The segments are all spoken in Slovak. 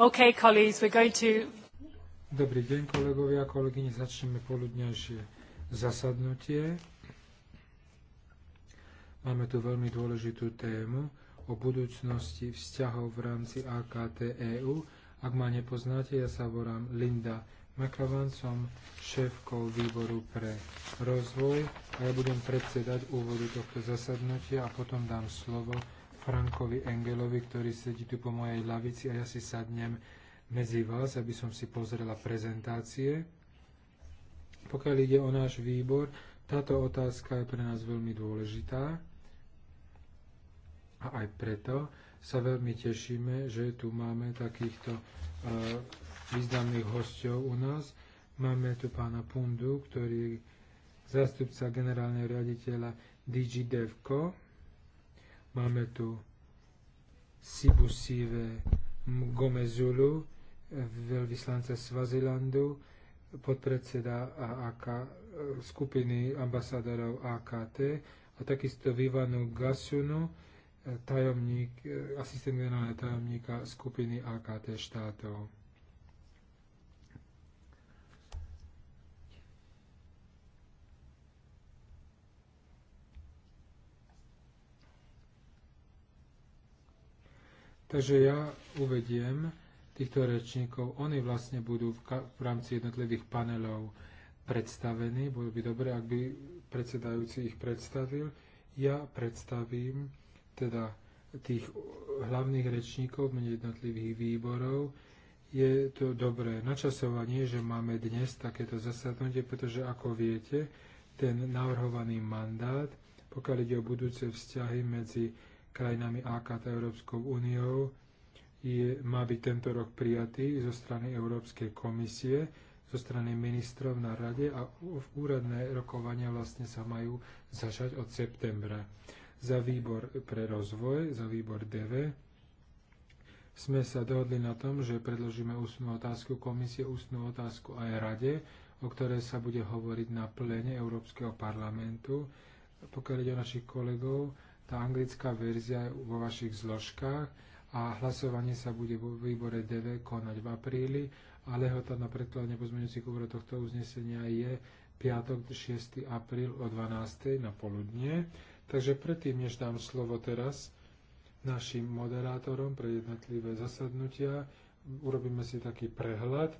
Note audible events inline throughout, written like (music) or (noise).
Okay, colleagues, we're going to... Dobrý deň, kolegovia a kolegyne. Začneme poludňajšie zasadnutie. Máme tu veľmi dôležitú tému o budúcnosti vzťahov v rámci AKT EU. Ak ma nepoznáte, ja sa volám Linda McAvan, som šéfkou výboru pre rozvoj a ja budem predsedať úvodu tohto zasadnutia a potom dám slovo Frankovi Engelovi, ktorý sedí tu po mojej lavici a ja si sadnem medzi vás, aby som si pozrela prezentácie. Pokiaľ ide o náš výbor, táto otázka je pre nás veľmi dôležitá a aj preto sa veľmi tešíme, že tu máme takýchto e, významných hostov u nás. Máme tu pána Pundu, ktorý je zástupca generálneho riaditeľa DevCo, Máme tu Sibusive Gomezulu, veľvyslanca Svazilandu, podpredseda AAK, eh, skupiny ambasádorov AKT a takisto Vivanu Gasunu, eh, tajomník, eh, asistent generálneho tajomníka skupiny AKT štátov. Takže ja uvediem týchto rečníkov. Oni vlastne budú v, v rámci jednotlivých panelov predstavení. Bolo by dobre, ak by predsedajúci ich predstavil. Ja predstavím teda tých hlavných rečníkov mene jednotlivých výborov. Je to dobré načasovanie, že máme dnes takéto zasadnutie, pretože ako viete, ten navrhovaný mandát, pokiaľ ide o budúce vzťahy medzi krajinami AKT Európskou úniou je, má byť tento rok prijatý zo strany Európskej komisie, zo strany ministrov na rade a úradné rokovania vlastne sa majú začať od septembra. Za výbor pre rozvoj, za výbor DV, sme sa dohodli na tom, že predložíme ústnu otázku komisie, ústnu otázku aj rade, o ktorej sa bude hovoriť na plene Európskeho parlamentu. Pokiaľ ide o našich kolegov, tá anglická verzia je vo vašich zložkách a hlasovanie sa bude vo výbore DV konať v apríli a lehota na predkladne pozmeňujúcich úvrov tohto uznesenia je piatok 6. apríl o 12. na poludnie. Takže predtým, než dám slovo teraz našim moderátorom pre jednotlivé zasadnutia, urobíme si taký prehľad,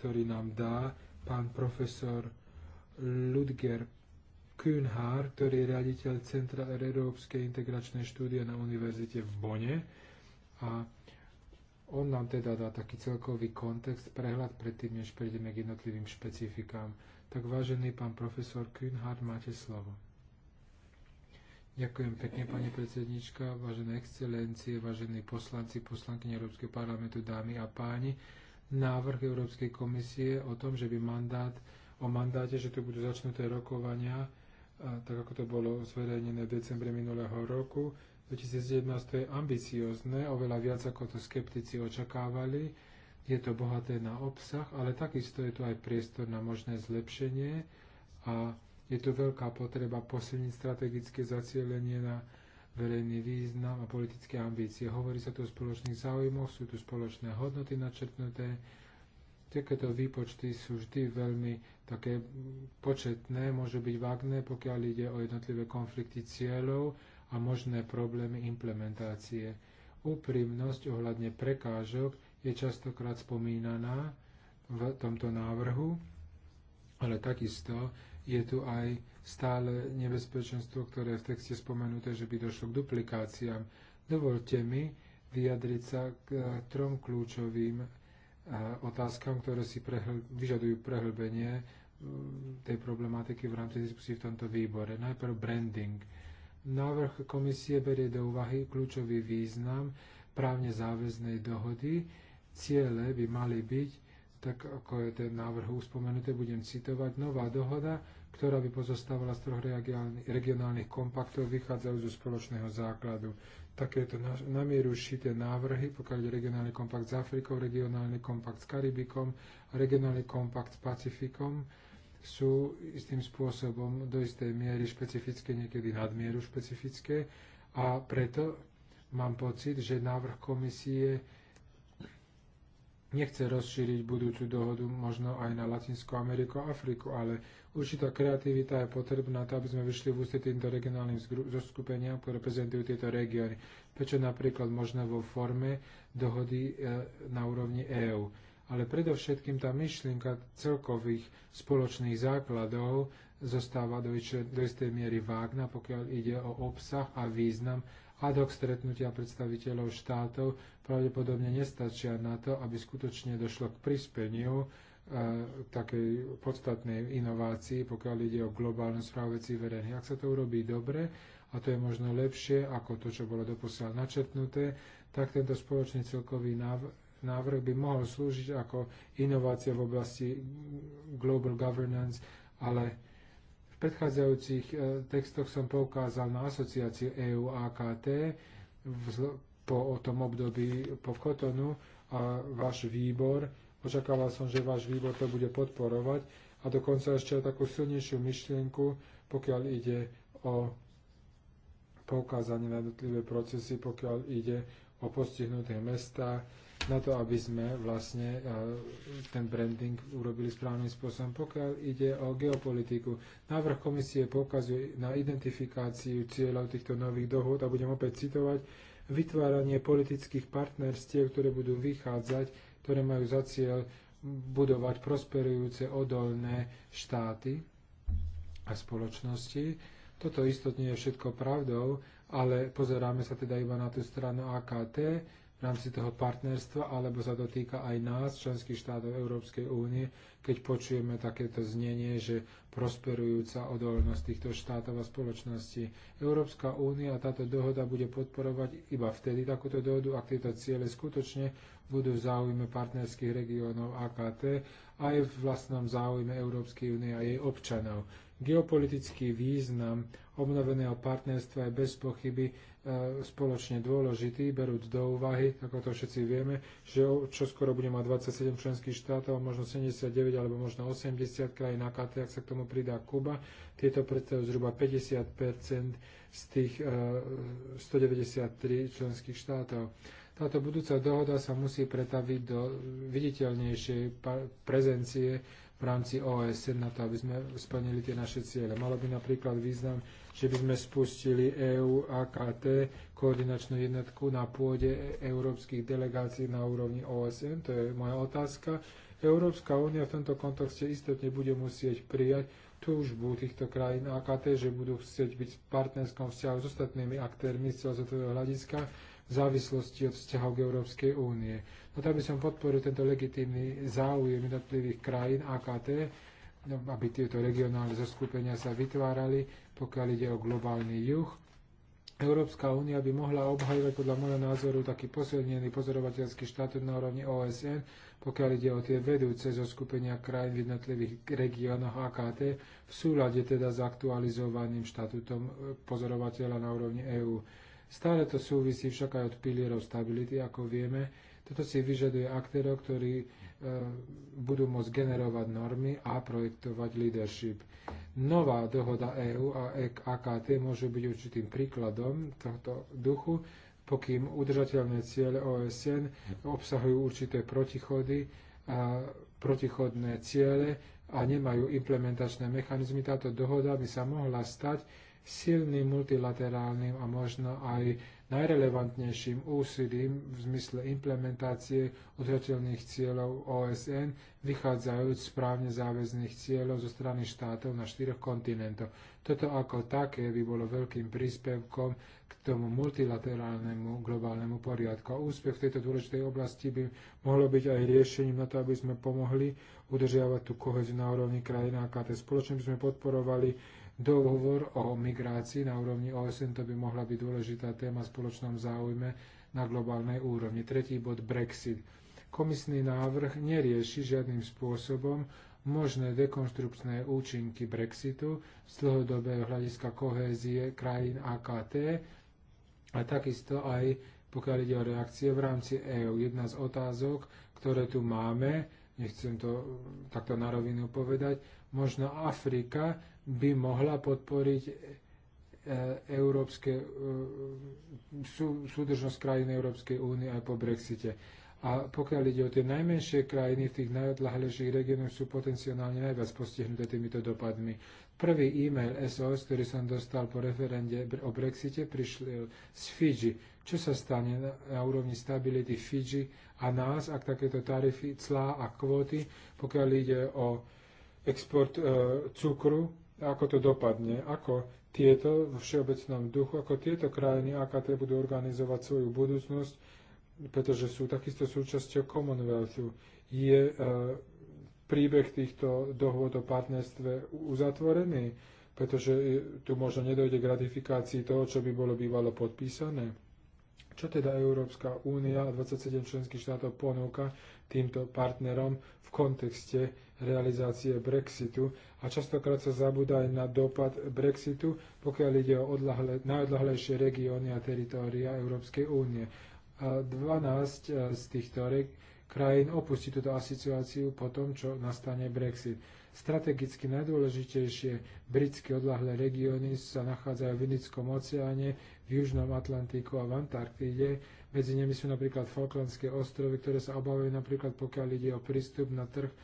ktorý nám dá pán profesor Ludger Kühnhár, ktorý je riaditeľ Centra Európskej integračnej štúdie na univerzite v Bone. A on nám teda dá taký celkový kontext, prehľad predtým, než prejdeme k jednotlivým špecifikám. Tak vážený pán profesor Kühnhár, máte slovo. Ďakujem pekne, pani predsednička, vážené excelencie, vážení poslanci, poslanky Európskeho parlamentu, dámy a páni. Návrh Európskej komisie o tom, že by mandát, o mandáte, že tu budú začnuté rokovania tak ako to bolo zverejnené v decembre minulého roku. 2011 je ambiciozne, oveľa viac ako to skeptici očakávali. Je to bohaté na obsah, ale takisto je tu aj priestor na možné zlepšenie a je tu veľká potreba posilniť strategické zacielenie na verejný význam a politické ambície. Hovorí sa tu o spoločných záujmoch, sú tu spoločné hodnoty načrtnuté. Takéto výpočty sú vždy veľmi také početné, môže byť vágné, pokiaľ ide o jednotlivé konflikty cieľov a možné problémy implementácie. Úprimnosť ohľadne prekážok je častokrát spomínaná v tomto návrhu, ale takisto je tu aj stále nebezpečenstvo, ktoré je v texte spomenuté, že by došlo k duplikáciám. Dovolte mi vyjadriť sa k eh, trom kľúčovým eh, otázkam, ktoré si prehl- vyžadujú prehlbenie Mm, tej problematiky v rámci diskusie v tomto výbore. Najprv branding. Návrh komisie berie do úvahy kľúčový význam právne záväznej dohody. Ciele by mali byť, tak ako je ten návrh uspomenuté, budem citovať, nová dohoda, ktorá by pozostávala z troch regionálnych kompaktov, vychádzajú zo spoločného základu. Takéto namierušité šité návrhy, pokiaľ je regionálny kompakt s Afrikou, regionálny kompakt s Karibikom regionálny kompakt s Pacifikom, sú istým spôsobom do istej miery špecifické, niekedy nadmieru špecifické a preto mám pocit, že návrh komisie nechce rozšíriť budúcu dohodu možno aj na Latinsku Ameriku a Afriku, ale určitá kreativita je potrebná, to, aby sme vyšli v ústretí týmto regionálnym zoskupeniam, ktoré prezentujú tieto regióny. Prečo napríklad možno vo forme dohody e, na úrovni EÚ ale predovšetkým tá myšlienka celkových spoločných základov zostáva do, do istej miery vágna, pokiaľ ide o obsah a význam ad hoc stretnutia predstaviteľov štátov pravdepodobne nestačia na to, aby skutočne došlo k prispeniu e, takej podstatnej inovácii, pokiaľ ide o globálnu správu vecí verejných. Ak sa to urobí dobre, a to je možno lepšie ako to, čo bolo doposiaľ načrtnuté, tak tento spoločný celkový návrh návrh by mohol slúžiť ako inovácia v oblasti global governance, ale v predchádzajúcich e, textoch som poukázal na asociáciu EU-AKT po tom období po Kotonu a váš výbor. Očakával som, že váš výbor to bude podporovať a dokonca ešte takú silnejšiu myšlienku, pokiaľ ide o poukázanie na jednotlivé procesy, pokiaľ ide o postihnuté mesta, na to, aby sme vlastne e, ten branding urobili správnym spôsobom. Pokiaľ ide o geopolitiku, návrh komisie pokazuje na identifikáciu cieľov týchto nových dohod a budem opäť citovať, vytváranie politických partnerstiev, ktoré budú vychádzať, ktoré majú za cieľ budovať prosperujúce odolné štáty a spoločnosti. Toto istotne je všetko pravdou, ale pozeráme sa teda iba na tú stranu AKT, v rámci toho partnerstva, alebo sa to týka aj nás, členských štátov Európskej únie, keď počujeme takéto znenie, že prosperujúca odolnosť týchto štátov a spoločností. Európska únia a táto dohoda bude podporovať iba vtedy takúto dohodu, ak tieto ciele skutočne budú v záujme partnerských regiónov AKT aj v vlastnom záujme Európskej únie a jej občanov. Geopolitický význam obnoveného partnerstva je bez pochyby spoločne dôležitý, berúc do úvahy, ako to všetci vieme, že čo skoro bude mať 27 členských štátov, možno 79 alebo možno 80 krajín KT, ak sa k tomu pridá Kuba. Tieto predstavujú zhruba 50 z tých 193 e, členských štátov. Táto budúca dohoda sa musí pretaviť do viditeľnejšej prezencie v rámci OSN na to, aby sme splnili tie naše ciele. Malo by napríklad význam, že by sme spustili EU AKT, koordinačnú jednotku na pôde európskych delegácií na úrovni OSN. To je moja otázka. Európska únia v tomto kontexte istotne bude musieť prijať túžbu týchto krajín AKT, že budú chcieť byť v partnerskom vzťahu s ostatnými aktérmi z celosvetového hľadiska, závislosti od vzťahov k Európskej únie. No to by som podporil tento legitímny záujem jednotlivých krajín AKT, no, aby tieto regionálne zoskupenia sa vytvárali, pokiaľ ide o globálny juh. Európska únia by mohla obhajovať podľa môjho názoru taký posilnený pozorovateľský štát na úrovni OSN, pokiaľ ide o tie vedúce zo skupenia krajín v jednotlivých regiónoch AKT, v súlade teda s aktualizovaným štatútom pozorovateľa na úrovni EÚ. Stále to súvisí však aj od pilierov stability, ako vieme. Toto si vyžaduje aktérov, ktorí e, budú môcť generovať normy a projektovať leadership. Nová dohoda EÚ a AKT e môžu byť určitým príkladom tohto duchu, pokým udržateľné ciele OSN obsahujú určité protichody, a protichodné ciele a nemajú implementačné mechanizmy. Táto dohoda by sa mohla stať silným multilaterálnym a možno aj najrelevantnejším úsilím v zmysle implementácie udržateľných cieľov OSN, vychádzajúc správne záväzných cieľov zo strany štátov na štyroch kontinentoch. Toto ako také by bolo veľkým príspevkom k tomu multilaterálnemu globálnemu poriadku. A úspech v tejto dôležitej oblasti by mohlo byť aj riešením na to, aby sme pomohli udržiavať tú koheziu na úrovni krajín AKT. Spoločne by sme podporovali dohovor o migrácii na úrovni OSN, to by mohla byť dôležitá téma v spoločnom záujme na globálnej úrovni. Tretí bod Brexit. Komisný návrh nerieši žiadnym spôsobom možné dekonštrukčné účinky Brexitu z dlhodobého hľadiska kohézie krajín AKT a takisto aj pokiaľ ide o reakcie v rámci EÚ. Jedna z otázok, ktoré tu máme, nechcem to takto na rovinu povedať, možno Afrika by mohla podporiť e, európske, e, sú, súdržnosť krajín Európskej únie aj po Brexite. A pokiaľ ide o tie najmenšie krajiny v tých najodlahlejších regiónoch, sú potenciálne najviac postihnuté týmito dopadmi. Prvý e-mail SOS, ktorý som dostal po referende o Brexite, prišiel z Fidži. Čo sa stane na úrovni stability Fidži a nás, ak takéto tarify, clá a kvóty, pokiaľ ide o export e, cukru, ako to dopadne, ako tieto vo všeobecnom duchu, ako tieto krajiny AKT budú organizovať svoju budúcnosť, pretože sú takisto súčasťou Commonwealthu. Je e, príbeh týchto dohôd o partnerstve uzatvorený, pretože e, tu možno nedojde k ratifikácii toho, čo by bolo bývalo podpísané. Čo teda Európska únia a 27 členských štátov ponúka týmto partnerom v kontexte realizácie Brexitu a častokrát sa zabúda aj na dopad Brexitu, pokiaľ ide o odlahle, najodlahlejšie regióny a teritória Európskej únie. A 12 e, z týchto krajín opustí túto asociáciu po tom, čo nastane Brexit. Strategicky najdôležitejšie britské odlahlé regióny sa nachádzajú v Indickom oceáne, v Južnom Atlantiku a v Antarktíde. Medzi nimi sú napríklad Falklandské ostrovy, ktoré sa obávajú napríklad pokiaľ ide o prístup na trh e,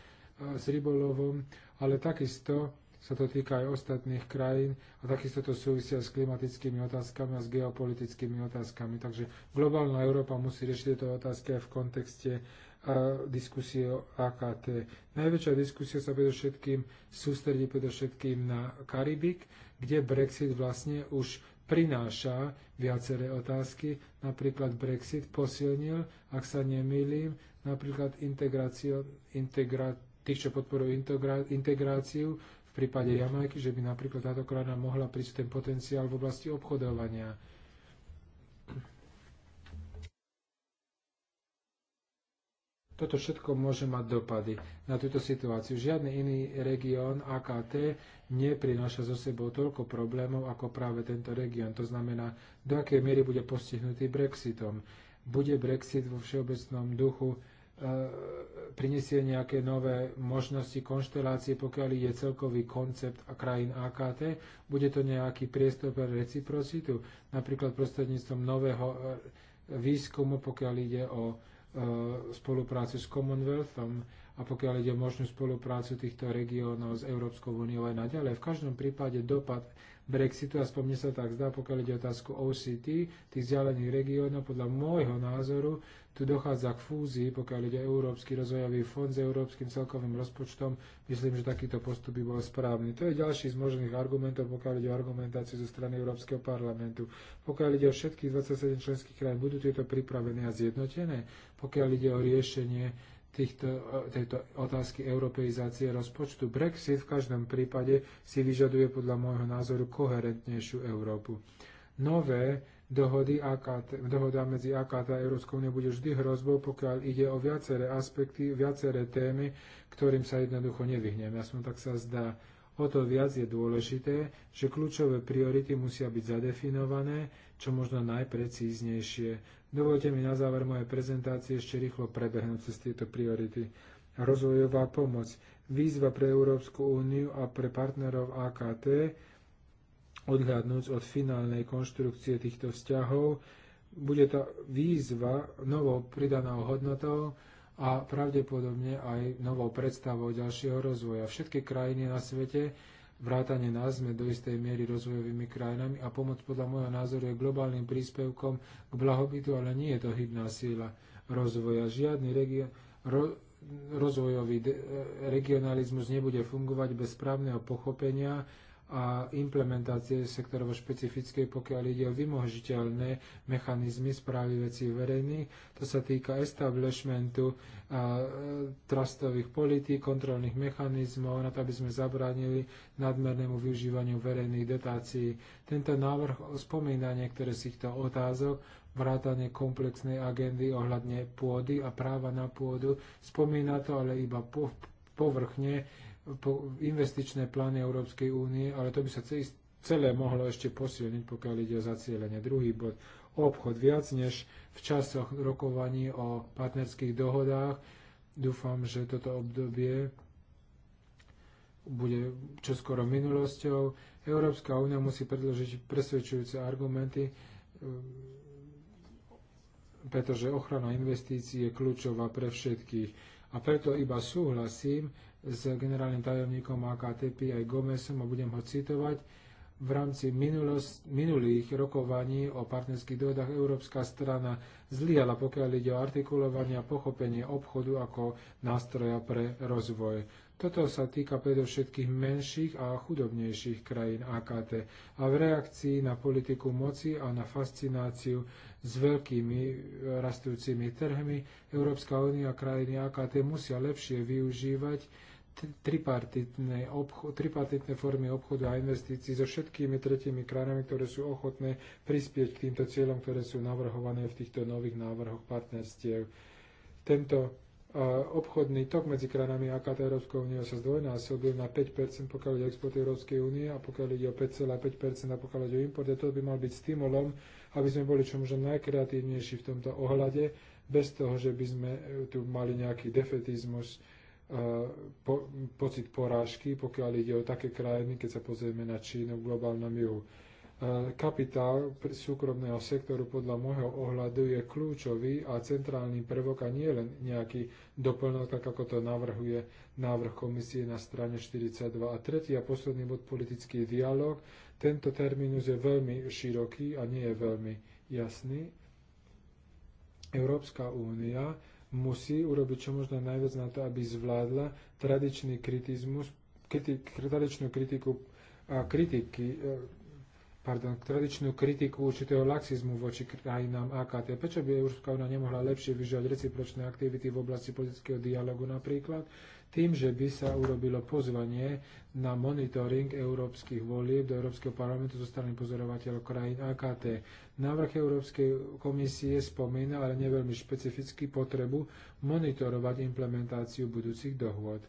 s rybolovom ale takisto sa to týka aj ostatných krajín a takisto to súvisia s klimatickými otázkami a s geopolitickými otázkami. Takže globálna Európa musí riešiť tieto otázky aj v kontexte e, diskusie o AKT. Najväčšia diskusia sa predovšetkým sústredí predovšetkým na Karibik, kde Brexit vlastne už prináša viaceré otázky. Napríklad Brexit posilnil, ak sa nemýlim, napríklad integráciu, integráciu tých, čo podporujú integráciu, v prípade Jamajky, že by napríklad táto krajina mohla prísť ten potenciál v oblasti obchodovania. Toto všetko môže mať dopady na túto situáciu. Žiadny iný región AKT neprináša zo sebou toľko problémov ako práve tento región. To znamená, do akej miery bude postihnutý Brexitom. Bude Brexit vo všeobecnom duchu E, prinesie nejaké nové možnosti, konštelácie, pokiaľ ide celkový koncept a krajín AKT. Bude to nejaký priestor pre reciprocitu, napríklad prostredníctvom nového e, výskumu, pokiaľ ide o e, spoluprácu s Commonwealthom a pokiaľ ide o možnú spoluprácu týchto regiónov s Európskou úniou aj naďalej. V každom prípade dopad Brexitu, aspoň mne sa tak zdá, pokiaľ ide otázku OCT, tých vzdialených regiónov, podľa môjho názoru, tu dochádza k fúzii, pokiaľ ide Európsky rozvojový fond s Európskym celkovým rozpočtom, myslím, že takýto postup by bol správny. To je ďalší z možných argumentov, pokiaľ ide o argumentáciu zo strany Európskeho parlamentu. Pokiaľ ide o všetkých 27 členských krajín, budú tieto pripravené a zjednotené? Pokiaľ ide o riešenie týchto, e, tejto otázky europeizácie rozpočtu. Brexit v každom prípade si vyžaduje podľa môjho názoru koherentnejšiu Európu. Nové dohody AKT, dohoda medzi AKT a Európskou úniou bude vždy hrozbou, pokiaľ ide o viaceré aspekty, viaceré témy, ktorým sa jednoducho nevyhneme. Ja som tak sa zdá, O to viac je dôležité, že kľúčové priority musia byť zadefinované, čo možno najprecíznejšie. Dovolte mi na záver mojej prezentácie ešte rýchlo prebehnúť cez tieto priority. Rozvojová pomoc, výzva pre Európsku úniu a pre partnerov AKT, odhľadnúc od finálnej konštrukcie týchto vzťahov, bude tá výzva novou pridanou hodnotou, a pravdepodobne aj novou predstavou ďalšieho rozvoja. Všetky krajiny na svete, vrátane nás, sme do istej miery rozvojovými krajinami a pomoc podľa môjho názoru je globálnym príspevkom k blahobytu, ale nie je to hybná síla rozvoja. Žiadny region, ro, rozvojový de, regionalizmus nebude fungovať bez správneho pochopenia a implementácie sektorovo špecifické, pokiaľ ide o vymožiteľné mechanizmy správy vecí verejných. To sa týka establishmentu a, e, trustových politík, kontrolných mechanizmov, na to, aby sme zabránili nadmernému využívaniu verejných dotácií. Tento návrh spomína niektoré z týchto otázok, vrátanie komplexnej agendy ohľadne pôdy a práva na pôdu. Spomína to ale iba po, povrchne, investičné plány Európskej únie, ale to by sa celé mohlo ešte posilniť, pokiaľ ide o zacielenie. Druhý bod, obchod viac než v časoch rokovaní o partnerských dohodách. Dúfam, že toto obdobie bude čoskoro minulosťou. Európska únia musí predložiť presvedčujúce argumenty, ehm, pretože ochrana investícií je kľúčová pre všetkých. A preto iba súhlasím s generálnym tajomníkom AKT aj Gomesom a budem ho citovať. V rámci minulos, minulých rokovaní o partnerských dohodách európska strana zliala, pokiaľ ide o artikulovanie a pochopenie obchodu ako nástroja pre rozvoj. Toto sa týka predovšetkých menších a chudobnejších krajín AKT a v reakcii na politiku moci a na fascináciu s veľkými e, rastúcimi trhmi Európska únia a krajiny AKT musia lepšie využívať tripartitné formy obchodu a investícií so všetkými tretími krajinami, ktoré sú ochotné prispieť k týmto cieľom, ktoré sú navrhované v týchto nových návrhoch partnerstiev. Tento obchodný tok medzi krajinami AKT Európskou úniou sa zdvojnásobil na 5%, pokiaľ ide o export Európskej únie a pokiaľ ide o 5,5% a pokiaľ ide o import. to by mal byť stimulom, aby sme boli čo možno najkreatívnejší v tomto ohľade, bez toho, že by sme tu mali nejaký defetizmus, E, po, pocit porážky, pokiaľ ide o také krajiny, keď sa pozrieme na Čínu v globálnom juhu. E, kapitál súkromného sektoru podľa môjho ohľadu je kľúčový a centrálny prvok a nie len nejaký doplnok, tak ako to navrhuje návrh komisie na strane 42. A tretí a posledný bod politický dialog. Tento termínus je veľmi široký a nie je veľmi jasný. Európska únia musí urobiť čo možno najviac na to, aby zvládla tradičný kritizmus, kriti, tradičnú kritiku a kritiky e, pardon, tradičnú kritiku určitého laxizmu voči krajinám AKT. Prečo by Európska únia nemohla lepšie vyžiať recipročné aktivity v oblasti politického dialogu napríklad? Tým, že by sa urobilo pozvanie na monitoring európskych volieb do Európskeho parlamentu zo strany pozorovateľov krajín AKT. Návrh Európskej komisie spomína, ale neveľmi špecificky, potrebu monitorovať implementáciu budúcich dohôd.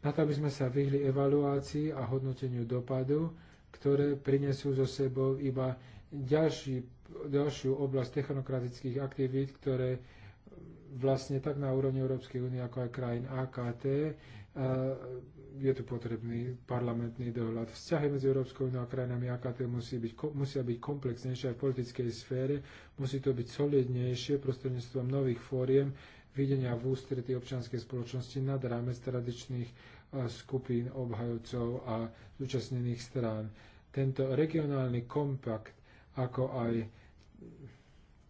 Na to, aby sme sa vyhli evaluácii a hodnoteniu dopadu, ktoré prinesú zo sebou iba ďalší, ďalšiu oblasť technokratických aktivít, ktoré vlastne tak na úrovni Európskej únie, ako aj krajín AKT, je tu potrebný parlamentný dohľad. Vzťahy medzi Európskou úniou a krajinami AKT musí byť, musia byť komplexnejšie aj v politickej sfére, musí to byť solidnejšie prostredníctvom nových fóriem, videnia v ústretí občianskej spoločnosti nad rámec tradičných skupín obhajúcov a zúčastnených strán. Tento regionálny kompakt, ako aj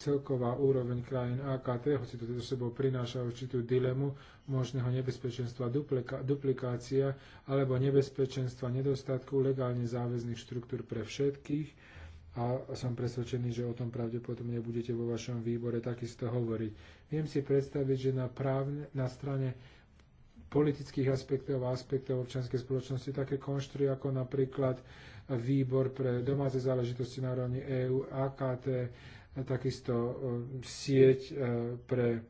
celková úroveň krajín AKT, hoci to so teda sebou prináša určitú dilemu možného nebezpečenstva duplika, duplikácia alebo nebezpečenstva nedostatku legálne záväzných štruktúr pre všetkých. A som presvedčený, že o tom pravdepodobne budete vo vašom výbore takisto hovoriť. Viem si predstaviť, že na, právne, na strane politických aspektov a aspektov občianskej spoločnosti, také konštruy ako napríklad výbor pre domáce záležitosti na úrovni EÚ, AKT, takisto e, sieť e, pre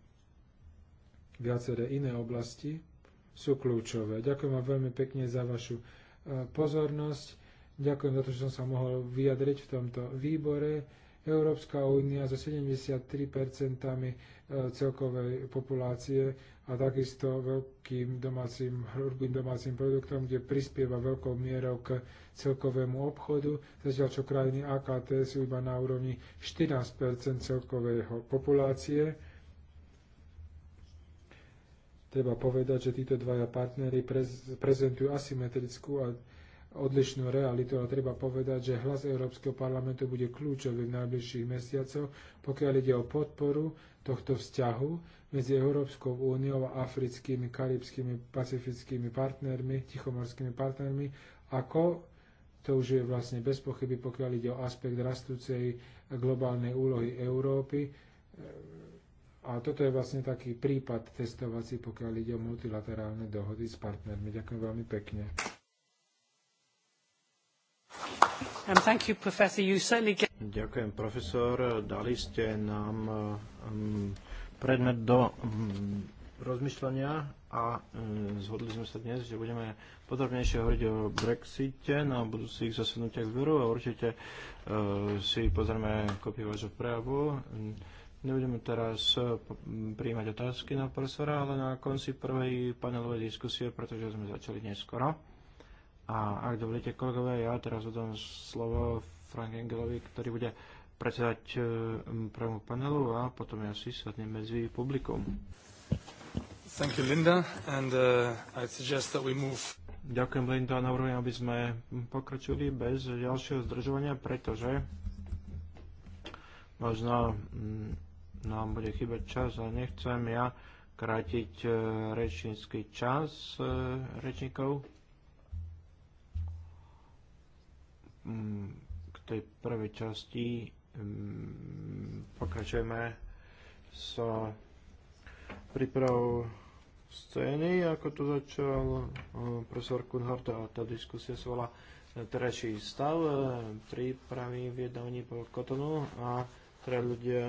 viaceré iné oblasti sú kľúčové. Ďakujem vám veľmi pekne za vašu e, pozornosť. Ďakujem za to, že som sa mohol vyjadriť v tomto výbore. Európska únia so 73% celkovej populácie a takisto veľkým domácim, hrubým domácim produktom, kde prispieva veľkou mierou k celkovému obchodu, zatiaľ čo krajiny AKT sú iba na úrovni 14 celkového populácie. Treba povedať, že títo dvaja partnery prezentujú asymetrickú a odlišnú realitu a treba povedať, že hlas Európskeho parlamentu bude kľúčový v najbližších mesiacoch, pokiaľ ide o podporu tohto vzťahu medzi Európskou úniou a africkými, karibskými, pacifickými partnermi, tichomorskými partnermi, ako to už je vlastne bez pochyby, pokiaľ ide o aspekt rastúcej globálnej úlohy Európy. A toto je vlastne taký prípad testovací, pokiaľ ide o multilaterálne dohody s partnermi. Ďakujem veľmi pekne. You, get... Ďakujem, profesor. Dali ste nám um, predmet do mm, rozmýšľania a e, zhodli sme sa dnes, že budeme podrobnejšie hovoriť o Brexite na no budúcich zasadnutiach zboru a určite e, si pozrieme kopiu vášho prejavu. Nebudeme teraz e, príjmať otázky na profesora, ale na konci prvej panelovej diskusie, pretože sme začali neskoro. A ak dovolíte, kolegové, ja teraz odám slovo Frank Engelovi, ktorý bude predsedať e, prvomu panelu a potom ja si sadnem medzi publikom. Thank you, Linda, and uh, I suggest that we move. Ďakujem, Linda, navrhujem, aby sme pokračili bez ďalšieho zdržovania, pretože možno nám bude chýbať čas a nechcem ja krátiť e, rečnícky čas e, rečníkov. K tej prvej časti Mm, pokračujeme s prípravou scény, ako to začal profesor Kunhardt a tá diskusia sa volá terajší stav e, prípravy vyjednávaní po Kotonu a teda ľudia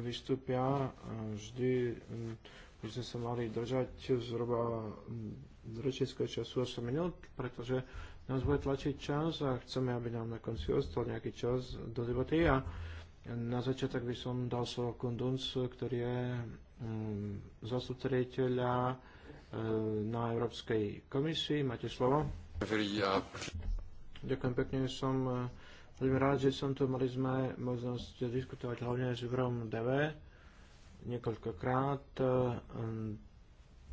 vystúpia e, vždy mm, by sme sa mali držať zhruba mm, rečnického času 8 minút, pretože nás bude tlačiť čas a chceme, aby nám na konci ostal nejaký čas do debaty a na začiatok by som dal slovo Kunduns, ktorý je um, mm, zastupca riaditeľa e, na Európskej komisii. Máte slovo. Ja. Ďakujem pekne, som e, veľmi rád, že som tu mali sme možnosť diskutovať hlavne s Vrom DV niekoľkokrát. E,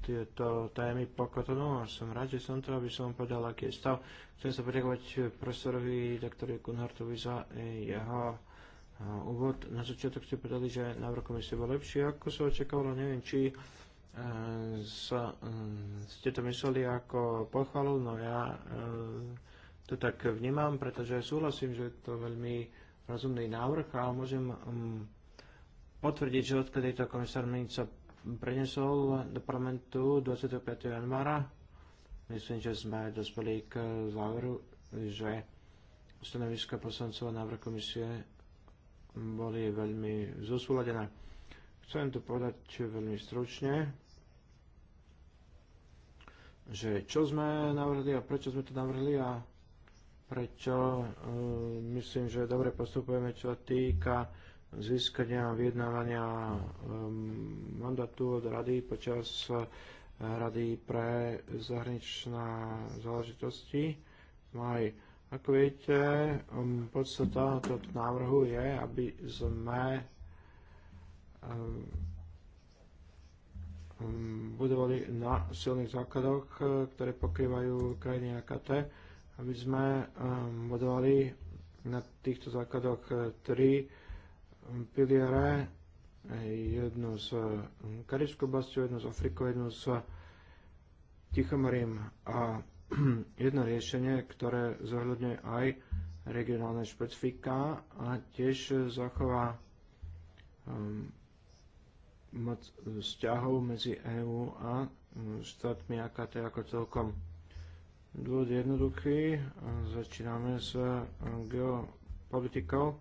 tieto témy po a som rád, že som to, aby som povedal, aký je stav. Chcem sa poďakovať profesorovi doktorovi Kunhartovi za jeho eh, úvod. Na začiatok ste povedali, že návrh komisie bol lepší, ako sa očakávalo. Neviem, či eh, sa, eh, ste to mysleli ako pochvalu, no ja to tak vnímam, pretože súhlasím, že je to veľmi rozumný návrh a môžem mm, potvrdiť, že odkedy to komisár Minica prinesol do parlamentu 25. januára. Myslím, že sme dospeli k záveru, že stanoviska poslancov a návrh komisie boli veľmi zosúladené. Chcem to povedať veľmi stručne, že čo sme navrhli a prečo sme to navrhli a prečo uh, myslím, že dobre postupujeme, čo týka uh, získania vyjednávania ehm, mandátu od rady počas eh, rady pre zahraničná záležitosti Maj, no Ako viete, ehm, podstata tohto návrhu je, aby sme ehm, budovali na silných základoch, eh, ktoré pokrývajú krajiny AKT, aby sme budovali na týchto základoch eh, tri piliere, jednu z eh, Karibskou oblasťou, jednu z Afrikou, jednu s Tichomorím a (clears throat) jedno riešenie, ktoré zohľadňuje aj regionálne špecifika a tiež zachová ehm, moc vzťahov medzi EÚ a ehm, štátmi AKT ako celkom. Dôvod jednoduchý, začíname s eh, geopolitikou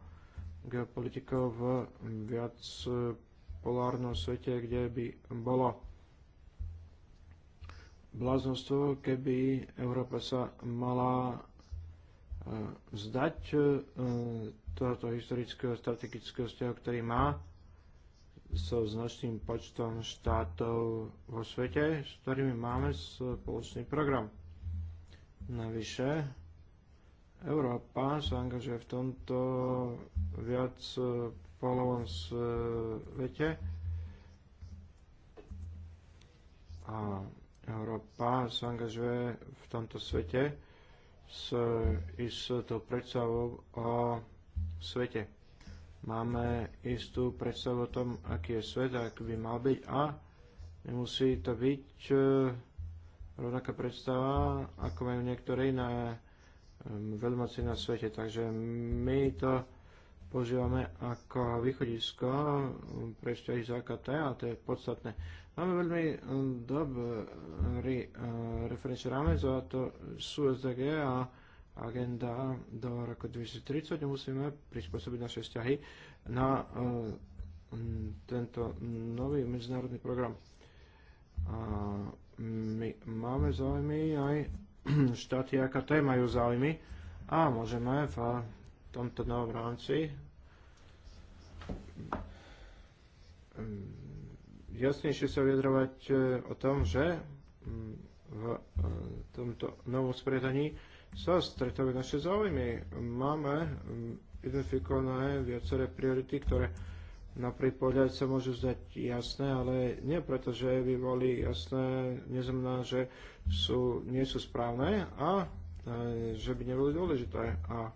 geopolitikou v viac e, polárnom svete, kde by bolo bláznostvo, keby Európa sa mala e, vzdať e, tohoto historického strategického vzťahu, ktorý má so značným počtom štátov vo svete, s ktorými máme spoločný program. Navyše, Európa sa angažuje v tomto viac eh, polovom svete a Európa sa angažuje v tomto svete s, i s tou predstavou o svete. Máme istú predstavu o tom, aký je svet, aký by mal byť a nemusí to byť eh, rovnaká predstava, ako majú niektoré iné Um, veľmoci na svete. Takže my to používame ako východisko um, pre vzťahy z AKT a to je podstatné. Máme veľmi um, dobrý uh, referenčný rámec a to sú SDG a agenda do roku 2030 musíme prispôsobiť naše vzťahy na uh, tento nový medzinárodný program. A my máme záujmy aj (clears throat) štáty AKT majú záujmy a môžeme v tomto novom rámci mm, jasnejšie sa vyjadrovať e, o tom, že mm, v e, tomto novom spriedaní sa stretávajú naše záujmy. Máme mm, identifikované viaceré priority, ktoré na prvý pohľad sa môžu zdať jasné, ale nie preto, že by boli jasné, neznamená, že sú, nie sú správne a e, že by neboli dôležité. A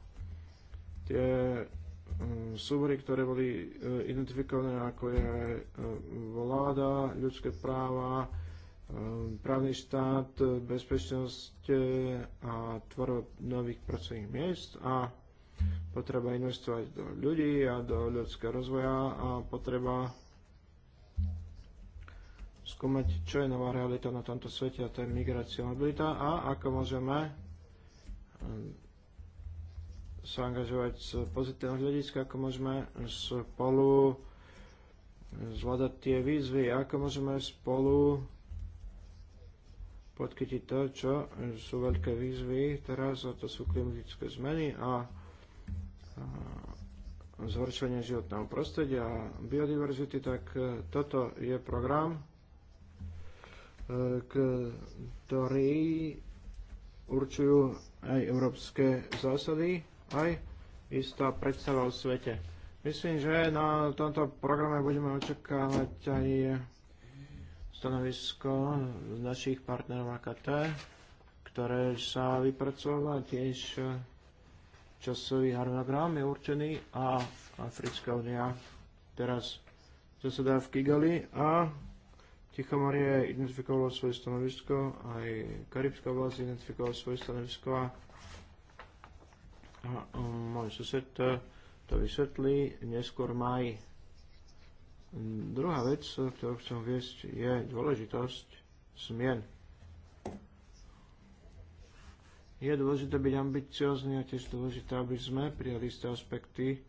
tie mm, súbory, ktoré boli e, identifikované ako je e, vláda, ľudské práva, e, právny štát, bezpečnosť a tvorba nových pracovných miest a Potreba investovať do ľudí a do ľudského rozvoja a potreba skúmať, čo je nová realita na tomto svete, a to je migrácia a mobilita a ako môžeme ehm, sa angažovať z pozitívneho hľadiska, ako môžeme spolu zvládať tie výzvy, ako môžeme spolu podkytiť to, čo sú veľké výzvy teraz, a to sú klimatické zmeny a Eh, zhoršenie životného prostredia a biodiverzity, tak eh, toto je program, eh, ktorý určujú aj európske zásady, aj istá predstava o svete. Myslím, že na tomto programe budeme očakávať aj stanovisko našich partnerov AKT, ktoré sa vypracovalo tiež časový harmonogram je určený a Africká unia teraz zasadá v Kigali a Tichomorie identifikovalo svoje stanovisko, aj Karibská vlast identifikovala svoje stanovisko a, a môj sused to vysvetlí neskôr maj. Druhá vec, ktorú chcem viesť, je dôležitosť zmien. Je dôležité byť ambiciozný a tiež dôležité, aby sme prijali isté aspekty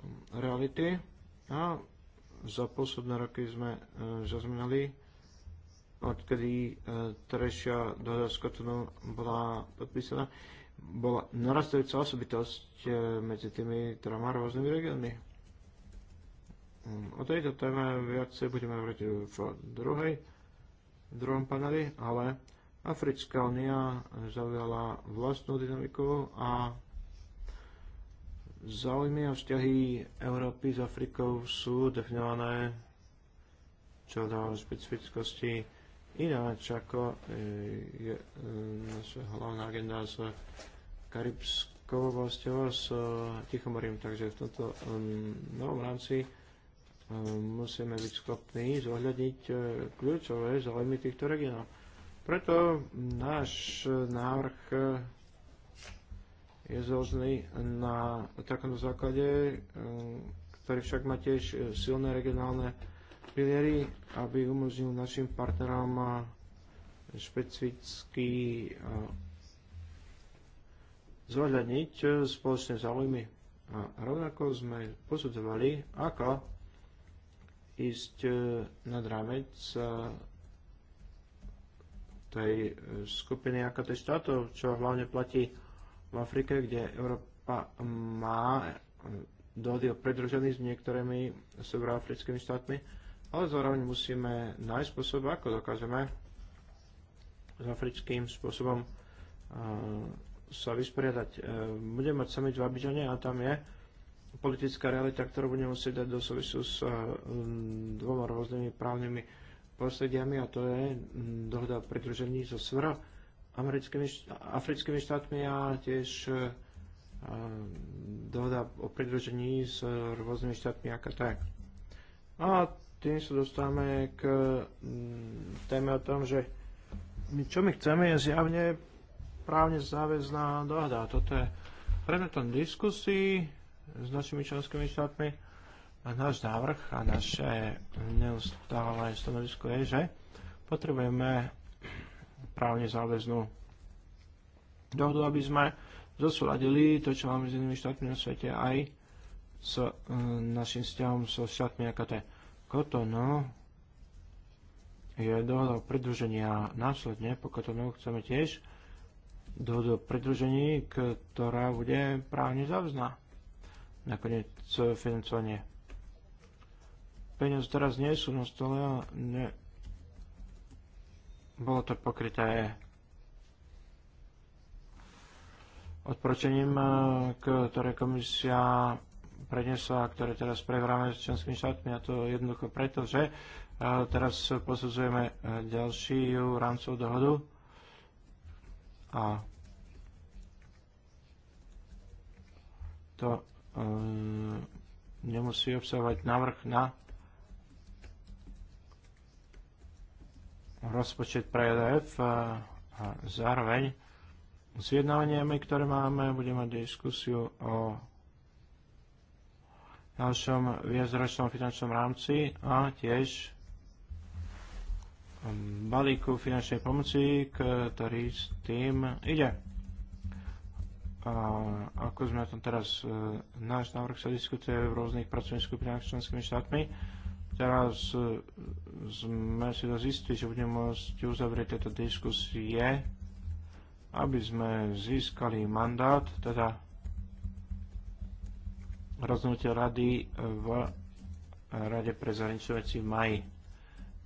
um, reality. A za posledné roky sme e, zaznamenali, odkedy e, terajšia dohoda s Kotonou bola podpísaná, bola narastajúca osobitosť e, medzi tými troma rôznymi regiónmi. Um, o tejto téme viacej budeme hovoriť v druhej, v druhom paneli, ale Africká unia zaujala vlastnú dynamiku a záujmy a vzťahy Európy s Afrikou sú definované čo do špecifickosti ináč ako e, je e, naša hlavná agenda s karibskou oblasťou s e, Tichomorím. Takže v tomto novom rámci musíme byť schopní zohľadniť kľúčové záujmy týchto regionov preto náš návrh je založený na takomto základe, ktorý však má tiež silné regionálne piliery, aby umožnil našim partnerom špecificky zohľadniť spoločné záujmy. A rovnako sme posudzovali, ako ísť e, nad rámec e, tej e, skupiny tej štátov, čo hlavne platí v Afrike, kde Európa má e, dohody o predružení s niektorými severoafrickými štátmi, ale zároveň musíme nájsť spôsob, ako dokážeme s africkým spôsobom e, sa vysporiadať. Budeme mať sami v Abidžane a tam je politická realita, ktorú budeme musieť dať do súvisu s dvoma rôznymi právnymi prostrediami a to je mm, dohoda o pridružení so SVR americkými, africkými štátmi a tiež e, dohoda o pridružení s rôznymi štátmi tak. A tým sa dostávame k mm, téme o tom, že my, čo my chceme je zjavne právne záväzná dohoda. Toto je predmetom diskusí s našimi členskými štátmi a náš návrh a naše neustále stanovisko je, že potrebujeme právne záväznú dohodu, aby sme zosúladili to, čo máme s inými štátmi na svete, aj s e, našim vzťahom so štátmi AKT. Kotono je dohoda o a následne, po Kotonu chceme tiež dohodu o pridružení, ktorá bude právne záväzná. Nakoniec financovanie peniaze teraz nie sú na stole a ne... bolo to pokryté odporúčaním, eh, ktoré komisia prednesla a ktoré teraz prehráme s členskými štátmi a to jednoducho preto, že eh, teraz posudzujeme eh, ďalšiu rámcovú dohodu a to nemusí obsahovať návrh na rozpočet pre EDF a, a zároveň s jednávaniami, ktoré máme, budeme mať diskusiu o našom viacročnom finančnom rámci a tiež balíku finančnej pomoci, ktorý s tým ide. A ako sme tam teraz, e, náš návrh sa diskutuje v rôznych pracovných skupinách s členskými štátmi teraz e, sme si to zistili, že budeme môcť uzavrieť tieto diskusie, aby sme získali mandát, teda rozhodnutie rady v Rade pre zahraničné veci v maji,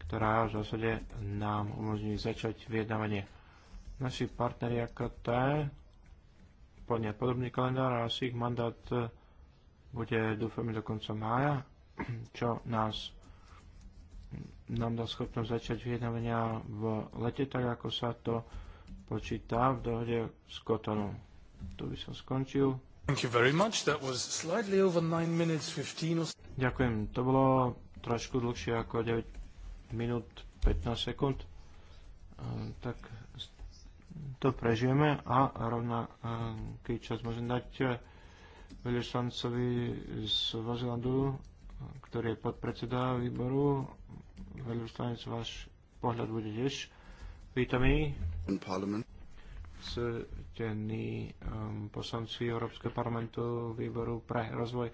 ktorá v zásade nám umožní začať vyjednávanie. Naši partneri AKT plnia podobný kalendár a asi ich mandát bude, dúfame, do konca mája, čo nás nám dá schopnosť začať vyjednávania v lete, tak ako sa to počíta v dohode s Kotonou. Tu by som skončil. Thank you very much. That was slightly over 9 minutes 15. Ďakujem. To bolo trošku dlhšie ako 9 minút 15 sekúnd. Tak to prežijeme a keď čas môžem dať veľvyslancovi z Vazilandu, ktorý je podpredseda výboru veľvyslanec, váš pohľad bude tiež vítaný. Ctení um, poslanci Európskeho parlamentu výboru pre rozvoj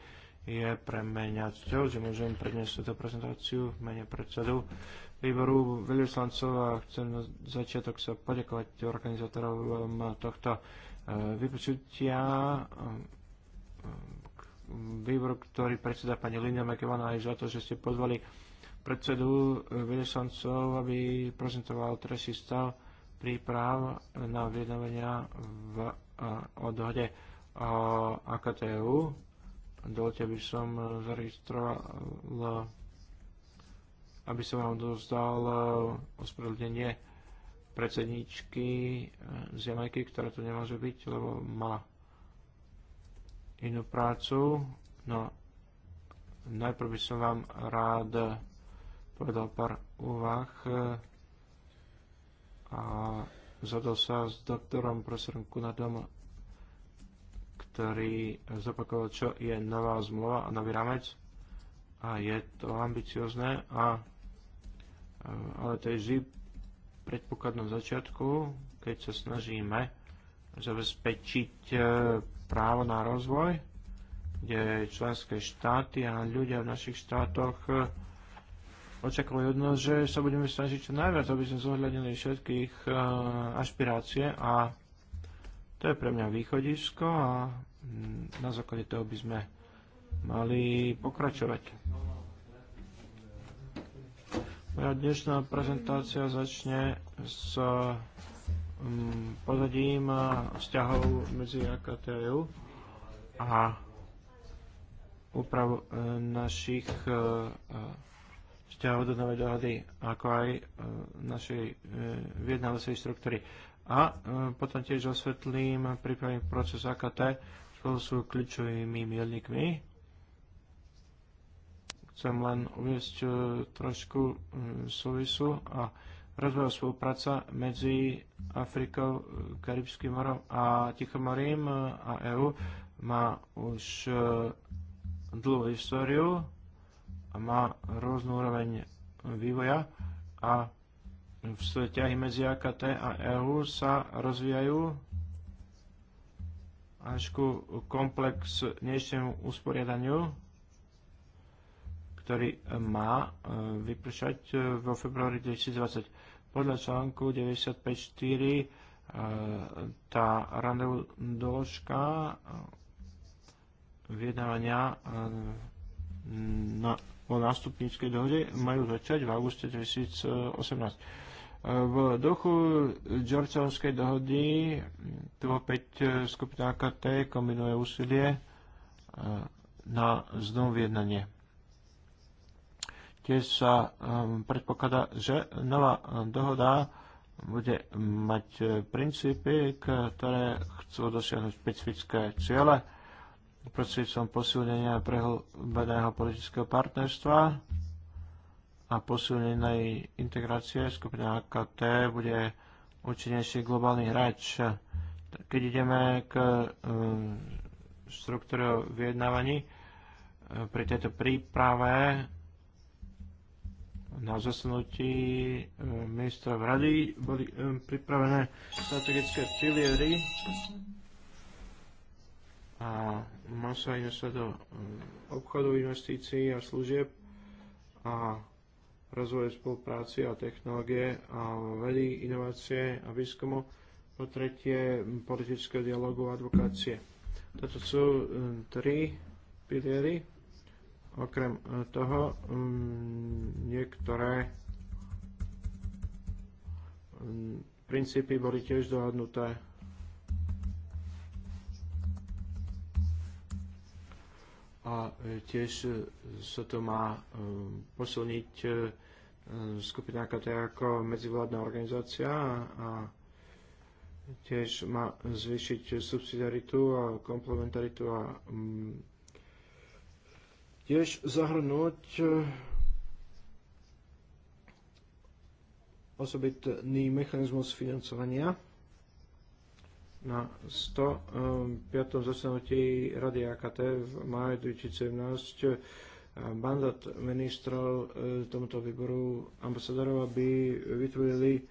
je pre mňa cťou, že môžem predniesť túto prezentáciu v mene predsedu výboru veľvyslancov a chcem na začiatok sa poďakovať organizátorom tohto e, vypočutia e, e, výboru, ktorý predseda pani Linia Mekevana aj za to, že ste pozvali predsedu eh, Vedesancov, aby prezentoval trestný stav príprav na vyjednávania v eh, odhode eh, AKTU. E Dovolte, aby som zaregistroval, aby som vám dozdal ospravedlnenie predsedničky z Jamajky, ktorá tu nemôže byť, lebo má inú prácu. No, najprv by som vám rád povedal pár úvah e, a zadal sa s doktorom profesorom Kunadom, ktorý zopakoval, čo je nová zmluva a nový ramec. A je to ambiciozne, a, e, ale to je vždy predpokladnom začiatku, keď sa snažíme zabezpečiť e, právo na rozvoj, kde členské štáty a ľudia v našich štátoch očakávajú od nás, že sa budeme snažiť čo najviac, aby sme zohľadili všetkých eh, ašpirácie a to je pre mňa východisko a mm, na základe toho by sme mali pokračovať. Moja dnešná prezentácia začne s mm, pozadím eh, vzťahov medzi AKT a EU a e úprav eh, našich novej dohody, ako aj e, našej e, vyjednávacej štruktúry. A e, potom tiež osvetlím prípravný proces AKT čo sú kľúčovými milníkmi. Chcem len uviesť trošku súvisu a rozvoj spolupráca medzi Afrikou, Karibským morom a Tichomorím a EÚ má už dlhú históriu má rôznu úroveň vývoja a vzťahy medzi AKT a EU sa rozvíjajú až ku komplexnejšiemu usporiadaniu, ktorý má e, vypršať e, vo februári 2020. Podľa článku 95.4 e, tá randevú doložka vyjednávania na o nástupníckej dohode majú začať v auguste 2018. V duchu Georgevskej dohody tu opäť e, skupina AKT kombinuje úsilie e, na znovu jednanie. Tiež sa e, predpokladá, že nová dohoda bude mať princípy, ktoré chcú dosiahnuť špecifické ciele prostredníctvom posilnenia prehlbeného politického partnerstva a posilnenej integrácie skupina AKT bude účinnejší globálny hráč. Keď ideme k štruktúre um, vyjednávaní, uh, pri tejto príprave na zasnutí uh, ministra rady boli um, pripravené strategické piliery a má sa investovať teda, do eh, obchodu, investícií a služieb a rozvoje spolupráci a technológie a vedy, inovácie a výskumu, po tretie politického dialogu a advokácie. Toto sú eh, tri piliery. Okrem eh, toho mm, niektoré mm, princípy boli tiež dohodnuté a e, tiež e, sa to má e, posilniť skupina KT ako medzivládna organizácia a tiež má zvýšiť subsidiaritu a komplementaritu a mm, tiež zahrnúť osobitný mechanizmus financovania na 105. Ehm, zasadnutí Rady AKT v máji 2017 eh, mandát ministrov eh, tomuto výboru ambasadorov, aby vytvorili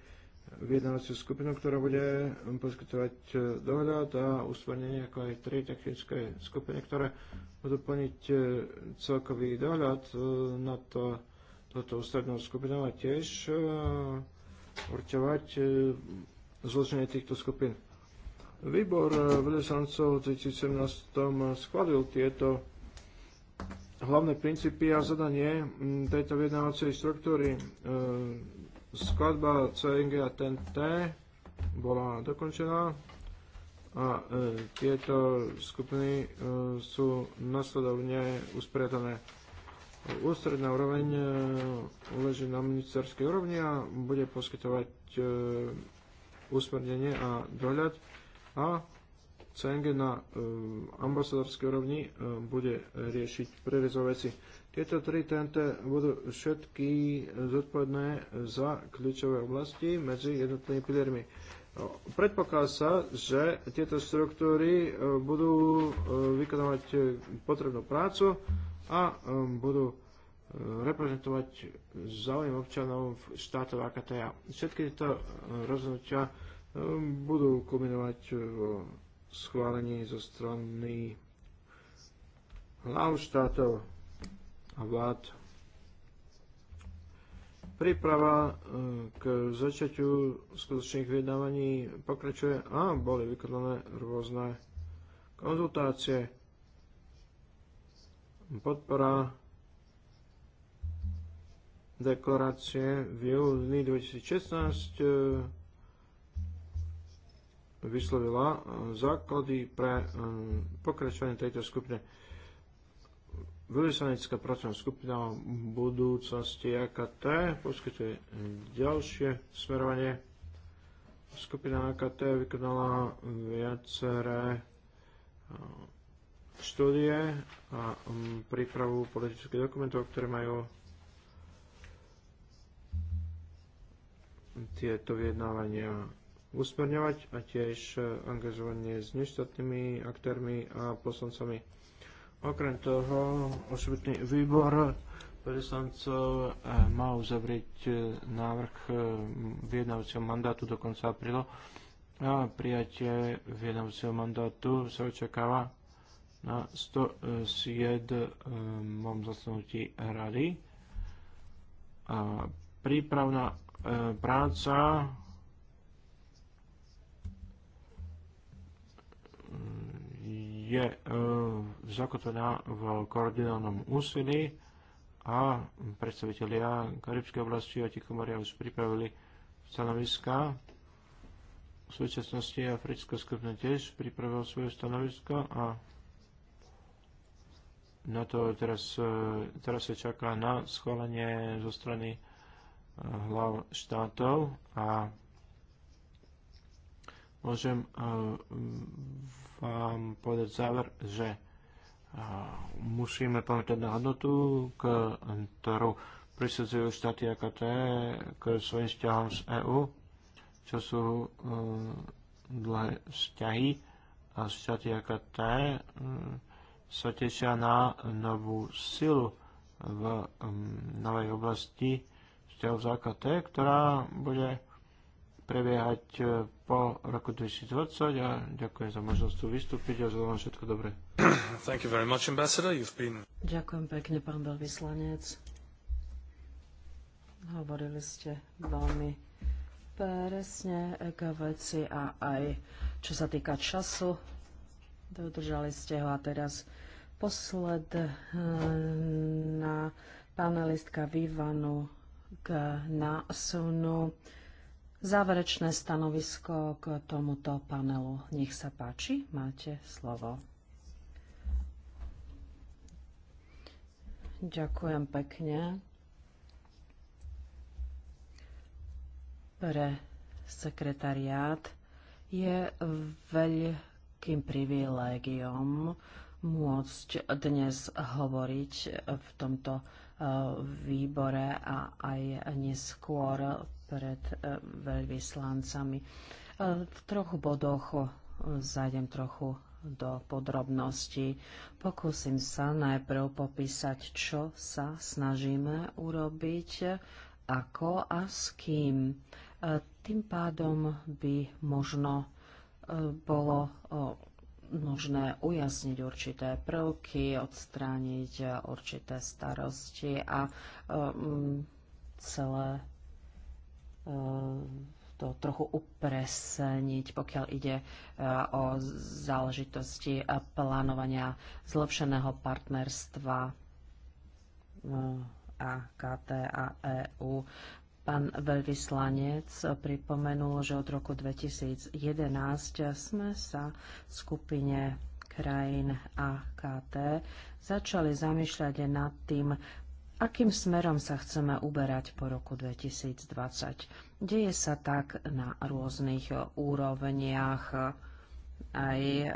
vyjednávaciu skupinu, ktorá bude poskytovať eh, dohľad a usmernenie ako aj tri technické skupiny, ktoré budú plniť celkový dohľad na to, toto ústrednou skupinou a tiež určovať zloženie týchto skupín. Výbor veľvyslancov eh, v 2017 eh, skladil tieto hlavné princípy a zadanie mm, tejto vyjednávacej štruktúry. Eh, skladba CNG a TNT bola dokončená a tieto skupiny sú nasledovne usporiadané. Ústredná úroveň leží na ministerskej úrovni a bude poskytovať usmernenie a dohľad a CNG na e, ambasadorskej úrovni e, bude riešiť prerezové veci. Tieto tri TNT budú všetky zodpovedné za kľúčové oblasti medzi jednotnými piliermi. E, Predpokladá sa, že tieto štruktúry budú vykonávať potrebnú prácu a budú reprezentovať záujem občanov štátov AKTA. Všetky tieto rozhodnutia Ehm, budú kombinovať schválenie eh, schválení zo strany hlav štátov a vlád. Príprava eh, k začiatiu skutočných vyjednávaní pokračuje a boli vykonané rôzne konzultácie. Podpora deklarácie v júni 2016 vyslovila e, základy pre e, pokračovanie tejto skupiny. Veľvyslanická pracovná skupina v budúcnosti AKT poskytuje ďalšie smerovanie. Skupina AKT vykonala viaceré e, štúdie a prípravu politických dokumentov, ktoré majú tieto vyjednávania usmerňovať a tiež e, angažovanie s neštátnymi aktérmi a poslancami. Okrem toho, osobitný výbor poslancov e, má uzavrieť e, návrh vyjednávacieho mandátu do konca apríla a prijatie vyjednávacieho mandátu sa očakáva na 107. zasnutí rady. A prípravná práca je e, zakotvená v koordinovanom úsilí a predstavitelia Karibskej oblasti a Tichomoria už pripravili stanoviska. V súčasnosti Africká skupina tiež pripravila svoje stanovisko a na to teraz, e, teraz sa čaká na schválenie zo strany e, hlav štátov a môžem vám povedať záver, že musíme pamätať na hodnotu, ktorú prisudzujú štáty AKT k svojim vzťahom z EÚ, čo sú e, dlhé vzťahy a štáty AKT e, sa tešia na novú silu v novej oblasti vzťahov z AKT, ktorá bude prebiehať e, po roku 2020 a ďakujem za možnosť tu vystúpiť a želám všetko dobré. (clears throat) Thank you very much, Ambassador. You've been... Ďakujem pekne, pán veľvyslanec. Hovorili ste veľmi presne k veci a aj čo sa týka času. Dodržali ste ho a teraz posledná panelistka Vivanu k násunu záverečné stanovisko k tomuto panelu. Nech sa páči, máte slovo. Ďakujem pekne pre sekretariát. Je veľkým privilégiom môcť dnes hovoriť v tomto eh, výbore a aj neskôr pred eh, veľvyslancami. Eh, v troch bodoch eh, zájdem trochu do podrobností. Pokúsim sa najprv popísať, čo sa snažíme urobiť, ako a s kým. Tým pádom by možno bolo možné ujasniť určité prvky, odstrániť určité starosti a celé to trochu upresniť, pokiaľ ide e, o záležitosti plánovania zlepšeného partnerstva AKT e, a EU. Pán veľvyslanec pripomenul, že od roku 2011 sme sa v skupine krajín AKT začali zamýšľať nad tým, akým smerom sa chceme uberať po roku 2020. Deje sa tak na rôznych úrovniach aj eh,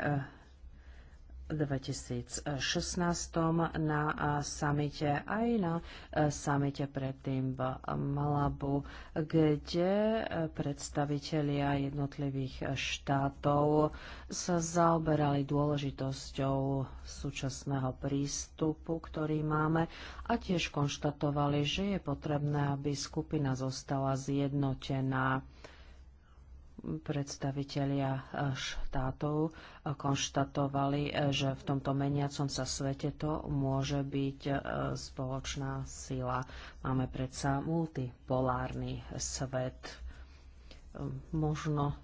2016 na samite aj na e, samite predtým v Malabu, kde e, predstavitelia jednotlivých štátov sa zaoberali dôležitosťou súčasného prístupu, ktorý máme a tiež konštatovali, že je potrebné, aby skupina zostala zjednotená predstavitelia eh, štátov eh, konštatovali, eh, že v tomto meniacom sa svete to môže byť spoločná sila. Máme predsa multipolárny svet. Ehm, možno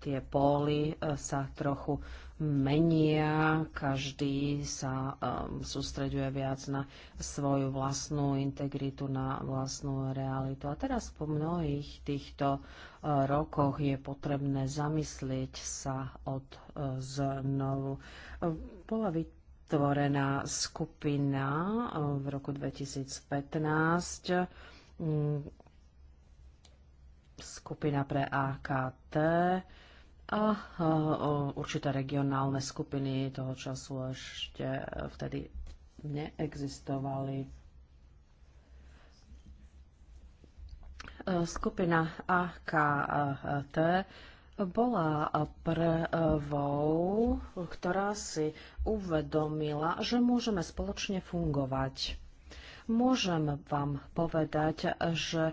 tie póly sa trochu menia, každý sa um, sústreďuje viac na svoju vlastnú integritu, na vlastnú realitu. A teraz po mnohých týchto uh, rokoch je potrebné zamyslieť sa od uh, znovu. Um, bola vytvorená skupina uh, v roku 2015 um, skupina pre AKT, a určité regionálne skupiny toho času ešte e, vtedy neexistovali. E, skupina AKT bola prvou, ktorá si uvedomila, že môžeme spoločne fungovať. Môžem vám povedať, že e,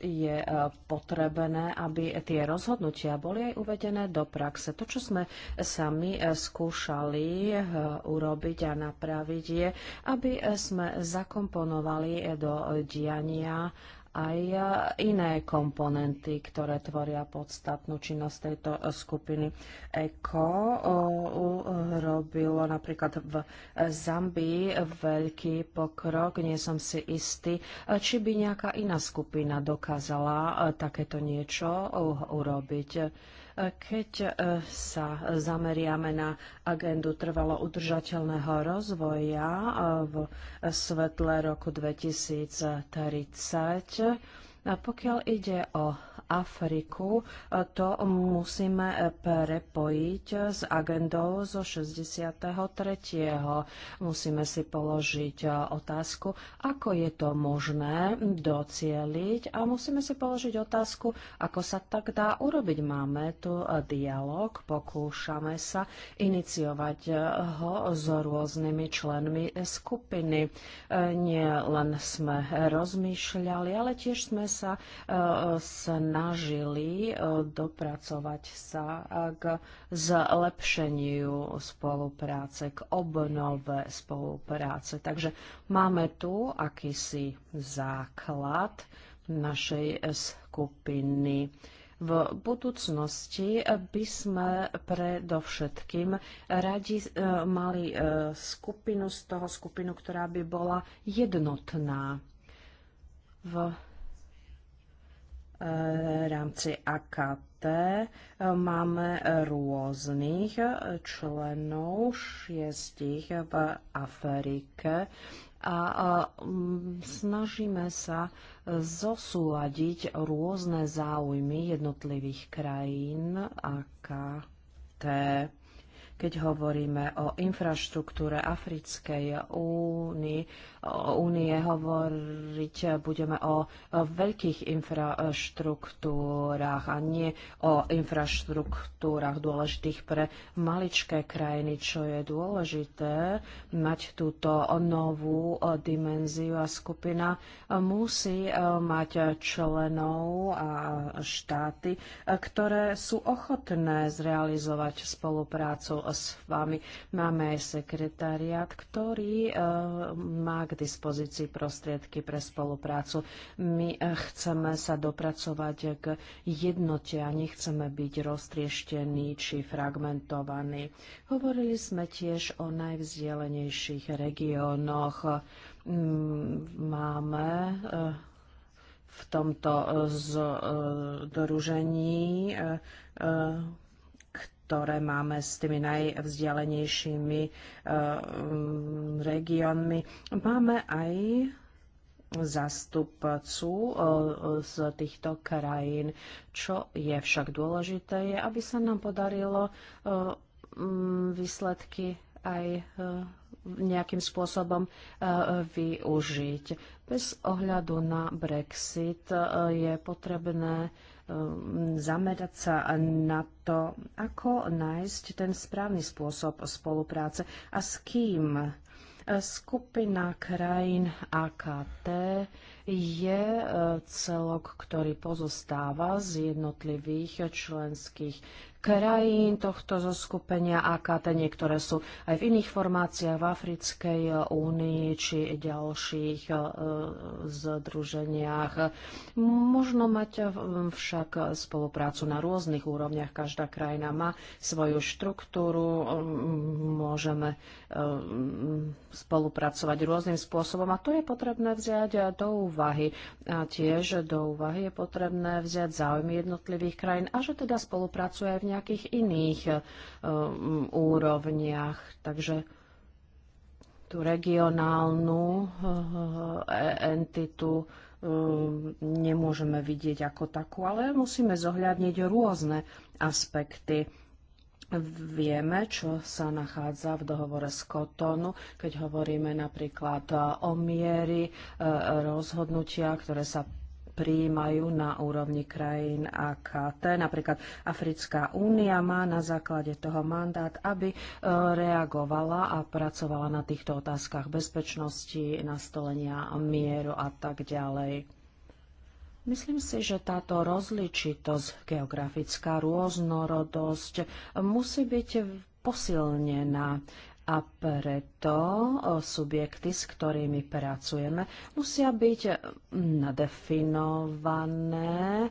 je e, potrebné, aby tie rozhodnutia boli aj uvedené do praxe. To, čo sme sami e, skúšali e, urobiť a napraviť, je, aby sme zakomponovali do diania aj e, iné komponenty, ktoré tvoria podstatnú činnosť tejto e, skupiny. ECO e, robilo napríklad v Zambii veľký pokrok. Nie som si istý, či by nejaká iná skupina dokázala takéto niečo urobiť. Keď e, sa zameriame na agendu trvalo udržateľného rozvoja e, v svetle roku 2030, a pokiaľ ide o Afriku. E, to musíme prepojiť s agendou zo 63. Musíme si položiť e, otázku, ako je to možné docieliť a musíme si položiť otázku, ako sa tak dá urobiť. Máme tu e, dialog, pokúšame sa iniciovať ho s rôznymi členmi skupiny. Nie len sme rozmýšľali, ale tiež sme sa snažili snažili e, dopracovať sa e, k zlepšeniu spolupráce, k obnove spolupráce. Takže máme tu akýsi základ našej skupiny. V budúcnosti by sme predovšetkým radi e, mali skupinu z toho skupinu, ktorá by bola jednotná. V rámci AKT máme rôznych členov, šiestich v Afrike a mm, snažíme sa zosúľadiť rôzne záujmy jednotlivých krajín AKT keď hovoríme o infraštruktúre Africkej únii, únie hovoriť budeme o veľkých infraštruktúrach a nie o infraštruktúrach dôležitých pre maličké krajiny, čo je dôležité mať túto novú dimenziu a skupina musí mať členov a štáty, ktoré sú ochotné zrealizovať spoluprácu s vami. Máme aj sekretariat, ktorý e, má k dispozícii prostriedky pre spoluprácu. My e, chceme sa dopracovať k jednote a nechceme byť roztrieštení či fragmentovaní. Hovorili sme tiež o najvzdielenejších regiónoch. Mm, máme e, v tomto združení ktoré máme s tými najvzdialenejšími eh, mm, regiónmi. Máme aj zastupcu eh, z týchto krajín. Čo je však dôležité, je, aby sa nám podarilo eh, mm, výsledky aj nejakým spôsobom využiť. Bez ohľadu na Brexit je potrebné Um, zamerať sa na to, ako nájsť ten správny spôsob spolupráce a s kým. Skupina krajín AKT je uh, celok, ktorý pozostáva z jednotlivých členských krajín tohto zoskupenia AKT. Niektoré sú aj v iných formáciách v Africkej eh, únii či ďalších eh, združeniach. Možno mať eh, však spoluprácu na rôznych úrovniach. Každá krajina má svoju štruktúru. Môžeme spolupracovať rôznym spôsobom a to je potrebné vziať do úvahy. A tiež do úvahy je potrebné vziať záujmy jednotlivých krajín a že teda spolupracuje aj v nejakých iných um, úrovniach. Takže tú regionálnu e, e, entitu nemôžeme vidieť ako takú, ale musíme zohľadniť rôzne aspekty. Vieme, čo sa nachádza v dohovore z Kotonu, keď hovoríme napríklad o miery rozhodnutia, ktoré sa prijímajú na úrovni krajín AKT. Napríklad Africká únia má na základe toho mandát, aby e, reagovala a pracovala na týchto otázkach bezpečnosti, nastolenia mieru a tak ďalej. Myslím si, že táto rozličitosť, geografická rôznorodosť musí byť posilnená a preto subjekty, s ktorými pracujeme, musia byť e, nadefinované, e,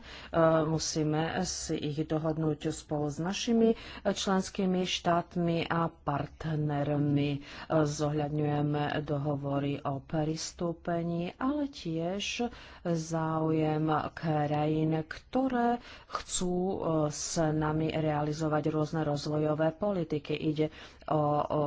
musíme si ich dohodnúť spolu s našimi e, členskými štátmi a partnermi. Zohľadňujeme dohovory o pristúpení, ale tiež záujem krajín, ktoré chcú s nami realizovať rôzne rozvojové politiky. Ide o, o,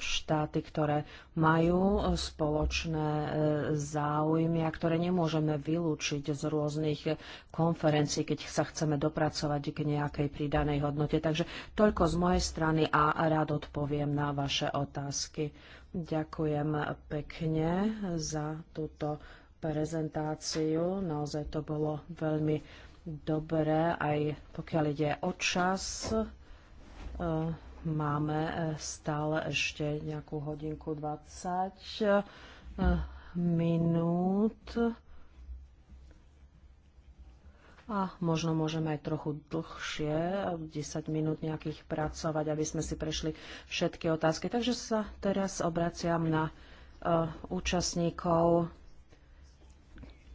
štáty, ktoré majú spoločné e, záujmy a ktoré nemôžeme vylúčiť z rôznych konferencií, keď sa chceme dopracovať k nejakej pridanej hodnote. Takže toľko z mojej strany a rád odpoviem na vaše otázky. Ďakujem pekne za túto prezentáciu. Naozaj to bolo veľmi dobré, aj pokiaľ ide o čas. E, Máme e, stále ešte nejakú hodinku 20 e, minút. A možno môžeme aj trochu dlhšie, 10 minút nejakých pracovať, aby sme si prešli všetky otázky. Takže sa teraz obraciam na uh, účastníkov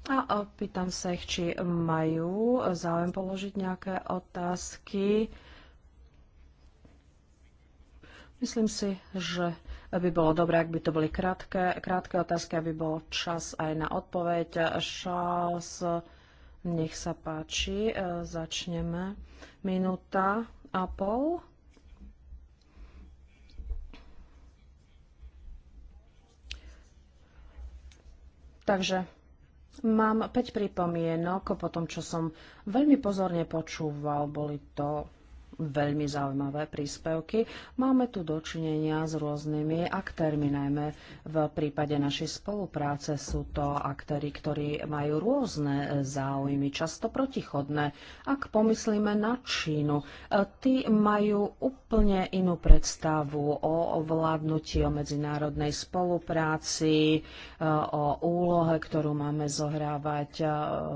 a pýtam sa ich, či majú záujem položiť nejaké otázky. Myslím si, že by bolo dobré, ak by to boli krátke, krátke otázky, aby bol čas aj na odpoveď. Čas, nech sa páči, e, začneme. Minúta a pol. Takže mám 5 pripomienok po tom, čo som veľmi pozorne počúval. Boli to veľmi zaujímavé príspevky. Máme tu dočinenia s rôznymi aktérmi, najmä v prípade našej spolupráce sú to aktéry, ktorí majú rôzne záujmy, často protichodné. Ak pomyslíme na Čínu, e, tí majú úplne inú predstavu o vládnutí, o medzinárodnej spolupráci, e, o úlohe, ktorú máme zohrávať e,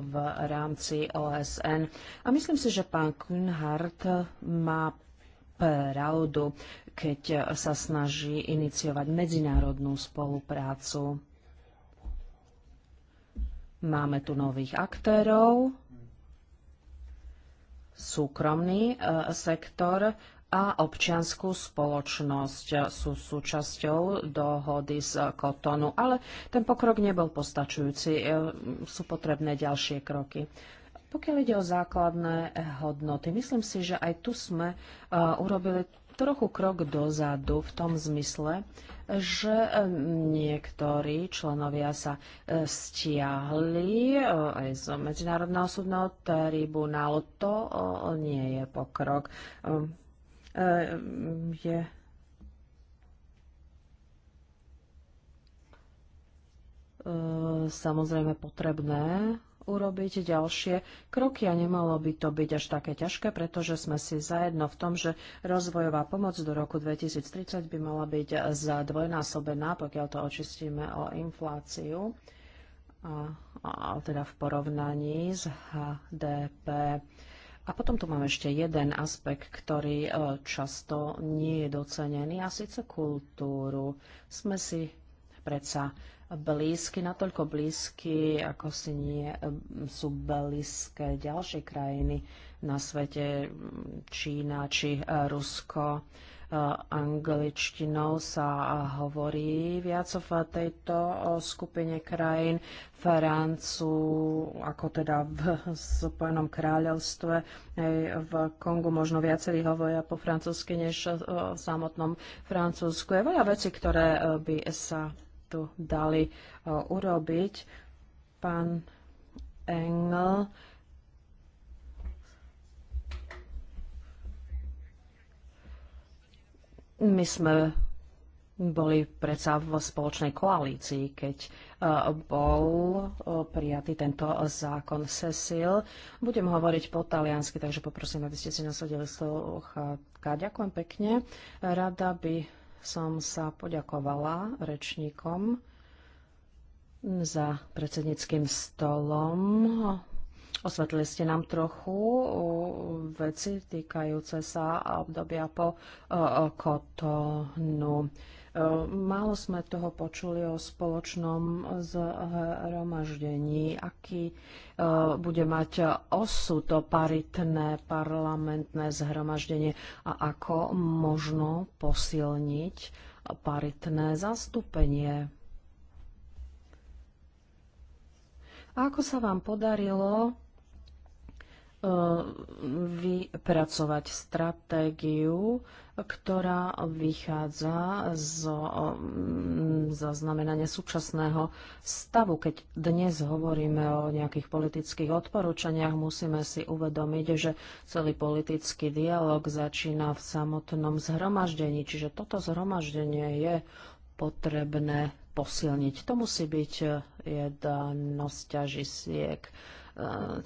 v rámci OSN. A myslím si, že pán Kunhardt má pravdu, keď sa snaží iniciovať medzinárodnú spoluprácu. Máme tu nových aktérov, súkromný e, sektor a občianskú spoločnosť sú súčasťou dohody z Kotonu, ale ten pokrok nebol postačujúci, e, sú potrebné ďalšie kroky. Pokiaľ ide o základné hodnoty, myslím si, že aj tu sme e, urobili trochu krok dozadu v tom zmysle, že e, niektorí členovia sa e, stiahli aj z Medzinárodného súdneho tribunálu. To nie je pokrok. Je samozrejme potrebné urobiť ďalšie kroky a nemalo by to byť až také ťažké, pretože sme si zajedno v tom, že rozvojová pomoc do roku 2030 by mala byť dvojnásobená, pokiaľ to očistíme o infláciu, a, a, teda v porovnaní s HDP. A potom tu mám ešte jeden aspekt, ktorý e, často nie je docenený, a síce kultúru. Sme si predsa blízky, natoľko blízky, ako si nie sú blízke ďalšie krajiny na svete, Čína či eh, Rusko. Eh, angličtinou sa hovorí viac v tejto eh, skupine krajín. Francú, ako teda v (laughs) Spojenom kráľovstve, aj v Kongu možno viacerí hovoria po francúzsky než v samotnom Francúzsku. Je veľa vecí, ktoré by sa to dali e, urobiť. Pán Engel My sme boli predsa v spoločnej koalícii, keď e, bol e, prijatý tento zákon Cecil. Budem hovoriť po taliansky, takže poprosím, aby ste si nasadili slovo. Ďakujem pekne. Rada by som sa poďakovala rečníkom za predsedníckým stolom. Osvetlili ste nám trochu uh, veci týkajúce sa obdobia po uh, kotonu. Eh, málo sme toho počuli o spoločnom zhromaždení, aký eh, bude mať osu to paritné parlamentné zhromaždenie a ako možno posilniť paritné zastúpenie. A ako sa vám podarilo eh, vypracovať stratégiu, ktorá vychádza z mm, zaznamenania súčasného stavu. Keď dnes hovoríme o nejakých politických odporúčaniach, musíme si uvedomiť, že celý politický dialog začína v samotnom zhromaždení. Čiže toto zhromaždenie je potrebné posilniť. To musí byť jedno z ťažisiek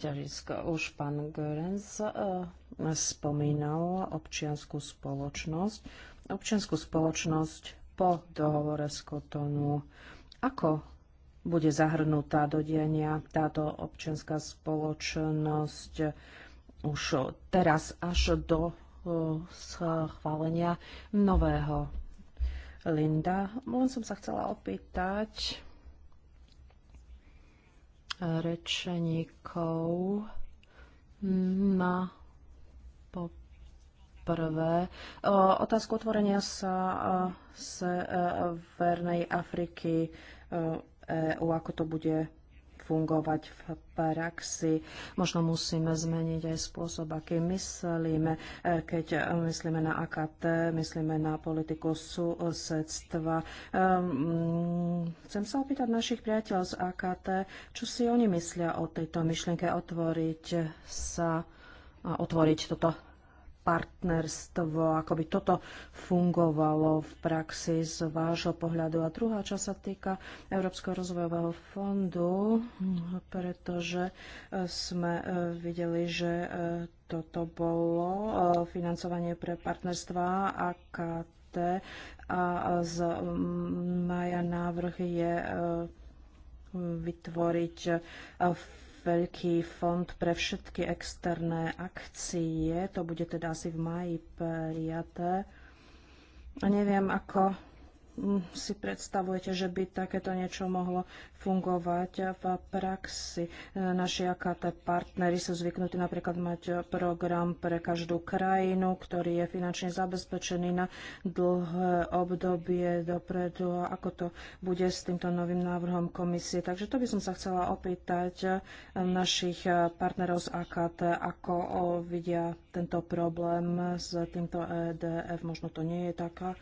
ťažisko. Už pán Görens e, spomínal občianskú spoločnosť. Občianskú spoločnosť po dohovore z Kotonu. Ako bude zahrnutá do diania táto občianská spoločnosť už teraz až do e, schválenia nového Linda, len som sa chcela opýtať, rečeníkov na poprvé. Otázku otvorenia sa e, Severnej e, Afriky EU, e ako to bude fungovať v praxi. Možno musíme zmeniť aj spôsob, aký myslíme, e, keď e, myslíme na AKT, myslíme na politiku susedstva. Ehm, chcem sa opýtať našich priateľov z AKT, čo si oni myslia o tejto myšlienke otvoriť sa a otvoriť toto partnerstvo, ako by toto fungovalo v praxi z vášho pohľadu. A druhá časť sa týka Európskeho rozvojového fondu, pretože eh, sme eh, videli, že eh, toto bolo financovanie pre partnerstva AKT a z maja mm, návrh je vytvoriť veľký fond pre všetky externé akcie. To bude teda asi v maji prijaté. A neviem, ako si predstavujete, že by takéto niečo mohlo fungovať v praxi? Naši AKT partnery sú zvyknutí napríklad mať program pre každú krajinu, ktorý je finančne zabezpečený na dlhé obdobie dopredu. ako to bude s týmto novým návrhom komisie? Takže to by som sa chcela opýtať našich partnerov z AKT, ako vidia tento problém s týmto EDF. Možno to nie je taká e,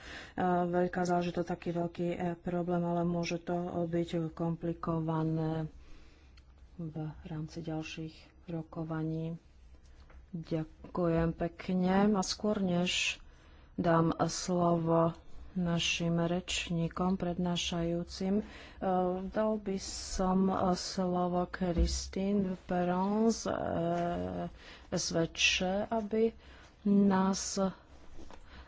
veľká záležitosť, taký veľký e, problém, ale môže to byť komplikované v rámci ďalších rokovaní. Ďakujem pekne. A skôr než dám slovo našim rečníkom prednášajúcim. E, dal by som e, slovo Kristín Perons z e, SVČ, aby nás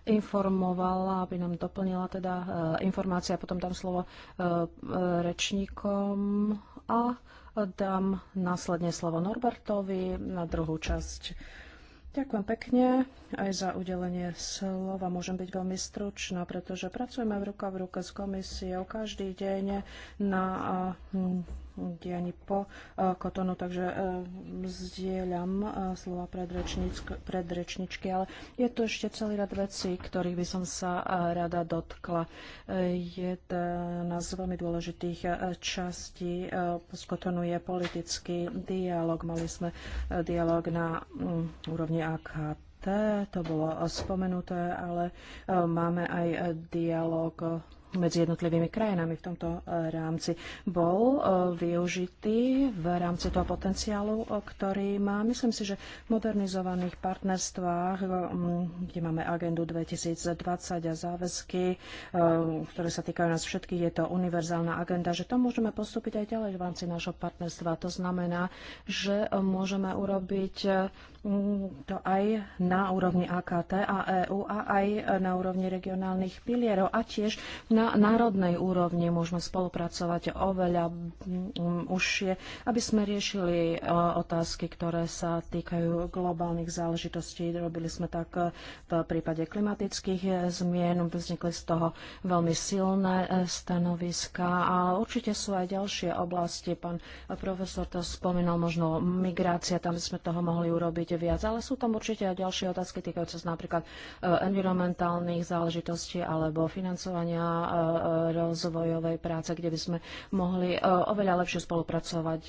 informovala, aby nám doplnila teda informácia, potom dám slovo rečníkom a dám následne slovo Norbertovi na druhú časť Ďakujem pekne aj za udelenie slova. Môžem byť veľmi stručná, pretože pracujeme v ruka v ruke s komisiou každý deň na dianí po e, Kotonu, takže e, zdieľam e, slova predrečničky, ale je tu ešte celý rad vecí, ktorých by som sa rada dotkla. Jedna z veľmi dôležitých častí z Kotonu je politický dialog. Mali sme dialog na mm, úrovni AKP to bolo spomenuté, ale máme aj dialog medzi jednotlivými krajinami v tomto e, rámci bol e, využitý v rámci toho potenciálu, e, ktorý má. Myslím si, že v modernizovaných partnerstvách, kde máme agendu 2020 a záväzky, ktoré sa týkajú nás všetkých, je to univerzálna agenda, že to môžeme postúpiť aj ďalej v rámci nášho partnerstva. To znamená, že môžeme urobiť to aj na úrovni AKT a EÚ a aj na úrovni regionálnych pilierov a tiež na národnej úrovni môžeme spolupracovať oveľa mm, užšie, aby sme riešili e, otázky, ktoré sa týkajú globálnych záležitostí. Robili sme tak e, v prípade klimatických e, zmien, vznikli z toho veľmi silné stanoviska a určite sú aj ďalšie oblasti. Pán profesor to spomínal, možno migrácia, tam sme toho mohli urobiť bude viac, ale sú tam určite aj ďalšie otázky týkajúce sa napríklad eh, environmentálnych záležitostí alebo financovania eh, rozvojovej práce, kde by sme mohli eh, oveľa lepšie spolupracovať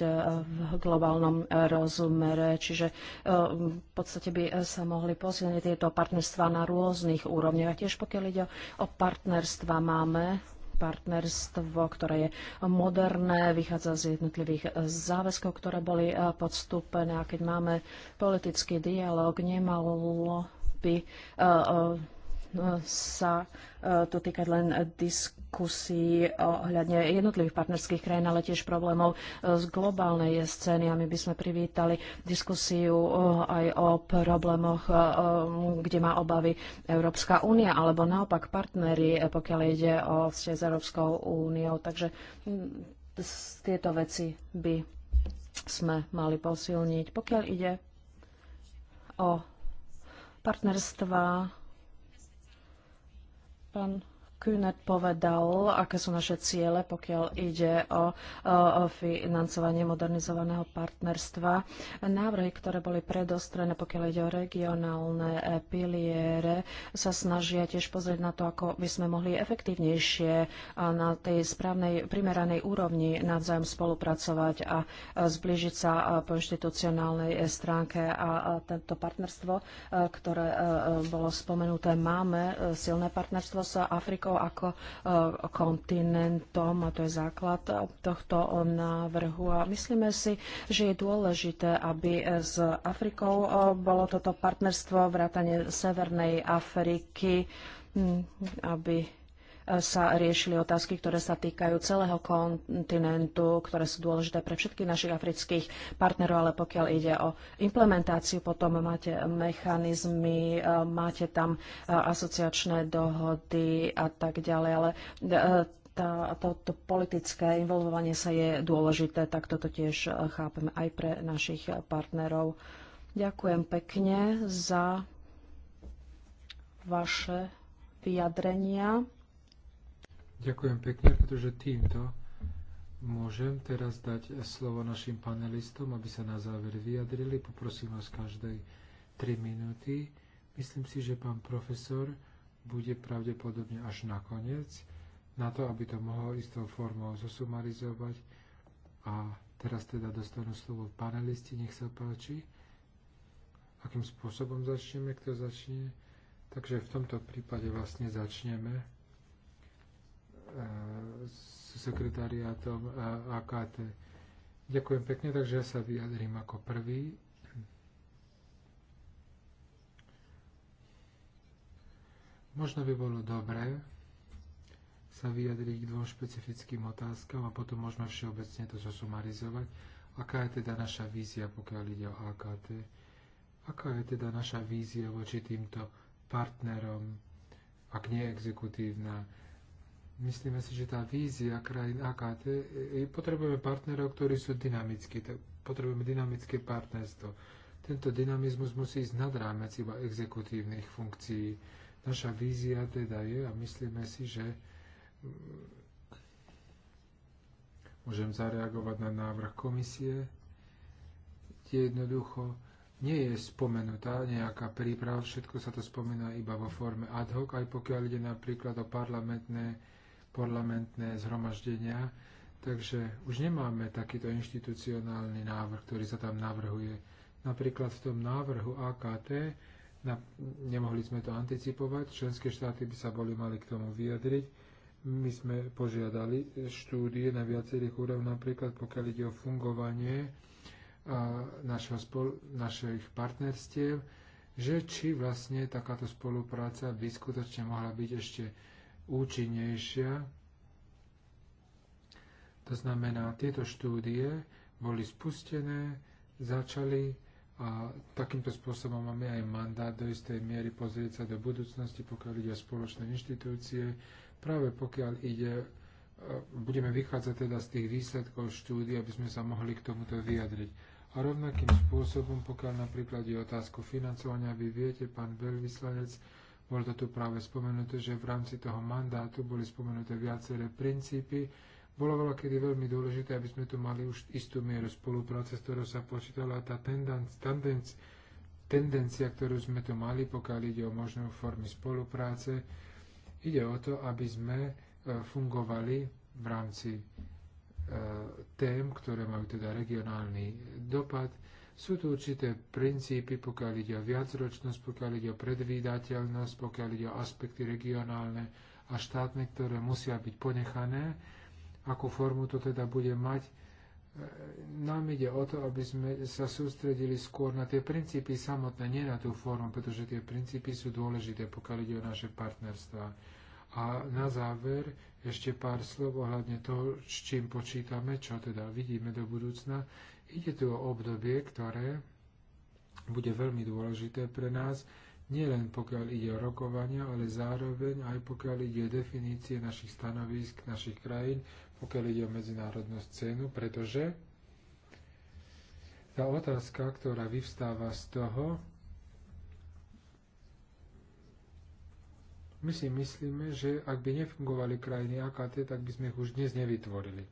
v globálnom rozmere. Čiže v podstate by sa mohli posilniť tieto partnerstva na rôznych úrovniach. A tiež pokiaľ ide o partnerstva, máme partnerstvo, ktoré je moderné, vychádza z jednotlivých záväzkov, ktoré boli eh, podstúpené. A keď máme politický dialog, nemalo by eh, eh, sa e, to týkať len diskusí ohľadne jednotlivých partnerských krajín, ale tiež problémov e, z globálnej scény. A my by sme privítali diskusiu e, aj o problémoch, kde má obavy Európska únia, alebo naopak partnery, pokiaľ ide o vzťah s Európskou úniou. Takže tieto veci by sme mali posilniť. Pokiaľ ide o partnerstva Pán Kühnert povedal, aké sú naše ciele, pokiaľ ide o, o financovanie modernizovaného partnerstva. Návrhy, ktoré boli predostrené, pokiaľ ide o regionálne e, piliere, sa snažia tiež pozrieť na to, ako by sme mohli efektívnejšie e, na tej správnej, primeranej úrovni navzájom spolupracovať a zblížiť sa e, po inštitucionálnej stránke a tento partnerstvo, ktoré bolo spomenuté, máme silné partnerstvo s Afrikou Európou ako e, kontinentom a to je základ tohto návrhu. A myslíme si, že je dôležité, aby s Afrikou e, bolo toto partnerstvo vrátane Severnej Afriky, aby sa riešili otázky, ktoré sa týkajú celého kontinentu, ktoré sú dôležité pre všetkých našich afrických partnerov, ale pokiaľ ide o implementáciu, potom máte mechanizmy, e, máte tam e, asociačné dohody a tak ďalej, ale e, tá, to, to politické involvovanie sa je dôležité, tak toto tiež chápeme aj pre našich partnerov. Ďakujem pekne za vaše vyjadrenia. Ďakujem pekne, pretože týmto môžem teraz dať slovo našim panelistom, aby sa na záver vyjadrili. Poprosím vás každej 3 minúty. Myslím si, že pán profesor bude pravdepodobne až nakoniec, na to, aby to mohol istou formou zosumarizovať. A teraz teda dostanú slovo panelisti, nech sa páči. Akým spôsobom začneme, kto začne? Takže v tomto prípade vlastne začneme s sekretariátom AKT. Ďakujem pekne, takže ja sa vyjadrím ako prvý. Možno by bolo dobré sa vyjadriť k dvom špecifickým otázkam a potom môžeme všeobecne to zosumarizovať. Aká je teda naša vízia, pokiaľ ide o AKT? Aká je teda naša vízia voči týmto partnerom, ak nie exekutívna? myslíme si, že tá vízia krajín AKT, e, e, potrebujeme partnerov, ktorí sú dynamickí, potrebujeme dynamické partnerstvo. Tento dynamizmus musí ísť nad rámec iba exekutívnych funkcií. Naša vízia teda je a myslíme si, že mm, môžem zareagovať na návrh komisie, kde jednoducho nie je spomenutá nejaká príprava, všetko sa to spomína iba vo forme ad hoc, aj pokiaľ ide napríklad o parlamentné parlamentné zhromaždenia, takže už nemáme takýto inštitucionálny návrh, ktorý sa tam navrhuje. Napríklad v tom návrhu AKT, na, nemohli sme to anticipovať, členské štáty by sa boli mali k tomu vyjadriť. My sme požiadali štúdie na viacerých úrovniach, napríklad pokiaľ ide o fungovanie našho spol- našich partnerstiev, že či vlastne takáto spolupráca by skutočne mohla byť ešte účinnejšia. To znamená, tieto štúdie boli spustené, začali a takýmto spôsobom máme aj mandát do istej miery pozrieť sa do budúcnosti, pokiaľ ide o spoločné inštitúcie. Práve pokiaľ ide, e, budeme vychádzať teda z tých výsledkov štúdie, aby sme sa mohli k tomuto vyjadriť. A rovnakým spôsobom, pokiaľ napríklad je otázku financovania, vy viete, pán veľvyslanec, bolo to tu práve spomenuté, že v rámci toho mandátu boli spomenuté viaceré princípy. Bolo veľa kedy veľmi dôležité, aby sme tu mali už istú mieru spolupráce, s ktorou sa počítala tá tendenc, tendenc, tendencia, ktorú sme tu mali, pokiaľ ide o možnú formy spolupráce. Ide o to, aby sme e, fungovali v rámci e, tém, ktoré majú teda regionálny dopad, sú tu určité princípy, pokiaľ ide o viacročnosť, pokiaľ ide o predvídateľnosť, pokiaľ ide o aspekty regionálne a štátne, ktoré musia byť ponechané. Akú formu to teda bude mať? E, nám ide o to, aby sme sa sústredili skôr na tie princípy samotné, nie na tú formu, pretože tie princípy sú dôležité, pokiaľ ide o naše partnerstva. A na záver ešte pár slov ohľadne toho, s čím počítame, čo teda vidíme do budúcna. Ide tu o obdobie, ktoré bude veľmi dôležité pre nás, nielen pokiaľ ide o rokovania, ale zároveň aj pokiaľ ide o definície našich stanovisk, našich krajín, pokiaľ ide o medzinárodnú scénu, pretože tá otázka, ktorá vyvstáva z toho, my si myslíme, že ak by nefungovali krajiny AKT, tak by sme ich už dnes nevytvorili.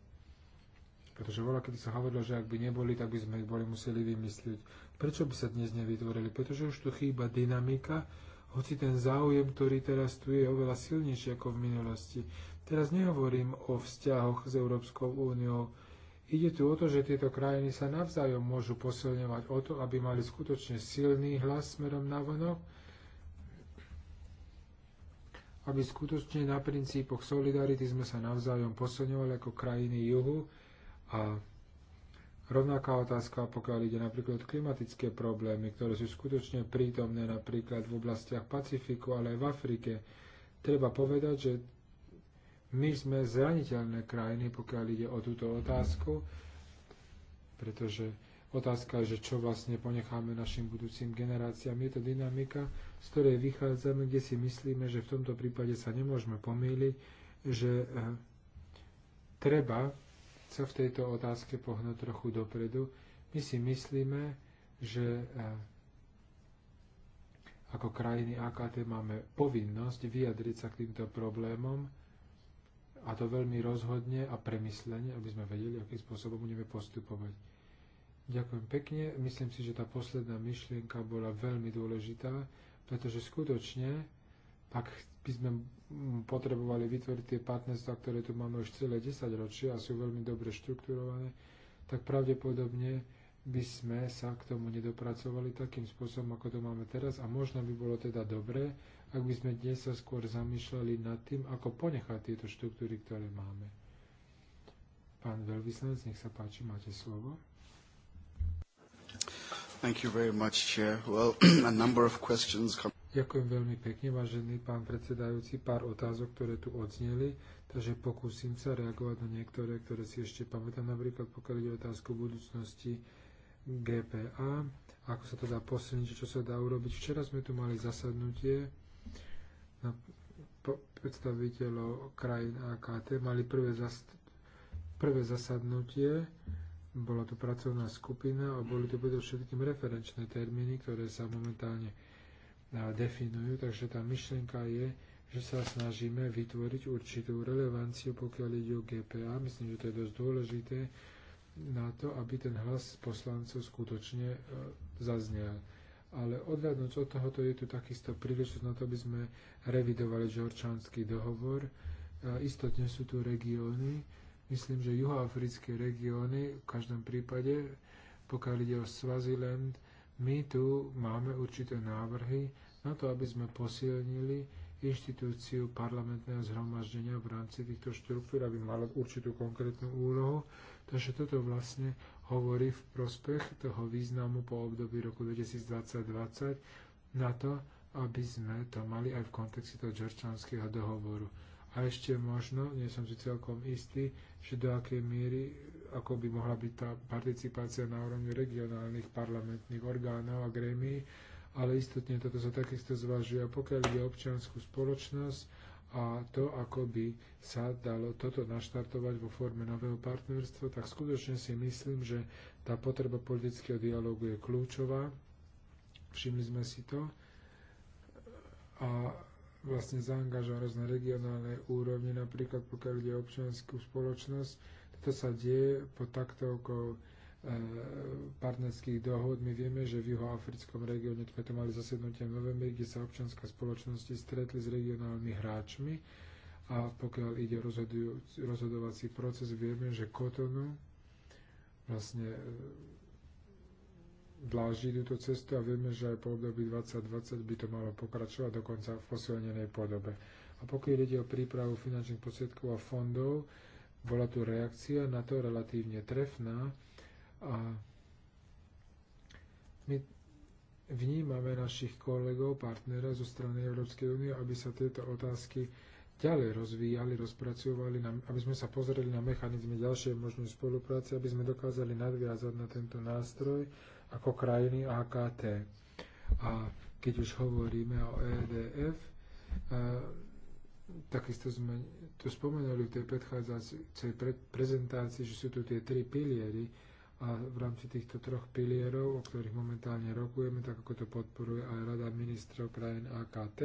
Pretože voľa, kedy sa hovorilo, že ak by neboli, tak by sme ich boli museli vymyslieť. Prečo by sa dnes nevytvorili? Pretože už tu chýba dynamika, hoci ten záujem, ktorý teraz tu je, je oveľa silnejší ako v minulosti. Teraz nehovorím o vzťahoch s Európskou úniou. Ide tu o to, že tieto krajiny sa navzájom môžu posilňovať o to, aby mali skutočne silný hlas smerom na vonok, aby skutočne na princípoch solidarity sme sa navzájom posilňovali ako krajiny juhu, a rovnaká otázka, pokiaľ ide napríklad klimatické problémy, ktoré sú skutočne prítomné napríklad v oblastiach Pacifiku, ale aj v Afrike, treba povedať, že my sme zraniteľné krajiny, pokiaľ ide o túto otázku, pretože otázka je, že čo vlastne ponecháme našim budúcim generáciám. Je to dynamika, z ktorej vychádzame, kde si myslíme, že v tomto prípade sa nemôžeme pomýliť, že eh, treba sa v tejto otázke pohnúť trochu dopredu. My si myslíme, že e, ako krajiny AKT máme povinnosť vyjadriť sa k týmto problémom a to veľmi rozhodne a premyslene, aby sme vedeli, akým spôsobom budeme postupovať. Ďakujem pekne. Myslím si, že tá posledná myšlienka bola veľmi dôležitá, pretože skutočne ak by sme potrebovali vytvoriť tie partnerstva, ktoré tu máme už celé 10 ročia a sú veľmi dobre štrukturované, tak pravdepodobne by sme sa k tomu nedopracovali takým spôsobom, ako to máme teraz a možno by bolo teda dobré, ak by sme dnes sa skôr zamýšľali nad tým, ako ponechať tieto štruktúry, ktoré máme. Pán veľvyslanec, nech sa páči, máte slovo. Thank you very much, Chair. Well, (clears throat) a number of questions come Ďakujem veľmi pekne, vážený pán predsedajúci. Pár otázok, ktoré tu odzneli, takže pokúsim sa reagovať na niektoré, ktoré si ešte pamätám. Napríklad pokiaľ ide otázku budúcnosti GPA, ako sa to dá posilniť, čo sa dá urobiť. Včera sme tu mali zasadnutie na predstaviteľov krajín AKT, mali prvé, zas, prvé zasadnutie, bola tu pracovná skupina a boli tu predovšetkým referenčné termíny, ktoré sa momentálne definujú. Takže tá myšlienka je, že sa snažíme vytvoriť určitú relevanciu, pokiaľ ide o GPA. Myslím, že to je dosť dôležité na to, aby ten hlas poslancov skutočne e, zaznel. Ale odhľadnúť od tohoto je tu takisto príležitosť na to, aby sme revidovali žorčanský dohovor. E, istotne sú tu regióny, myslím, že juhoafrické regióny v každom prípade, pokiaľ ide o Swaziland, my tu máme určité návrhy na to, aby sme posilnili inštitúciu parlamentného zhromaždenia v rámci týchto štruktúr, aby malo určitú konkrétnu úlohu. Takže toto vlastne hovorí v prospech toho významu po období roku 2020 na to, aby sme to mali aj v kontexte toho Georgianského dohovoru. A ešte možno, nie som si celkom istý, že do akej miery ako by mohla byť tá participácia na úrovni regionálnych parlamentných orgánov a grémy, ale istotne toto sa takisto zvažuje. pokiaľ ide občianskú spoločnosť a to, ako by sa dalo toto naštartovať vo forme nového partnerstva, tak skutočne si myslím, že tá potreba politického dialógu je kľúčová. Všimli sme si to. A vlastne zaangažovanosť na regionálnej úrovni, napríklad pokiaľ ide občianskú spoločnosť, to sa deje pod taktovkou e, partnerských dohod. My vieme, že v juhoafrickom regióne sme to mali zasednutie v novembri, kde sa občianská spoločnosti stretli s regionálnymi hráčmi a pokiaľ ide rozhodovací proces, vieme, že Kotonu vlastne e, dláži túto cestu a vieme, že aj po období 2020 by to malo pokračovať dokonca v posilnenej podobe. A pokiaľ ide o prípravu finančných prostriedkov a fondov, bola tu reakcia na to relatívne trefná a my vnímame našich kolegov, partnerov zo strany Európskej únie, aby sa tieto otázky ďalej rozvíjali, rozpracovali, aby sme sa pozreli na mechanizmy ďalšej možnej spolupráce, aby sme dokázali nadviazať na tento nástroj ako krajiny AKT. A keď už hovoríme o EDF, e, Takisto sme tu spomenuli v tej predchádzajúcej prezentácii, že sú tu tie tri piliery a v rámci týchto troch pilierov, o ktorých momentálne rokujeme, tak ako to podporuje aj Rada ministrov krajín AKT,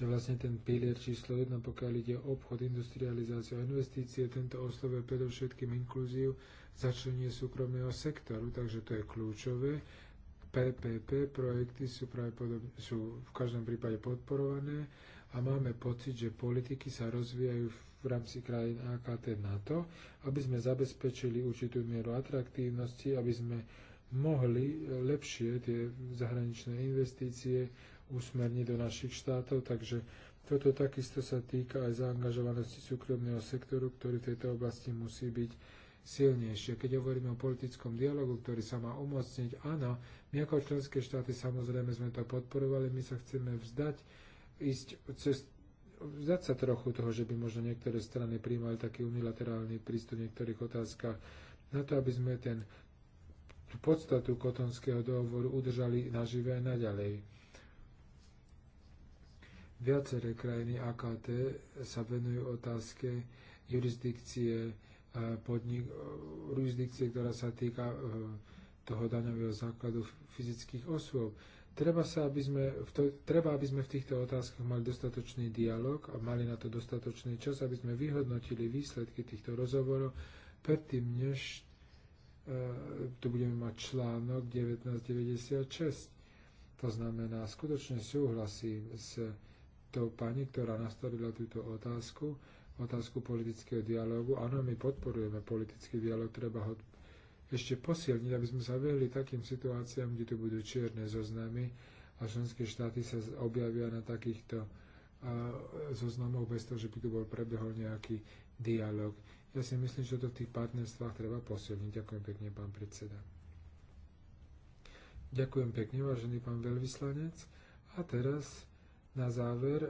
že vlastne ten pilier číslo 1, pokiaľ ide o obchod, industrializáciu a investície, tento oslovuje predovšetkým inklúziu, začlenie súkromného sektoru, takže to je kľúčové. PPP projekty sú, sú v každom prípade podporované a máme pocit, že politiky sa rozvíjajú v rámci krajín AKT na to, aby sme zabezpečili určitú mieru atraktívnosti, aby sme mohli lepšie tie zahraničné investície usmerniť do našich štátov, takže toto takisto sa týka aj zaangažovanosti súkromného sektoru, ktorý v tejto oblasti musí byť silnejšie. Keď hovoríme o politickom dialogu, ktorý sa má umocniť, áno, my ako členské štáty samozrejme sme to podporovali, my sa chceme vzdať ísť cez vzdať sa trochu toho, že by možno niektoré strany príjmali taký unilaterálny prístup v niektorých otázkach, na to, aby sme ten, tú podstatu kotonského dohovoru udržali nažive aj naďalej. Viaceré krajiny AKT sa venujú otázke jurisdikcie, eh, podnik, jurisdikcie, ktorá sa týka eh, toho daňového základu fyzických osôb. Treba, sa, aby sme v to, treba, aby sme v týchto otázkach mali dostatočný dialog a mali na to dostatočný čas, aby sme vyhodnotili výsledky týchto rozhovorov predtým, než e, tu budeme mať článok 1996. To znamená, skutočne súhlasím s tou pani, ktorá nastavila túto otázku, otázku politického dialogu. Áno, my podporujeme politický dialog, treba ho ešte posilniť, aby sme sa vyhli takým situáciám, kde tu budú čierne zoznamy a členské štáty sa objavia na takýchto zoznamoch bez toho, že by tu bol prebehol nejaký dialog. Ja si myslím, že to v tých partnerstvách treba posilniť. Ďakujem pekne, pán predseda. Ďakujem pekne, vážený pán veľvyslanec. A teraz na záver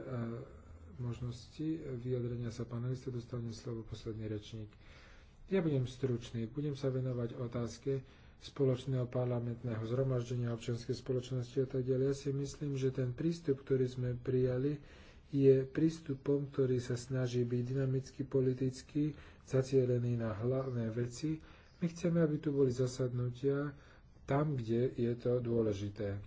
možnosti vyjadrenia sa panelista dostane slovo posledný rečník. Ja budem stručný, budem sa venovať otázke spoločného parlamentného zhromaždenia občianskej spoločnosti a tak ďalej. Ja si myslím, že ten prístup, ktorý sme prijali, je prístupom, ktorý sa snaží byť dynamicky politicky, zacielený na hlavné veci. My chceme, aby tu boli zasadnutia tam, kde je to dôležité.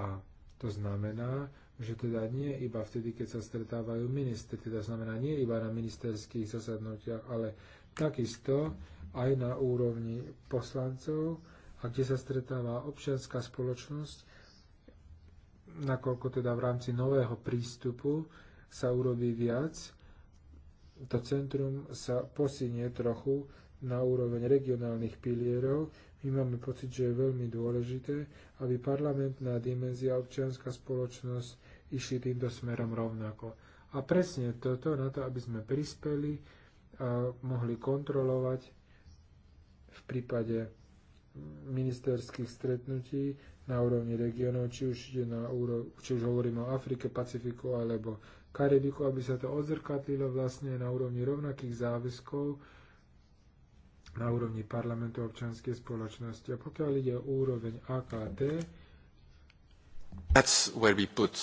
A to znamená, že teda nie iba vtedy, keď sa stretávajú ministri, teda znamená nie iba na ministerských zasadnutiach, ale takisto aj na úrovni poslancov a kde sa stretáva občianská spoločnosť, nakoľko teda v rámci nového prístupu sa urobí viac, to centrum sa posinie trochu na úroveň regionálnych pilierov. My máme pocit, že je veľmi dôležité, aby parlamentná dimenzia občianská spoločnosť išli týmto smerom rovnako. A presne toto, na to, aby sme prispeli mohli kontrolovať v prípade ministerských stretnutí na úrovni regionov, či už, ide na úro, či už hovoríme o Afrike, Pacifiku alebo Karibiku, aby sa to odzrkadlilo vlastne na úrovni rovnakých záväzkov na úrovni parlamentu občanskej spoločnosti. A pokiaľ ide o úroveň AKT, That's where we put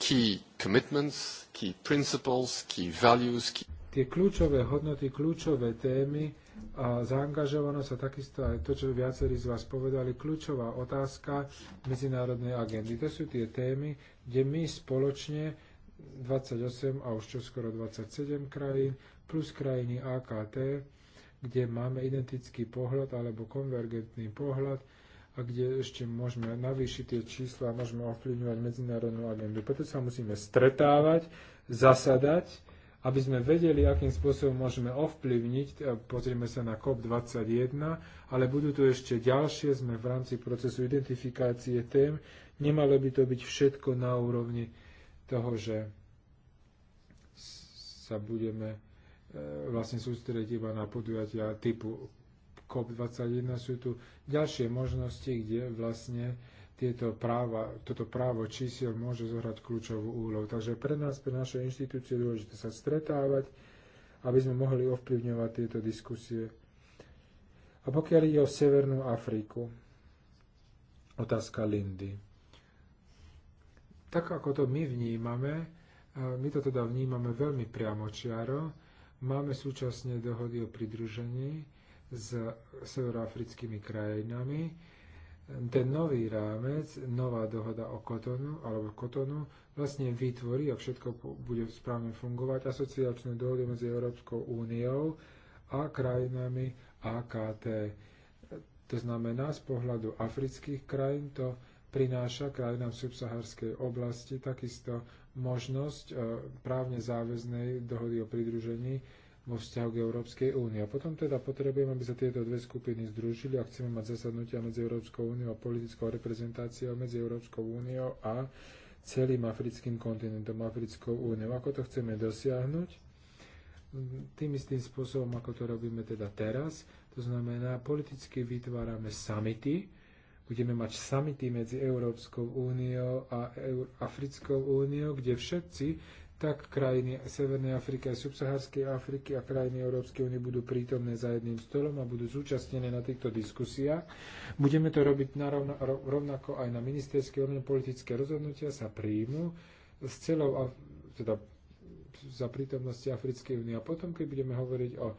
key commitments, key principles, key values, key tie kľúčové hodnoty, kľúčové témy a zaangažovanosť a takisto aj to, čo viacerí z vás povedali, kľúčová otázka medzinárodnej agendy. To sú tie témy, kde my spoločne 28 a už čoskoro 27 krajín plus krajiny AKT, kde máme identický pohľad alebo konvergentný pohľad, a kde ešte môžeme navýšiť tie čísla a môžeme ovplyvňovať medzinárodnú agendu. Preto sa musíme stretávať, zasadať aby sme vedeli, akým spôsobom môžeme ovplyvniť, e, pozrieme sa na COP21, ale budú tu ešte ďalšie, sme v rámci procesu identifikácie tém, nemalo by to byť všetko na úrovni toho, že sa budeme e, vlastne sústrediť iba na podujatia typu COP21. Sú tu ďalšie možnosti, kde vlastne tieto práva, toto právo čísiel môže zohrať kľúčovú úlohu. Takže pre nás, pre naše inštitúcie je dôležité sa stretávať, aby sme mohli ovplyvňovať tieto diskusie. A pokiaľ ide o Severnú Afriku, otázka Lindy. Tak ako to my vnímame, my to teda vnímame veľmi priamočiaro, máme súčasne dohody o pridružení s severoafrickými krajinami, ten nový rámec, nová dohoda o kotonu, alebo kotonu, vlastne vytvorí a všetko bude správne fungovať, asociačnú dohodu medzi Európskou úniou a krajinami AKT. To znamená, z pohľadu afrických krajín to prináša krajinám subsaharskej oblasti takisto možnosť e, právne záväznej dohody o pridružení vo vzťahu k Európskej únii. A potom teda potrebujeme, aby sa tieto dve skupiny združili a chceme mať zasadnutia medzi Európskou úniou a politickou reprezentáciou medzi Európskou úniou a celým africkým kontinentom, Africkou úniou. Ako to chceme dosiahnuť? Tým istým spôsobom, ako to robíme teda teraz, to znamená, politicky vytvárame samity, budeme mať samity medzi Európskou úniou a Africkou úniou, kde všetci tak krajiny Severnej Afriky a Subsaharskej Afriky a krajiny Európskej únie budú prítomné za jedným stolom a budú zúčastnené na týchto diskusiách. Budeme to robiť narovna, rovnako aj na ministerské úrovni. Politické rozhodnutia sa príjmu s celou, teda za prítomnosti Africkej únie. A potom, keď budeme hovoriť o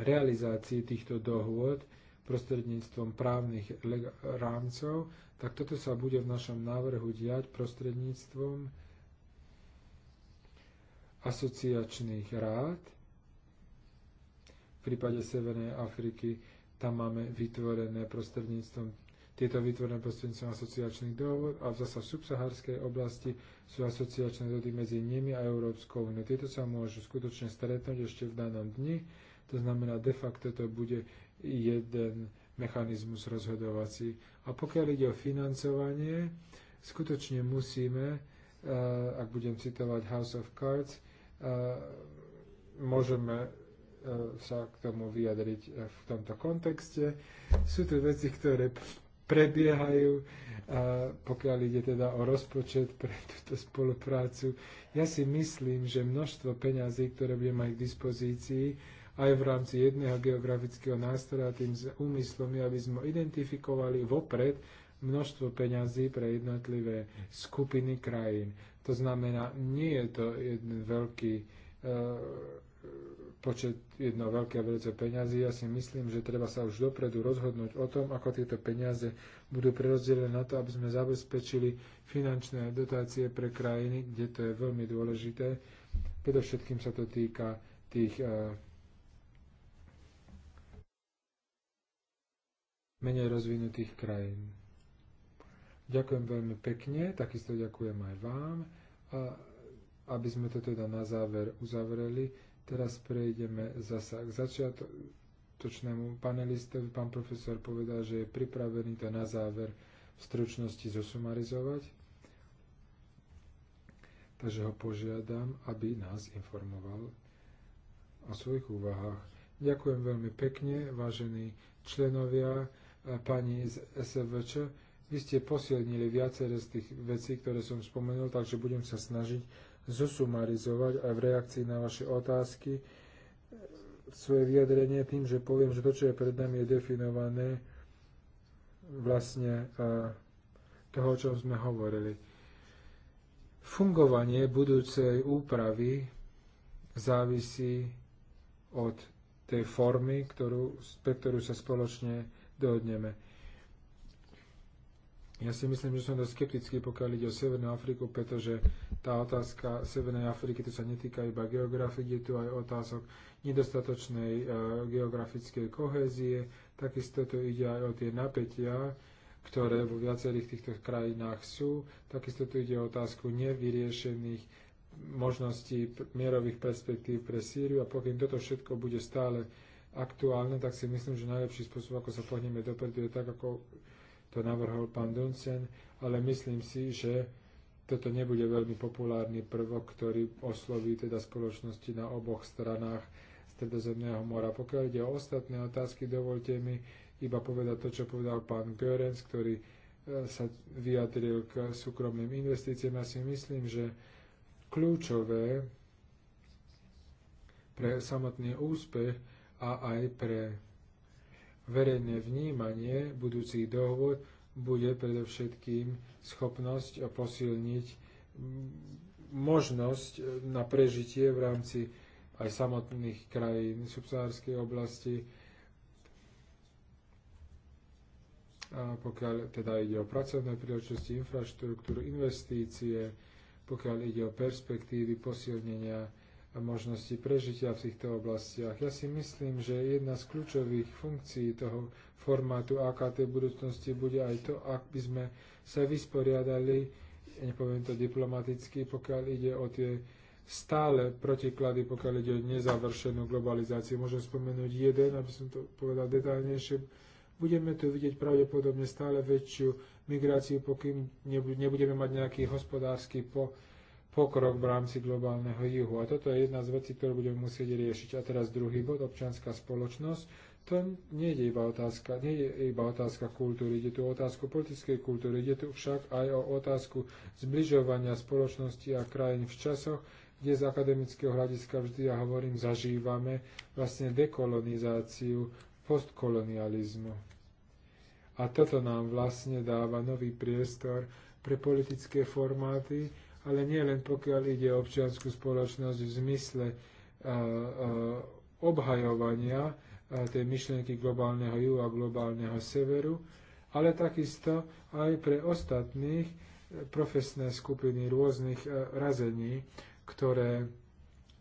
realizácii týchto dohôd prostredníctvom právnych rámcov, tak toto sa bude v našom návrhu diať prostredníctvom asociačných rád. V prípade Severnej Afriky tam máme vytvorené prostredníctvom tieto vytvorené prostredníctvom asociačných dohod a zase v subsaharskej oblasti sú asociačné dohody medzi nimi a Európskou úniou. Tieto sa môžu skutočne stretnúť ešte v danom dni, to znamená de facto to bude jeden mechanizmus rozhodovací. A pokiaľ ide o financovanie, skutočne musíme, eh, ak budem citovať House of Cards, E, môžeme e, sa k tomu vyjadriť e, v tomto kontexte. Sú to veci, ktoré prebiehajú, pokiaľ ide teda o rozpočet pre (laughs) túto spoluprácu. Ja si myslím, že množstvo peňazí, ktoré budeme mať k dispozícii, aj v rámci jedného geografického nástroja, tým úmyslom je, aby sme identifikovali vopred množstvo peňazí pre jednotlivé skupiny krajín. To znamená, nie je to jeden veľký e, počet jedno veľké veľce peňazí. Ja si myslím, že treba sa už dopredu rozhodnúť o tom, ako tieto peniaze budú prerozdelené na to, aby sme zabezpečili finančné dotácie pre krajiny, kde to je veľmi dôležité. Predovšetkým sa to týka tých e, menej rozvinutých krajín. Ďakujem veľmi pekne, takisto ďakujem aj vám. A aby sme to teda na záver uzavreli, teraz prejdeme zasa k začiatočnému panelistovi. Pán profesor povedal, že je pripravený to na záver v stručnosti zosumarizovať. Takže ho požiadam, aby nás informoval o svojich úvahách. Ďakujem veľmi pekne, vážení členovia, eh, pani z SVČ vy ste posilnili viaceré z tých vecí, ktoré som spomenul, takže budem sa snažiť zosumarizovať aj v reakcii na vaše otázky svoje vyjadrenie tým, že poviem, že to, čo je pred nami, je definované vlastne e, toho, o čom sme hovorili. Fungovanie budúcej úpravy závisí od tej formy, ktorú, pre ktorú sa spoločne dohodneme. Ja si myslím, že som dosť skeptický, pokiaľ ide o Severnú Afriku, pretože tá otázka Severnej Afriky, tu sa netýka iba geografie, je tu aj otázok nedostatočnej e, geografickej kohézie, takisto tu ide aj o tie napätia, ktoré vo viacerých týchto krajinách sú, takisto tu ide o otázku nevyriešených možností mierových perspektív pre Sýriu a pokým toto všetko bude stále aktuálne, tak si myslím, že najlepší spôsob, ako sa pohneme dopredu, je tak, ako to navrhol pán Duncen, ale myslím si, že toto nebude veľmi populárny prvok, ktorý osloví teda spoločnosti na oboch stranách Stredozemného mora. Pokiaľ ide o ostatné otázky, dovolte mi iba povedať to, čo povedal pán Görens, ktorý e, sa vyjadril k súkromným investíciám. Ja si myslím, že kľúčové pre samotný úspech a aj pre verejné vnímanie budúcich dohôd bude predovšetkým schopnosť posilniť možnosť na prežitie v rámci aj samotných krajín subsahárskej oblasti, a pokiaľ teda ide o pracovné príležitosti, infraštruktúru, investície, pokiaľ ide o perspektívy posilnenia možnosti prežitia v týchto oblastiach. Ja si myslím, že jedna z kľúčových funkcií toho formátu AKT v budúcnosti bude aj to, ak by sme sa vysporiadali, nepoviem to diplomaticky, pokiaľ ide o tie stále protiklady, pokiaľ ide o nezavršenú globalizáciu. Môžem spomenúť jeden, aby som to povedal detaľnejšie. Budeme tu vidieť pravdepodobne stále väčšiu migráciu, pokým nebudeme mať nejaký hospodársky po, pokrok v rámci globálneho juhu. A toto je jedna z vecí, ktorú budeme musieť riešiť. A teraz druhý bod, občianská spoločnosť. To nie je iba otázka, nie je iba otázka kultúry, ide tu o otázku politickej kultúry, ide tu však aj o otázku zbližovania spoločnosti a krajín v časoch, kde z akademického hľadiska vždy, ja hovorím, zažívame vlastne dekolonizáciu postkolonializmu. A toto nám vlastne dáva nový priestor pre politické formáty, ale nie len pokiaľ ide o občianskú spoločnosť v zmysle obhajovania tej myšlienky globálneho juhu a globálneho severu, ale takisto aj pre ostatných e, profesné skupiny rôznych e, razení, ktoré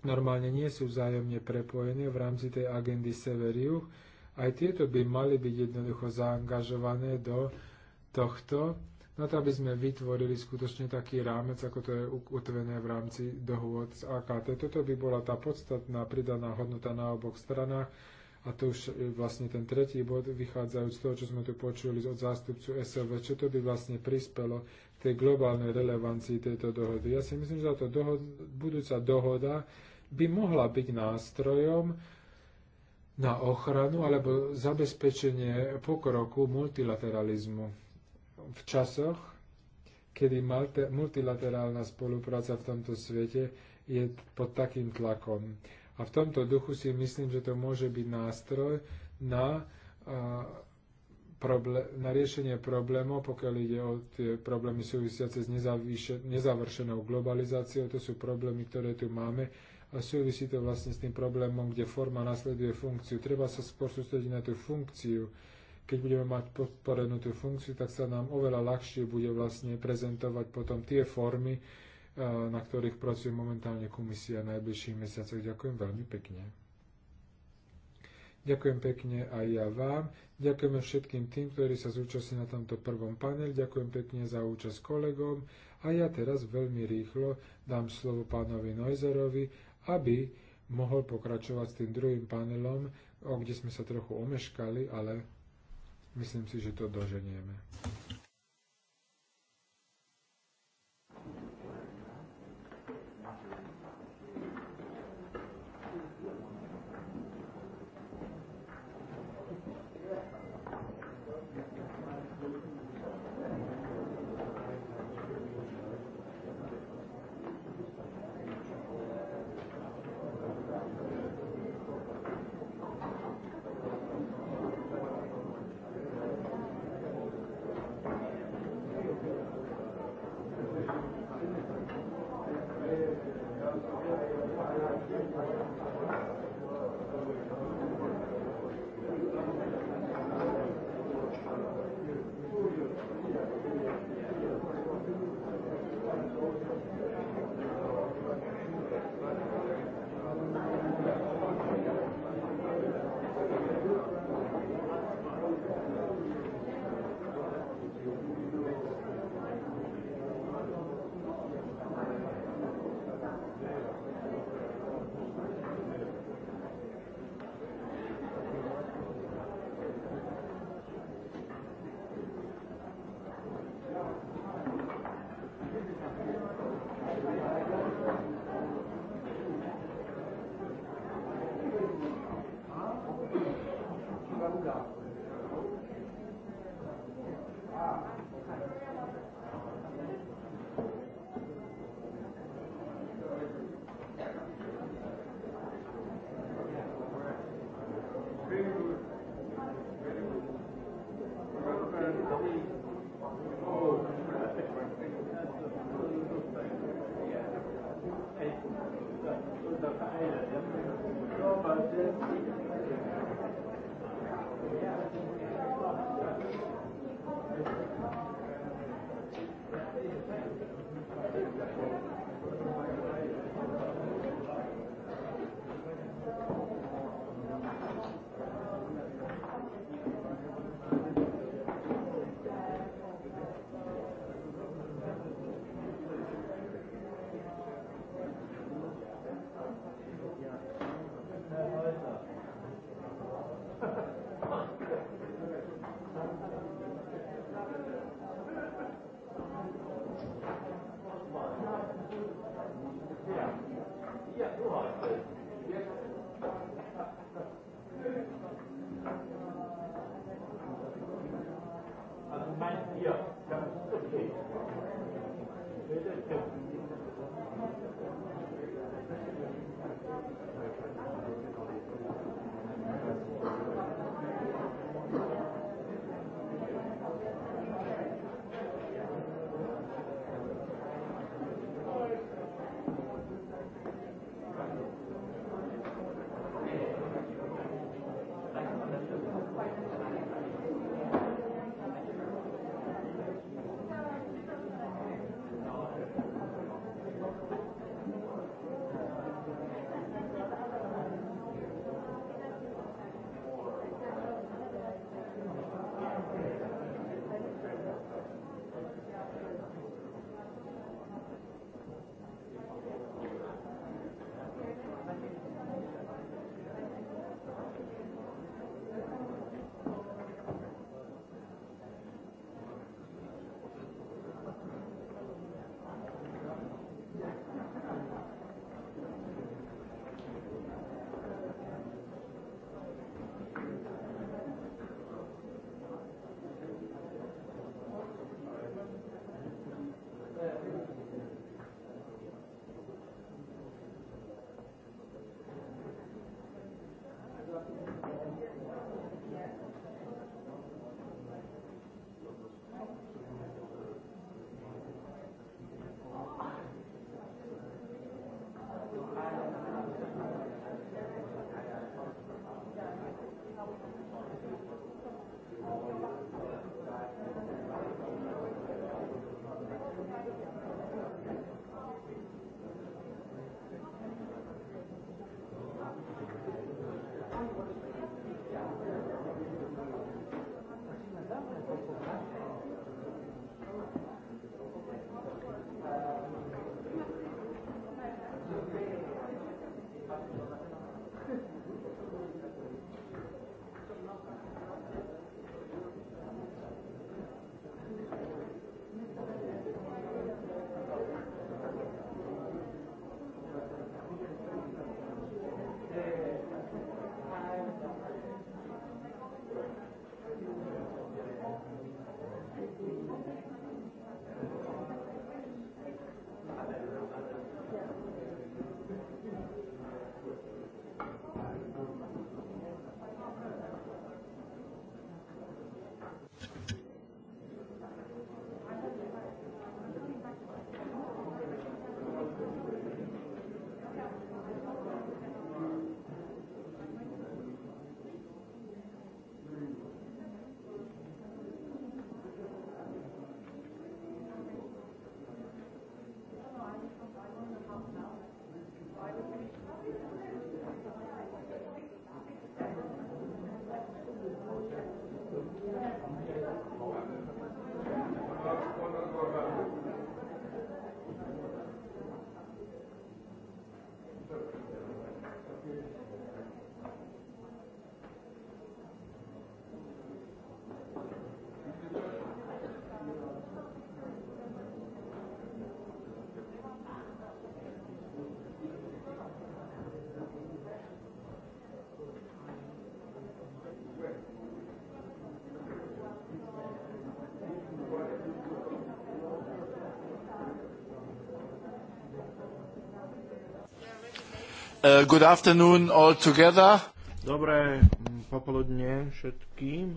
normálne nie sú vzájomne prepojené v rámci tej agendy severiu. juh aj tieto by mali byť jednoducho zaangažované do tohto na to, aby sme vytvorili skutočne taký rámec, ako to je utvené v rámci dohôd z AKT. Toto by bola tá podstatná pridaná hodnota na oboch stranách a to už je vlastne ten tretí bod, vychádzajúc z toho, čo sme tu počuli od zástupcu SLV, čo to by vlastne prispelo k tej globálnej relevancii tejto dohody. Ja si myslím, že táto dohod, budúca dohoda by mohla byť nástrojom na ochranu alebo zabezpečenie pokroku multilateralizmu v časoch, kedy multilaterálna spolupráca v tomto svete je pod takým tlakom. A v tomto duchu si myslím, že to môže byť nástroj na, a, na riešenie problémov, pokiaľ ide o tie problémy súvisiace s nezavršenou globalizáciou. To sú problémy, ktoré tu máme a súvisí to vlastne s tým problémom, kde forma nasleduje funkciu. Treba sa skôr sústrediť na tú funkciu, keď budeme mať podporenú tú funkciu, tak sa nám oveľa ľahšie bude vlastne prezentovať potom tie formy, eh, na ktorých pracuje momentálne komisia v najbližších mesiacoch. Ďakujem veľmi pekne. Ďakujem pekne aj ja vám. Ďakujeme všetkým tým, ktorí sa zúčastnili na tomto prvom panel. Ďakujem pekne za účasť kolegom. A ja teraz veľmi rýchlo dám slovo pánovi Neuserovi, aby mohol pokračovať s tým druhým panelom, o kde sme sa trochu omeškali, ale Myslím si, že to doženieme. Uh, good afternoon all together. Dobré popoludne všetkým.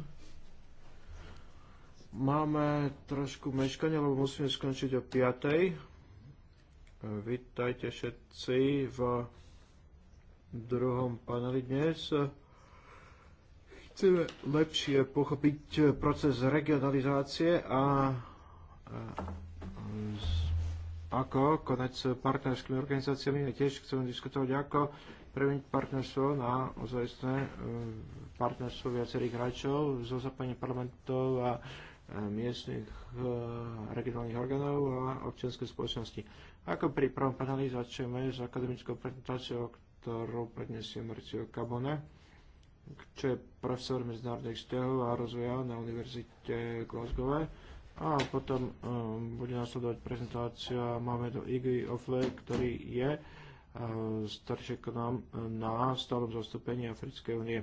Máme trošku meškanie, lebo musíme skončiť o 5. Uh, vítajte všetci v druhom paneli dnes. Chceme lepšie pochopiť proces regionalizácie a ako konať s partnerskými organizáciami a tiež chcem diskutovať, ako premeniť partnerstvo na ozajstné e, partnerstvo viacerých hráčov zo zapojení parlamentov a e, miestnych e, regionálnych orgánov a občianskej spoločnosti. Ako pri prvom paneli začneme s akademickou prezentáciou, ktorú predniesie Marcio Cabone, čo je profesor medzinárodných vzťahov a rozvoja na Univerzite Glasgow a potom um, bude nasledovať prezentácia. Máme do Iggy Ofle, ktorý je uh, starší k nám na stálom zastúpení Africkej únie.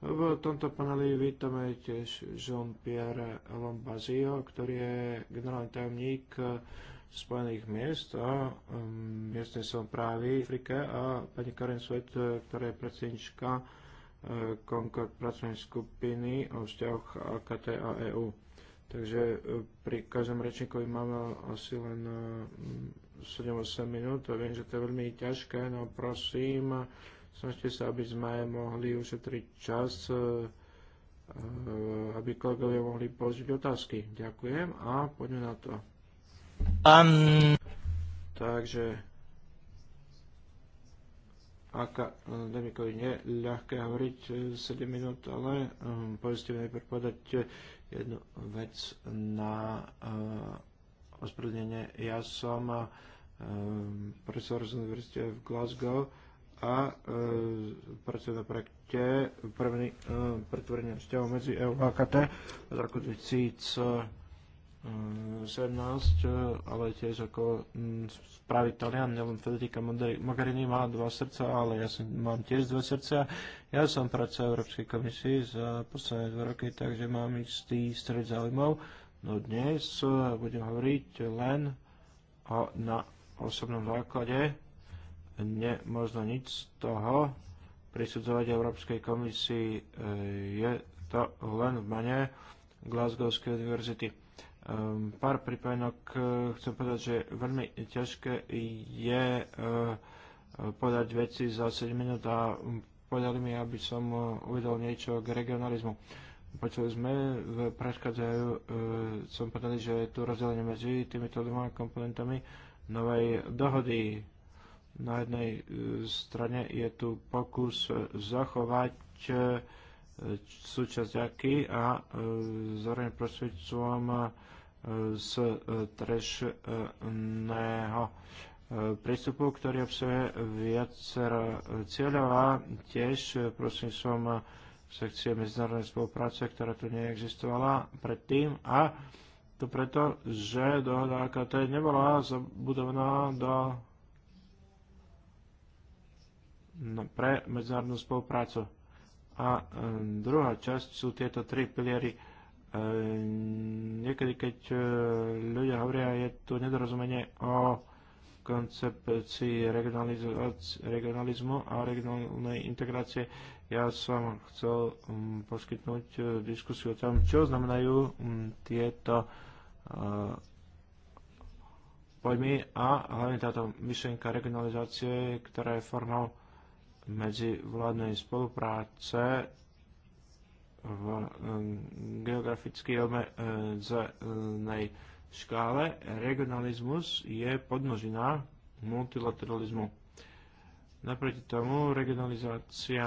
V tomto paneli vítame tiež Jean-Pierre Lombazio, ktorý je generálny tajomník Spojených miest a um, ehm, miestnej samozprávy v Afrike a pani Karen Svet, ktorá je predsednička uh, Concord pracovnej skupiny o vzťahoch AKT a EU. Takže e, pri každom rečníkovi máme asi len 7-8 e, minút. A viem, že to je veľmi ťažké, no prosím, snažte sa, aby sme mohli ušetriť čas, e, aby kolegovia mohli položiť otázky. Ďakujem a poďme na to. Um... Takže aká Demikovi nie ľahké hovoriť 7 minút, ale um, povedzte mi najprv povedať, jednu vec na uh, ospravedlnenie. Ja som uh, profesor z univerzity v Glasgow a uh, pracujem na projekte prvný, uh, pretvorenia vzťahov medzi EU a KT z roku 2000 17, eh, ale tiež ako mm, spraví Talian, nelen Federica Mogherini má dva srdca, ale ja som, mám tiež dve srdca. Ja som pracoval v Európskej komisii za posledné dva roky, takže mám istý stred záujmov. No dnes eh, budem hovoriť len o, na osobnom základe. možno nič z toho prisudzovať Európskej komisii. Eh, je to len v mene Glasgowskej univerzity Ehm, pár pripojenok eh, chcem povedať, že veľmi ťažké je eh, eh, podať veci za 7 minút a mm, povedali mi, aby som uvedol niečo k regionalizmu. Počuli sme v som povedali, že je tu rozdelenie medzi týmito dvoma komponentami novej dohody. Na jednej strane je tu pokus zachovať súčasť a zároveň prostredstvom z e, trešného e, prístupu, ktorý obsahuje viacero e, cieľov a tiež prosím som sekcie medzinárodnej spolupráce, ktorá tu neexistovala predtým a to preto, že dohoda AKT nebola zabudovaná do no, pre medzinárodnú spoluprácu. A druhá časť sú tieto tri piliery E, niekedy, keď e, ľudia hovoria, je tu nedorozumenie o koncepcii regionalizmu a regionálnej integrácie. Ja som chcel poskytnúť e, diskusiu o tom, čo znamenajú tieto pojmy a hlavne táto myšlienka regionalizácie, ktorá je formou medzivládnej spolupráce v geograficky obmedzenej škále regionalizmus je podnožina multilateralizmu. Naproti tomu regionalizácia,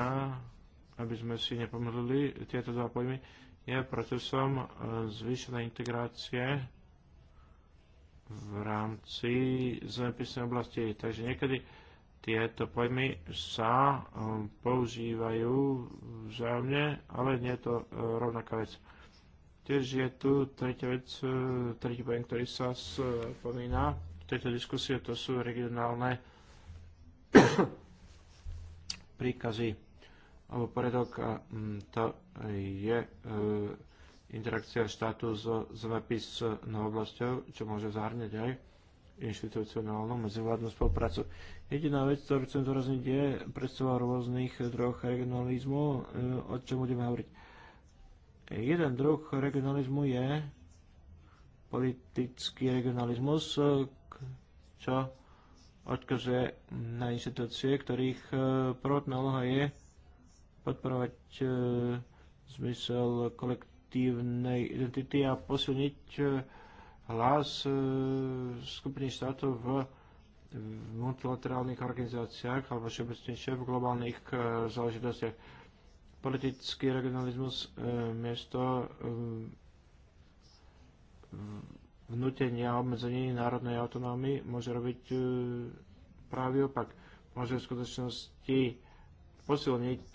aby sme si nepomrli tieto dva pojmy, je procesom e, zvýšenej integrácie v rámci zemepisnej oblasti. Takže niekedy tieto pojmy sa um, používajú vzájomne, ale nie je to e, rovnaká vec. Tiež je tu tretia vec, e, tretí pojem, ktorý sa e, spomína v tejto diskusie, to sú regionálne (coughs) príkazy alebo poriadok a mm, to je interakcia štátu s na oblasťou, čo môže zahrňať aj inštitucionálnu medzivládnu spoluprácu. Jediná vec, ktorú chcem zdôrazniť, je predstava rôznych druh regionalizmu, o čom budeme hovoriť. Jeden druh regionalizmu je politický regionalizmus, čo odkazuje na inštitúcie, ktorých e, prvotná úloha je podporovať e, zmysel kolektívnej identity a posilniť e, hlas e, skupiny štátov v multilaterálnych organizáciách alebo všeobecnejšie v globálnych e, záležitostiach. Politický regionalizmus e, miesto vnútenia a obmedzení národnej autonómii môže robiť práve opak. Môže v skutočnosti posilniť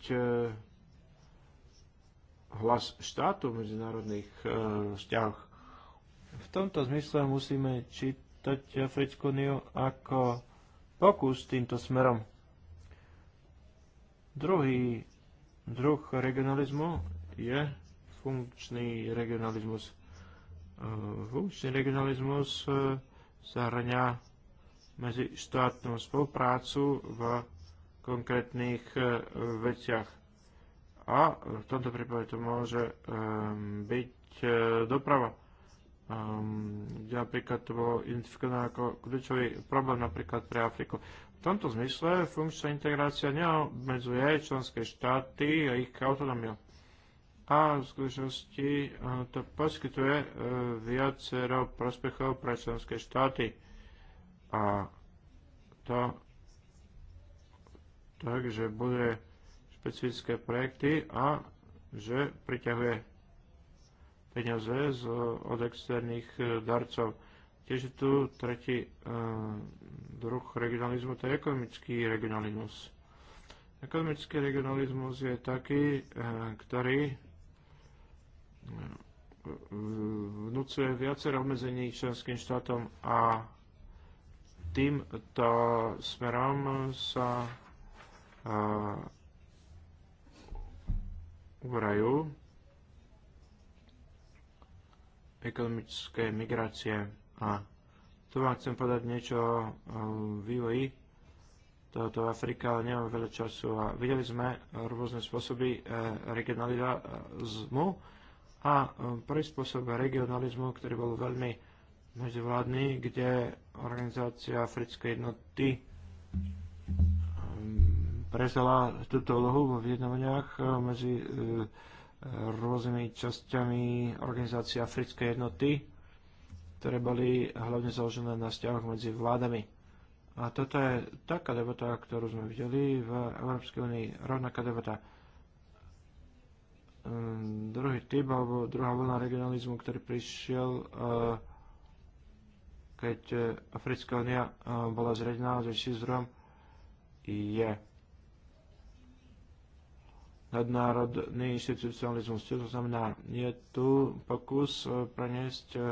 hlas štátu v medzinárodných vzťahoch. V tomto zmysle musíme čítať Africkú uniu ako pokus týmto smerom. Druhý druh regionalizmu je funkčný regionalizmus. Eh, funkčný regionalizmus medzi eh, medzištátnu spoluprácu v konkrétnych eh, veciach. A v tomto prípade to môže byť doprava um, ehm, kde napríklad to bolo identifikované ako kľúčový problém napríklad pre Afriku. V tomto zmysle funkčná integrácia neobmedzuje členské štáty a ich autonómiu. A v skutočnosti eh, to poskytuje eh, viacero prospechov pre členské štáty. A to tak, že bude špecifické projekty a že priťahuje peniaze z, od externých e, darcov. Tiež je tu tretí e, druh regionalizmu, to je ekonomický regionalizmus. Ekonomický regionalizmus je taký, e, ktorý vnúcuje viacero obmedzení členským štátom a týmto smerom sa uberajú. E, ekonomické migrácie. A tu vám chcem povedať niečo o vývoji tohoto Afrika, ale nemám veľa času. A videli sme rôzne spôsoby e, regionalizmu a e, prvý spôsob regionalizmu, ktorý bol veľmi medzivládny, kde organizácia Africkej jednoty e, prezala túto úlohu vo vyjednávaniach medzi rôznymi časťami organizácie Africkej jednoty, ktoré boli hlavne založené na vzťahoch medzi vládami. A toto je taká debata, ktorú sme videli v Európskej únii, rovnaká debata. Ehm, druhý typ, alebo druhá vlna regionalizmu, ktorý prišiel eh, keď Africká unia eh, bola zriadená v 2002, je nadnárodný institucionalizmus. Čo to znamená? Je tu pokus e, preniesť e,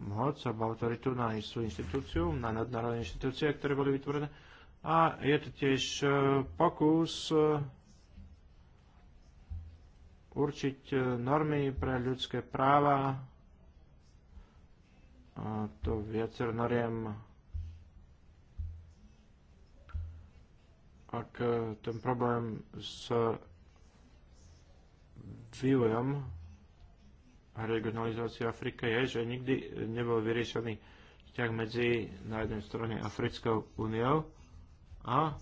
moc a autoritu na istú inštitúciu, na nadnárodné inštitúcie, ktoré boli vytvorené. A je to tiež e, pokus určiť normy pre ľudské práva. A to viacero noriem ak e, ten problém s vývojom a regionalizácie Afriky je, že nikdy nebol vyriešený vzťah medzi na jednej strane Africkou úniou a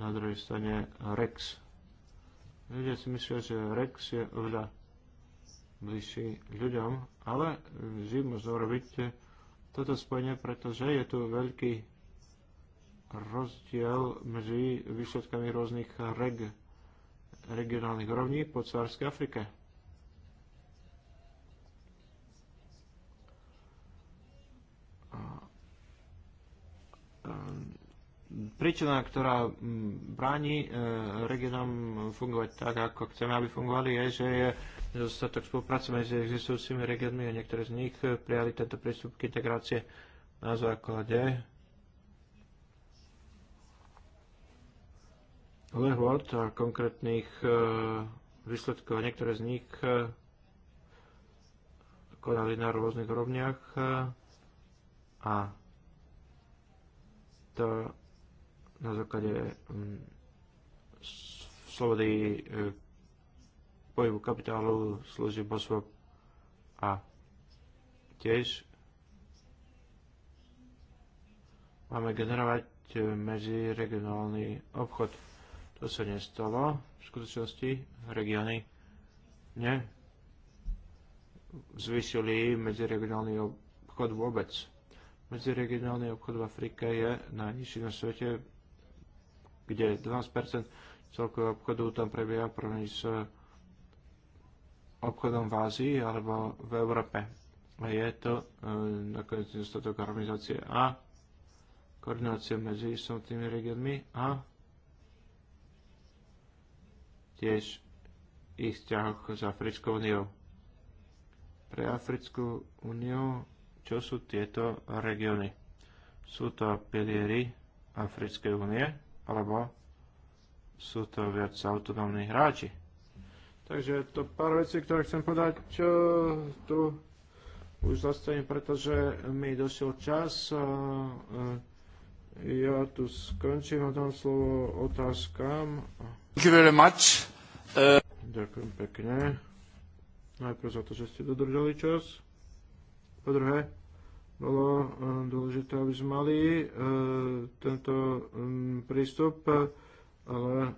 na druhej strane Rex. Ľudia si myslia, že Rex je oveľa bližší ľuďom, ale vy možno robiť toto spojenie, pretože je tu veľký rozdiel medzi výsledkami rôznych reg, regionálnych rovní po Cárskej Afrike. E, príčina, ktorá bráni e, regionám fungovať tak, ako chceme, aby fungovali, je, že je nedostatok spolupráce medzi existujúcimi regionmi a niektoré z nich prijali tento prístup k integrácie na základe lehôd a konkrétnych e, výsledkov. Niektoré z nich e, konali na rôznych rovniach e, a to na základe slobody pohybu kapitálu, služieb osôb a tiež máme generovať medziregionálny obchod. To sa nestalo. V skutočnosti regióny ne zvýšili medziregionálny obchod vôbec. Medziregionálny obchod v Afrike je najnižší na svete, kde 12% celkového obchodu tam prebieha porovnaní s obchodom v Ázii alebo v Európe. A je to e, nakoniec nedostatok harmonizácie a koordinácie medzi samotnými regiónmi a tiež ich vzťahoch s Africkou úniou. Pre Africkú úniu, čo sú tieto regióny? Sú to piliery Africkej únie, alebo sú to viac autonómni hráči? Takže to pár vecí, ktoré chcem podať čo, tu už zastavím, pretože mi došiel čas. a e, Ja tu skončím a dám slovo otázkam. Uh, Ďakujem pekne. Najprv za to, že ste dodržali čas. Po druhé, bolo eh, dôležité, aby sme mali eh, tento mm, prístup, ale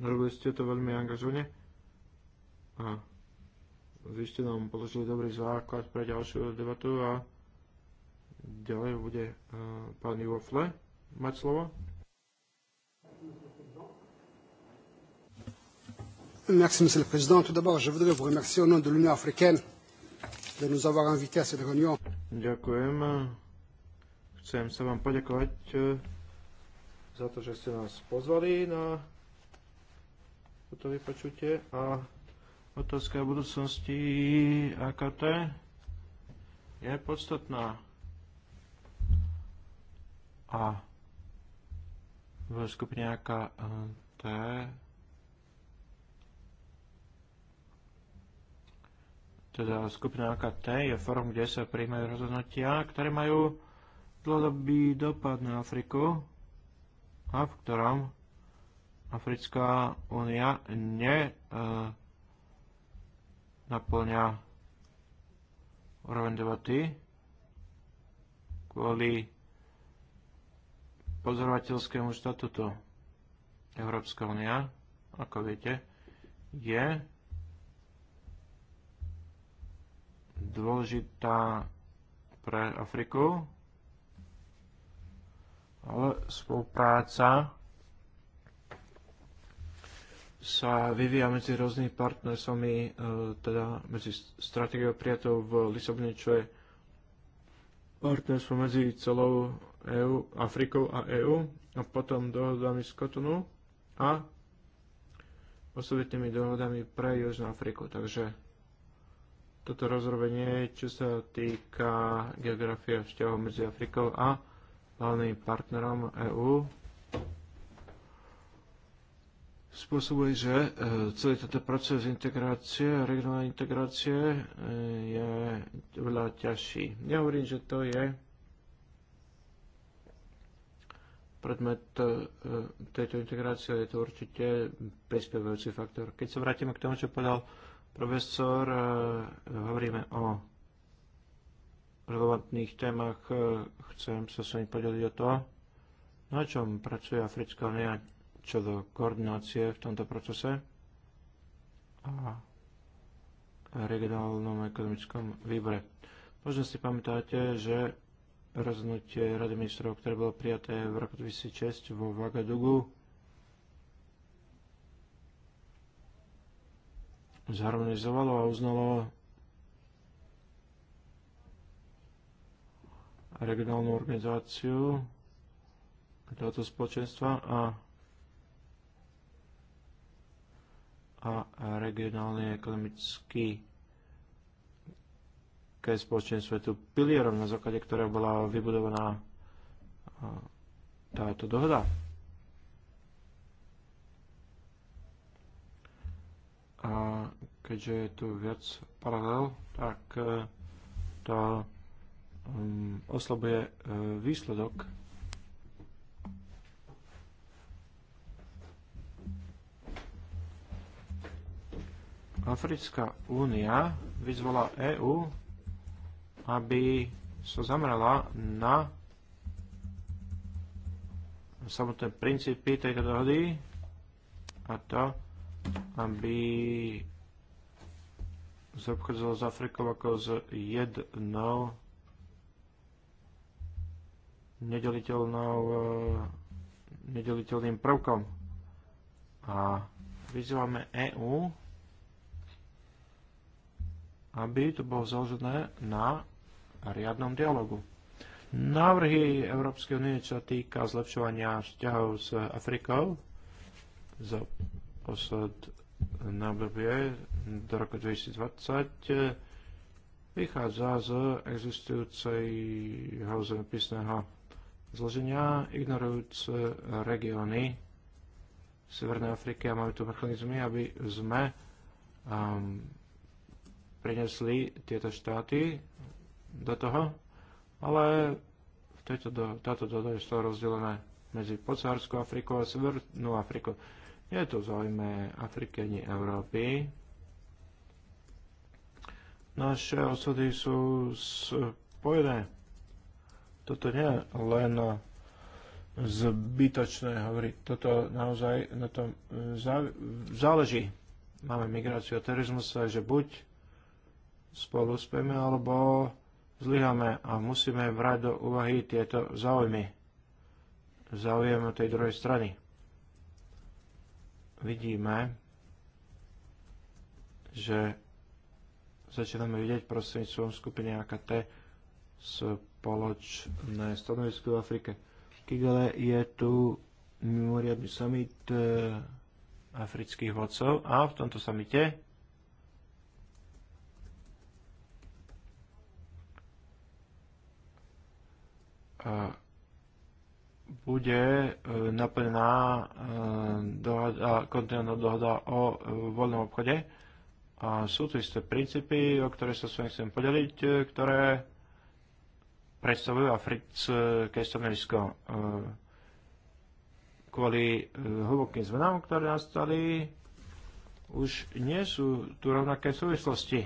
robili ste to veľmi angažovne. A vy ste nám položili dobrý základ pre ďalšiu debatu a ďalej bude eh, pán Jofle mať slovo. Merci, Monsieur le Président. Tout d'abord, je voudrais vous remercier au nom de l'Union africaine de nous avoir invités à cette réunion. Ďakujem. Chcem sa vám poďakovať eh, za to, že ste nás pozvali na toto vypočutie a otázka budúcnosti AKT je podstatná. A v skupine AKT teda skupina AKT je fórum, kde sa príjmajú rozhodnutia, ktoré majú dlhodobý dopad na Afriku a v ktorom Africká únia ne e, naplňa úroveň debaty kvôli pozorovateľskému štatutu Európska únia, ako viete, je dôležitá pre Afriku, ale spolupráca sa vyvíja medzi rôznymi partnersami, e, teda medzi stratégiou prijatou v Lisabone, čo je partnerstvo medzi celou EU, Afrikou a EU a potom dohodami z Kotonu a osobitnými dohodami pre Južnú Afriku. Takže toto rozrovenie, čo sa týka geografie vzťahov medzi Afrikou a hlavným partnerom EÚ, spôsobuje, že e, celý tento proces integrácie, regionálnej integrácie e, je veľa ťažší. Nehovorím, že to je predmet e, tejto integrácie, je to určite prispievajúci faktor. Keď sa vrátime k tomu, čo povedal profesor. Eh, hovoríme o relevantných témach. Eh, chcem sa s vami podeliť o to, na čom pracuje Africká unia čo do koordinácie v tomto procese a regionálnom ekonomickom výbore. Možno si pamätáte, že rozhodnutie Rady ministrov, ktoré bolo prijaté v roku 2006 vo Vagadugu, zharmonizovalo a uznalo regionálnu organizáciu tohoto spoločenstva a, a regionálny ekonomický spoločenstvo je tu pilierom, na základe ktorého bola vybudovaná táto dohoda. A keďže je tu viac paralel, tak e, to mm, oslabuje e, výsledok. Africká únia vyzvala EÚ, aby sa zamerala na samotné princípy tejto dohody a to aby sa s Afrikou ako s jednou nedeliteľnou e, nedeliteľným prvkom. A vyzývame EÚ, aby to bolo založené na riadnom dialogu. Návrhy Európskej únie, čo týka zlepšovania vzťahov s Afrikou, s na obdobie do roku 2020 eh, vychádza z existujúceho zemepisného zloženia, ignorujúc regióny Severnej Afriky a majú tu mechanizmy, aby sme um, ehm, prinesli tieto štáty do toho, ale tejto, táto dohoda je z toho rozdelené medzi podsahárskou Afrikou a Severnú Afriku. Je to v záujme Afriky Európy. Naše osady sú spojené. Toto nie je len zbytočné hovoriť. Toto naozaj na tom e, záleží. Máme migráciu a terorizmus, že buď spolu spieme, alebo zlyhame a musíme vrať do úvahy tieto záujmy. Záujem tej druhej strany vidíme, že začíname vidieť prostredníctvom skupiny AKT spoločné stanovisko v Afrike. V Kigale je tu mimoriadný summit e, afrických vodcov a v tomto samite a bude e, naplnená e, dohoda, dohoda o e, voľnom obchode. A sú tu isté princípy, o ktoré sa s vami chcem podeliť, ktoré predstavujú africké stanovisko kvôli hlbokým zmenám, ktoré nastali, už nie sú tu rovnaké súvislosti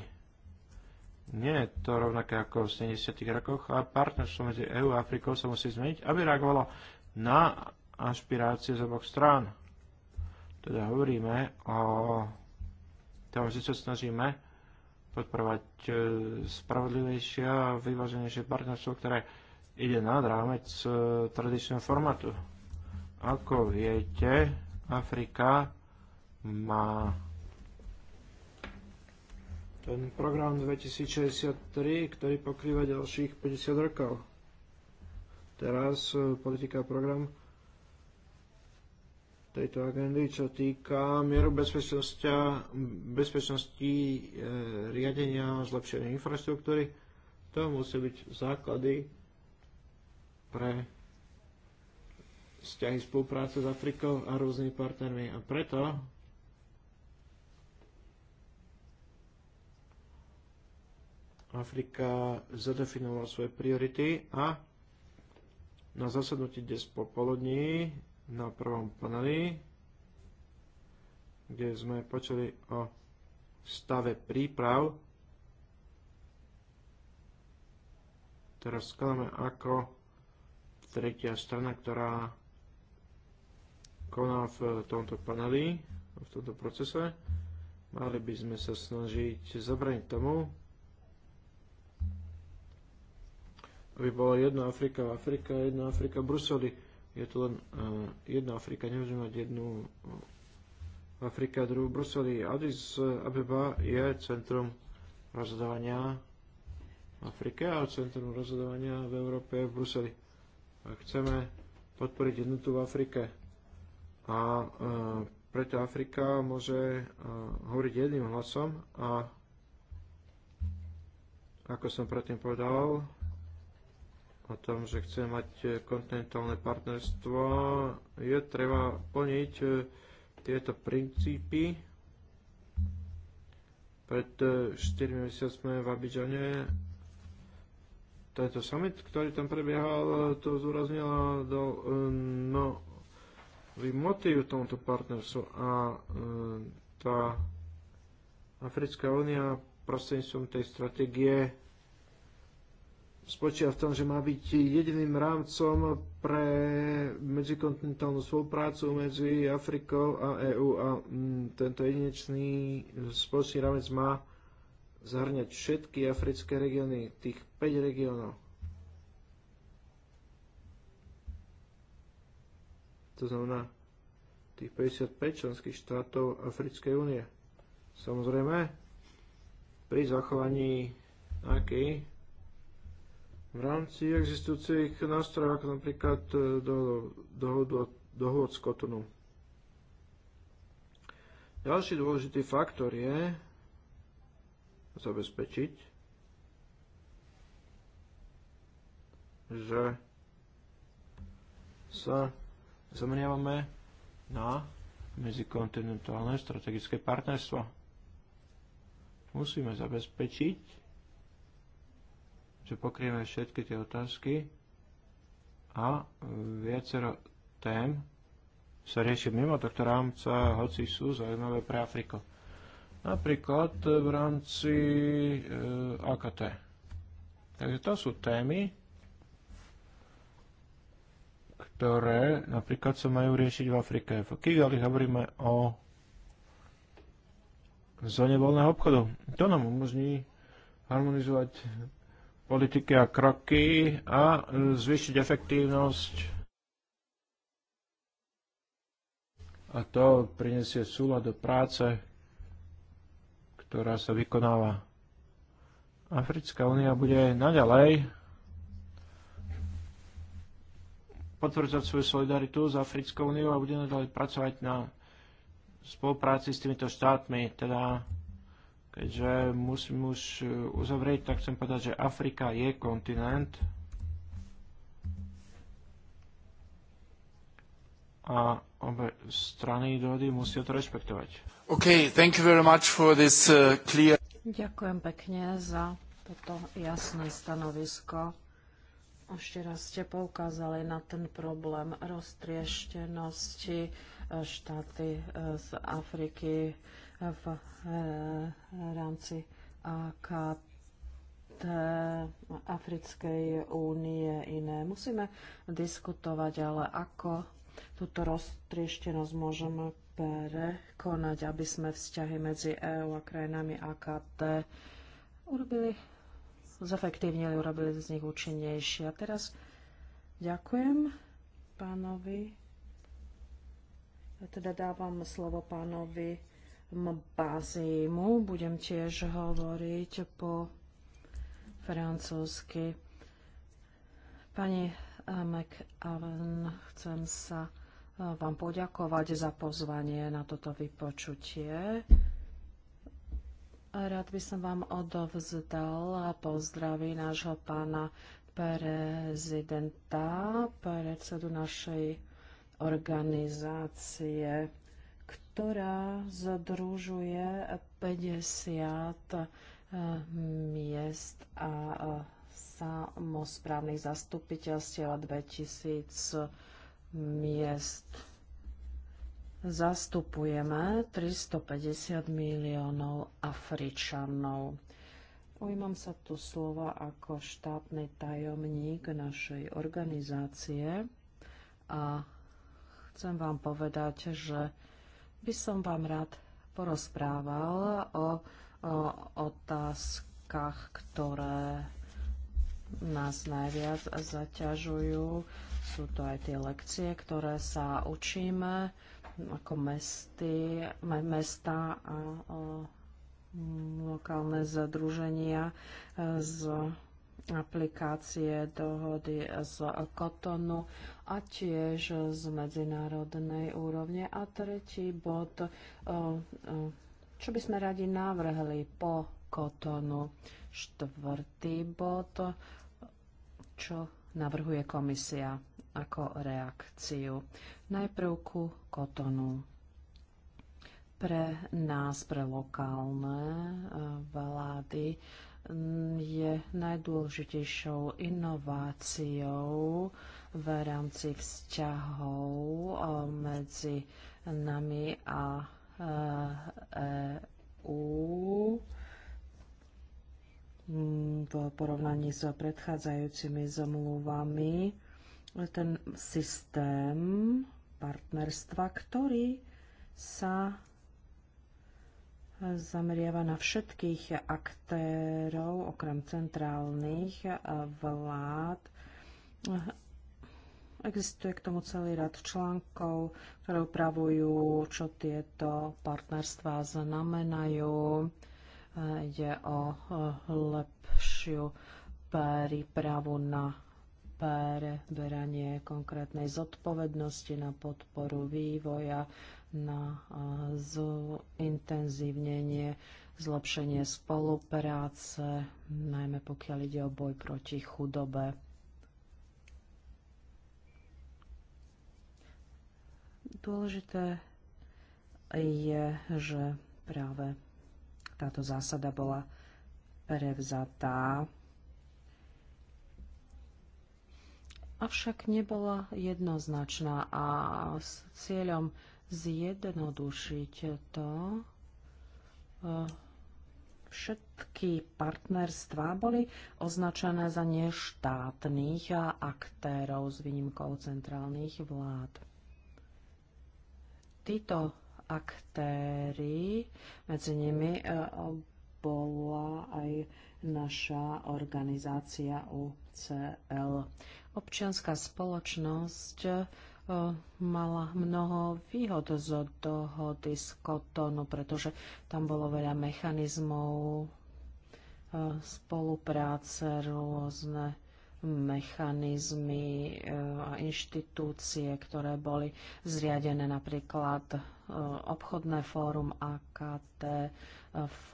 nie je to rovnaké ako v 70. rokoch a partnerstvo medzi EÚ a Afrikou sa musí zmeniť, aby reagovalo na aspirácie z oboch strán. Teda hovoríme o tom, že sa snažíme podporovať e, spravodlivejšie a vyváženejšie partnerstvo, ktoré ide nad rámec e, tradičného formátu. Ako viete, Afrika má ten program 2063, ktorý pokrýva ďalších 50 rokov. Teraz e, politika program tejto agendy, čo týka mieru bezpečnosti, bezpečnosti e, riadenia zlepšenej infraštruktúry. To musí byť základy pre vzťahy spolupráce s Afrikou a rôznymi partnermi. A preto Afrika zadefinovala svoje priority a na zasadnutí dnes popoludní na prvom paneli, kde sme počuli o stave príprav. Teraz skladáme ako tretia strana, ktorá koná v tomto paneli, v tomto procese. Mali by sme sa snažiť zabraniť tomu, aby bola jedna Afrika v Afrika, jedna Afrika v Bruseli. Je to len e, jedna Afrika, nemôžeme mať jednu e, Afrika, druhú v Bruseli. Addis Abeba je centrum rozhodovania v Afrike a centrum rozhodovania v Európe v Bruseli. A chceme podporiť jednotu v Afrike a e, preto Afrika môže hovoriť jedným hlasom a ako som predtým povedal, o tom, že chceme mať e, kontinentálne partnerstvo, je treba plniť e, tieto princípy. Pred 4 e, mesiacmi v Abidžane tento summit, ktorý tam prebiehal, to zúraznilo do no, motív tomuto partnerstvu a tá Africká únia prostredníctvom tej stratégie spočíva v tom, že má byť jediným rámcom pre medzikontinentálnu spoluprácu medzi Afrikou a EÚ a mm, tento jedinečný spoločný rámec má zahrňať všetky africké regióny, tých 5 regiónov. To znamená tých 55 členských štátov Africkej únie. Samozrejme, pri zachovaní aký v rámci existujúcich nástrojov, ako napríklad e, dohodu, dohod z Kotonu. Ďalší dôležitý faktor je zabezpečiť, že sa zameriavame na medzikontinentálne strategické partnerstvo. Musíme zabezpečiť, že pokrieme všetky tie otázky a e, viacero tém sa rieši mimo tohto rámca, hoci sú zaujímavé pre Afriku. Napríklad v rámci e, AKT. Takže to sú témy, ktoré napríklad sa majú riešiť v Afrike. V Kigali hovoríme o zóne voľného obchodu. To nám umožní harmonizovať politiky a kroky a e, zvýšiť efektívnosť. A to prinesie súľad do práce, ktorá sa vykonáva. Africká únia bude naďalej potvrdzať svoju solidaritu s Africkou úniou a bude naďalej pracovať na spolupráci s týmito štátmi, teda že musím už e, uzavrieť, tak chcem povedať, že Afrika je kontinent a obe strany dohody musia to rešpektovať. thank you very much for this, uh, clear... Ďakujem pekne za toto jasné stanovisko. Ešte raz ste poukázali na ten problém roztrieštenosti e, štáty e, z Afriky e, v rámci AKT Africkej únie iné. Musíme diskutovať, ale ako túto roztrieštenosť môžeme prekonať, aby sme vzťahy medzi EÚ a krajinami AKT urobili zefektívnili, urobili z nich účinnejšie. A teraz ďakujem pánovi, ja teda dávam slovo pánovi Mbazimu, budem tiež hovoriť po francúzsky. Pani eh, McAven, chcem sa eh, vám poďakovať za pozvanie na toto vypočutie. Rád by som vám odovzdal pozdraví nášho pána prezidenta, predsedu našej organizácie, ktorá združuje 50 e, miest a e, samozprávnych zastupiteľstiev a 2000 miest zastupujeme 350 miliónov Afričanov. Ujímam sa tu slova ako štátny tajomník našej organizácie a chcem vám povedať, že by som vám rád porozprával o, o otázkach, ktoré nás najviac zaťažujú. Sú to aj tie lekcie, ktoré sa učíme ako mesty, mesta a lokálne zadruženia e, z aplikácie dohody z Kotonu a tiež z medzinárodnej úrovne. A tretí bod, e, e, čo by sme radi navrhli po Kotonu. Štvrtý bod, čo navrhuje komisia ako reakciu. Najprv ku kotonu. Pre nás, pre lokálne e, vlády, je najdôležitejšou inováciou v rámci vzťahov e, medzi nami a EU e v porovnaní s predchádzajúcimi zmluvami ten systém partnerstva, ktorý sa zameriava na všetkých aktérov, okrem centrálnych vlád. Existuje k tomu celý rad článkov, ktoré upravujú, čo tieto partnerstvá znamenajú. Ide o lepšiu prípravu na preberanie konkrétnej zodpovednosti na podporu vývoja, na zintenzívnenie, zlepšenie spolupráce, najmä pokiaľ ide o boj proti chudobe. Dôležité je, že práve táto zásada bola prevzatá avšak nebola jednoznačná a s cieľom zjednodušiť to, e, všetky partnerstvá boli označené za neštátnych a aktérov s výnimkou centrálnych vlád. Títo aktéry, medzi nimi e, bola aj naša organizácia UCL. Občianská spoločnosť eh, mala mnoho výhod z dohody z Kotonu, pretože tam bolo veľa mechanizmov eh, spolupráce, rôzne mechanizmy eh, a inštitúcie, ktoré boli zriadené napríklad obchodné fórum AKT,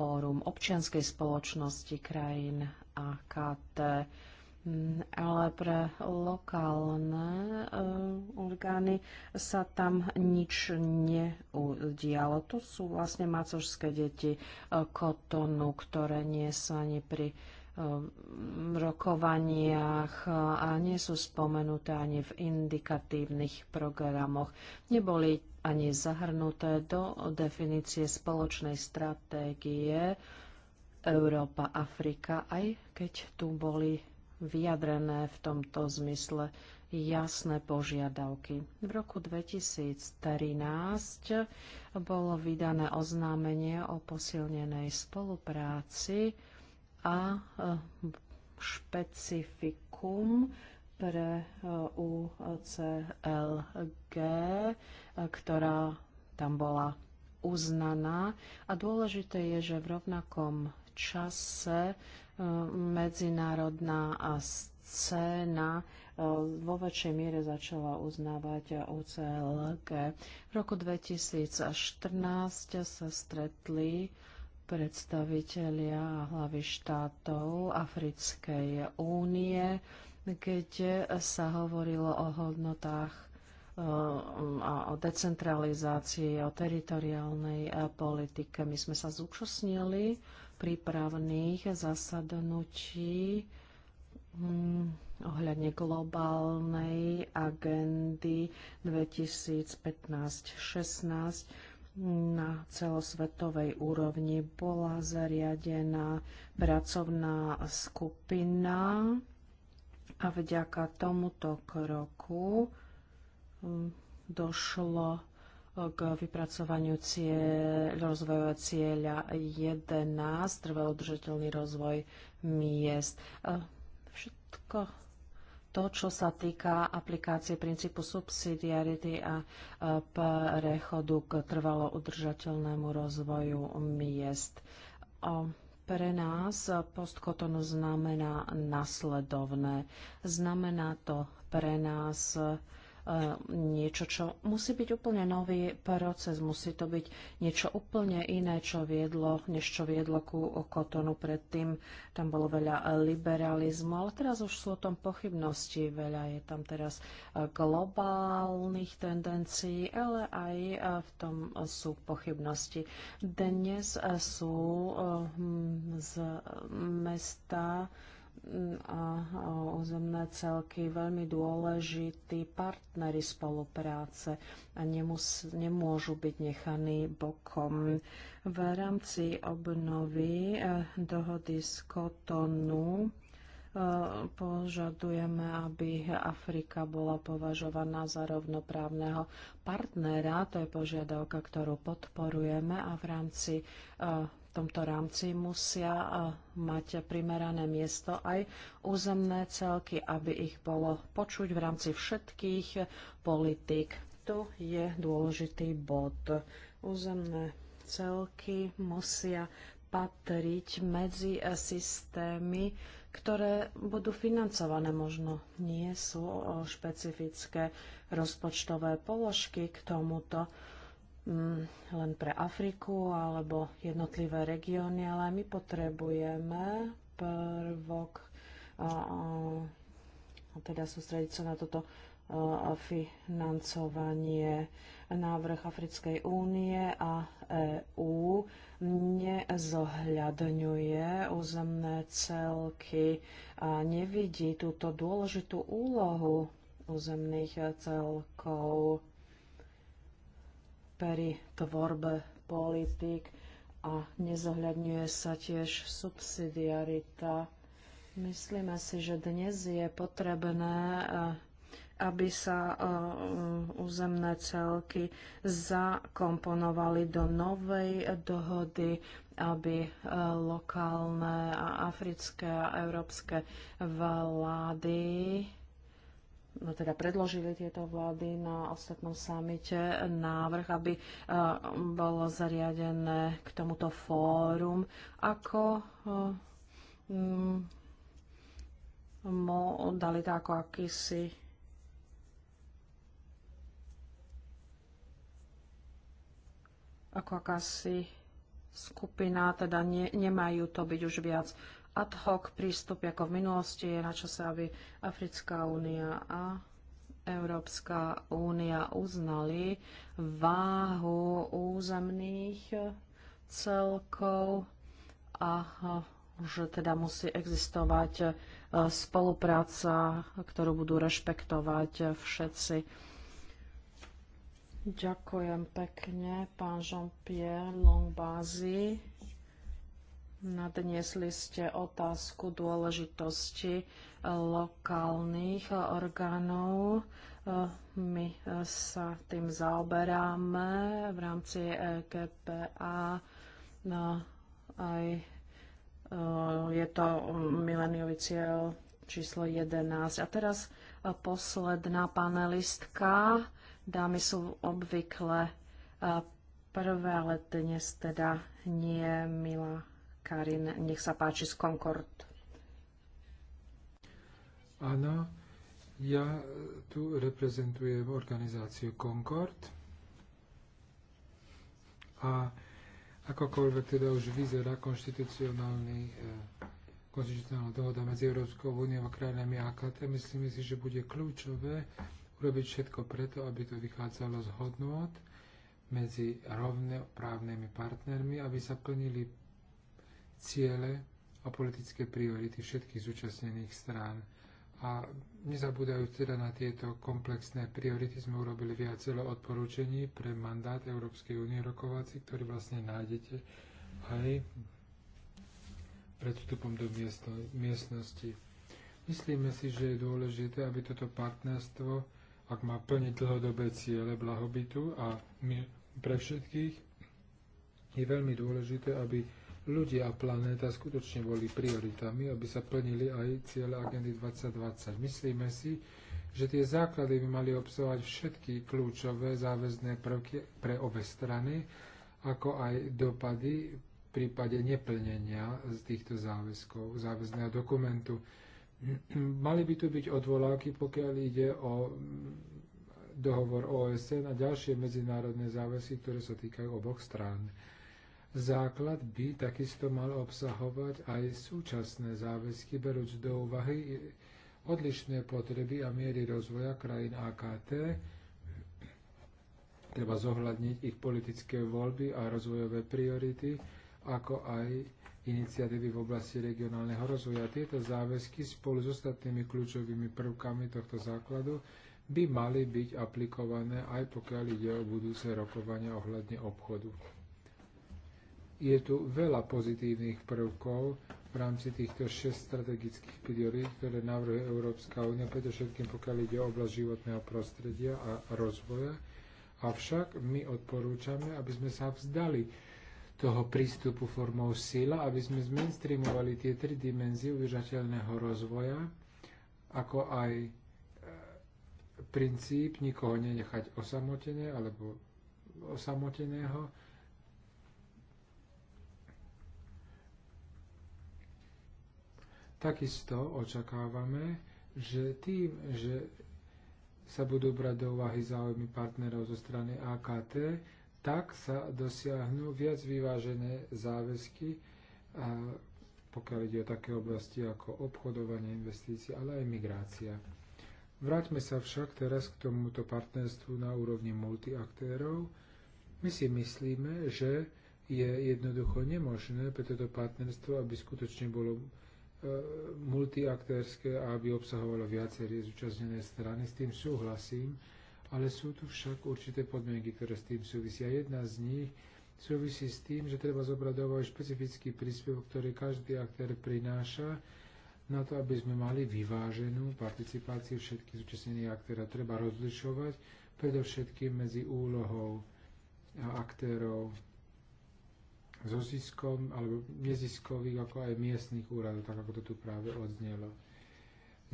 fórum občianskej spoločnosti krajín AKT, Mm, ale pre lokálne eh, orgány sa tam nič neudialo. To sú vlastne macožské deti eh, kotonu, ktoré nie sú ani pri eh, rokovaniach a nie sú spomenuté ani v indikatívnych programoch. Neboli ani zahrnuté do definície spoločnej stratégie Európa-Afrika, aj keď tu boli vyjadrené v tomto zmysle jasné požiadavky. V roku 2013 bolo vydané oznámenie o posilnenej spolupráci a e, špecifikum pre e, UCLG, e, ktorá tam bola uznaná. A dôležité je, že v rovnakom čase medzinárodná scéna e, vo väčšej miere začala uznávať UCLG. V roku 2014 sa stretli predstavitelia a hlavy štátov Africkej únie, kde sa hovorilo o hodnotách a o decentralizácii, o teritoriálnej e, politike. My sme sa zúčastnili prípravných zasadnutí mm, ohľadne globálnej agendy 2015-16 na celosvetovej úrovni bola zariadená pracovná skupina a vďaka tomuto kroku Hm, došlo eh, k vypracovaniu cieľ, rozvojového cieľa 11, trvalo udržateľný rozvoj miest. Eh, všetko to, čo sa týka aplikácie princípu subsidiarity a eh, prechodu k trvalo udržateľnému rozvoju miest. Pre nás postkotonu znamená nasledovné. Znamená to pre nás E, niečo, čo musí byť úplne nový proces, musí to byť niečo úplne iné, čo viedlo, než čo viedlo ku Kotonu predtým. Tam bolo veľa liberalizmu, ale teraz už sú o tom pochybnosti. Veľa je tam teraz e, globálnych tendencií, ale aj e, v tom sú pochybnosti. Dnes sú z mesta a územné celky veľmi dôležití partnery spolupráce a nemus, nemôžu byť nechaní bokom. V rámci obnovy e, dohody z Kotonu e, požadujeme, aby Afrika bola považovaná za rovnoprávneho partnera. To je požiadavka, ktorú podporujeme a v rámci e, tomto rámci musia mať primerané miesto aj územné celky, aby ich bolo počuť v rámci všetkých politík. Tu je dôležitý bod. Územné celky musia patriť medzi systémy, ktoré budú financované. Možno nie sú špecifické rozpočtové položky k tomuto Mm, len pre Afriku alebo jednotlivé regióny, ale my potrebujeme prvok a, a teda sústrediť sa na toto a, financovanie návrh Africkej únie a EÚ nezohľadňuje územné celky a nevidí túto dôležitú úlohu územných celkov pri tvorbe politik a nezohľadňuje sa tiež subsidiarita. Myslíme si, že dnes je potrebné eh, aby sa eh, územné celky zakomponovali do novej dohody, aby eh, lokálne a africké a európske vlády No teda predložili tieto vlády na ostatnom samite návrh, aby e, bolo zariadené k tomuto fórum ako e, mm, to ako akýsi ako akási skupina, teda ne, nemajú to byť už viac ad hoc prístup ako v minulosti. Je na čase, aby Africká únia a Európska únia uznali váhu územných celkov a že teda musí existovať e, spolupráca, ktorú budú rešpektovať všetci. Ďakujem pekne, pán Jean-Pierre Longbazy. Nadniesli ste otázku dôležitosti lokálnych orgánov. My sa tým zaoberáme v rámci EGPA. No, aj e, je to mileniový cieľ číslo 11. A teraz e, posledná panelistka. Dámy sú obvykle e, prvé, ale dnes teda nie, milá Karin, nech sa páči z Concord. Áno, ja tu reprezentujem organizáciu Concord a akokoľvek teda už vyzerá konštitucionálny e, konštitucionálna dohoda medzi Európskou úniou a krajinami AKT, Myslím si, že bude kľúčové urobiť všetko preto, aby to vychádzalo z hodnot medzi rovnoprávnymi partnermi, aby sa plnili ciele a politické priority všetkých zúčastnených strán. A nezabúdajú teda na tieto komplexné priority, sme urobili viacero odporúčení pre mandát Európskej únie rokovací, ktorý vlastne nájdete aj pred vstupom do miestno, miestnosti. Myslíme si, že je dôležité, aby toto partnerstvo, ak má plne dlhodobé ciele blahobytu a pre všetkých, je veľmi dôležité, aby ľudia a planéta skutočne boli prioritami, aby sa plnili aj ciele agendy 2020. Myslíme si, že tie základy by mali obsahovať všetky kľúčové záväzné prvky pre obe strany, ako aj dopady v prípade neplnenia z týchto záväzkov, záväzného dokumentu. Mali by tu byť odvolávky, pokiaľ ide o dohovor OSN a ďalšie medzinárodné záväzky, ktoré sa týkajú oboch strán. Základ by takisto mal obsahovať aj súčasné záväzky, berúc do úvahy odlišné potreby a miery rozvoja krajín AKT. Treba zohľadniť ich politické voľby a rozvojové priority, ako aj iniciatívy v oblasti regionálneho rozvoja. Tieto záväzky spolu s ostatnými kľúčovými prvkami tohto základu by mali byť aplikované aj pokiaľ ide o budúce rokovania ohľadne obchodu je tu veľa pozitívnych prvkov v rámci týchto šest strategických priorít, ktoré navrhuje Európska únia, predovšetkým pokiaľ ide o oblasť životného prostredia a rozvoja. Avšak my odporúčame, aby sme sa vzdali toho prístupu formou sila, aby sme zmainstreamovali tie tri dimenzie udržateľného rozvoja, ako aj e, princíp nikoho nenechať osamotené alebo osamoteného, Takisto očakávame, že tým, že sa budú brať do úvahy záujmy partnerov zo strany AKT, tak sa dosiahnu viac vyvážené záväzky, a pokiaľ ide o také oblasti ako obchodovanie investícií, ale aj migrácia. Vráťme sa však teraz k tomuto partnerstvu na úrovni multiaktérov. My si myslíme, že je jednoducho nemožné pre toto partnerstvo, aby skutočne bolo E, multiaktérske a aby obsahovalo viaceré zúčastnené strany. S tým súhlasím, ale sú tu však určité podmienky, ktoré s tým súvisia. Jedna z nich súvisí s tým, že treba zobrať do špecifický príspevok, ktorý každý aktér prináša na to, aby sme mali vyváženú participáciu všetkých zúčastnených aktérov. Treba rozlišovať predovšetkým medzi úlohou aktérov so ziskom, alebo neziskových, ako aj miestnych úradov, tak ako to tu práve odznelo.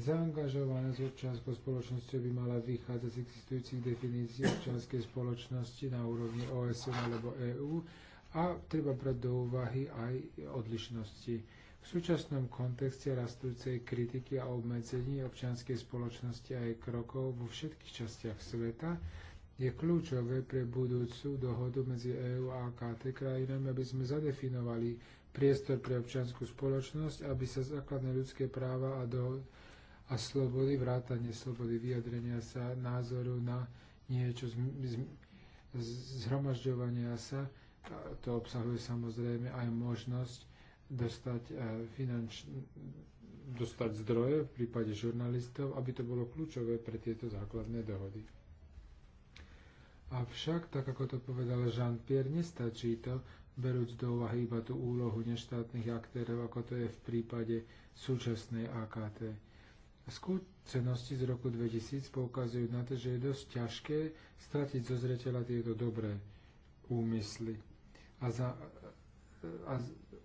Zaangažovaná z občianskou spoločnosťou by mala vychádzať z existujúcich definícií občianskej spoločnosti na úrovni OSN alebo EÚ a treba brať do úvahy aj odlišnosti. V súčasnom kontexte rastúcej kritiky a obmedzení občianskej spoločnosti aj krokov vo všetkých častiach sveta je kľúčové pre budúcu dohodu medzi EÚ a AKT krajinami, aby sme zadefinovali priestor pre občianskú spoločnosť, aby sa základné ľudské práva a, do, a slobody, vrátanie slobody vyjadrenia sa názoru na niečo z, z, zhromažďovania sa, to obsahuje samozrejme aj možnosť dostať e, finančné dostať zdroje v prípade žurnalistov, aby to bolo kľúčové pre tieto základné dohody. Avšak, tak ako to povedal Jean-Pierre, nestačí to, berúc do úvahy iba tú úlohu neštátnych aktérov, ako to je v prípade súčasnej AKT. Skúsenosti z roku 2000 poukazujú na to, že je dosť ťažké stratiť zo zreteľa tieto dobré úmysly a, za, a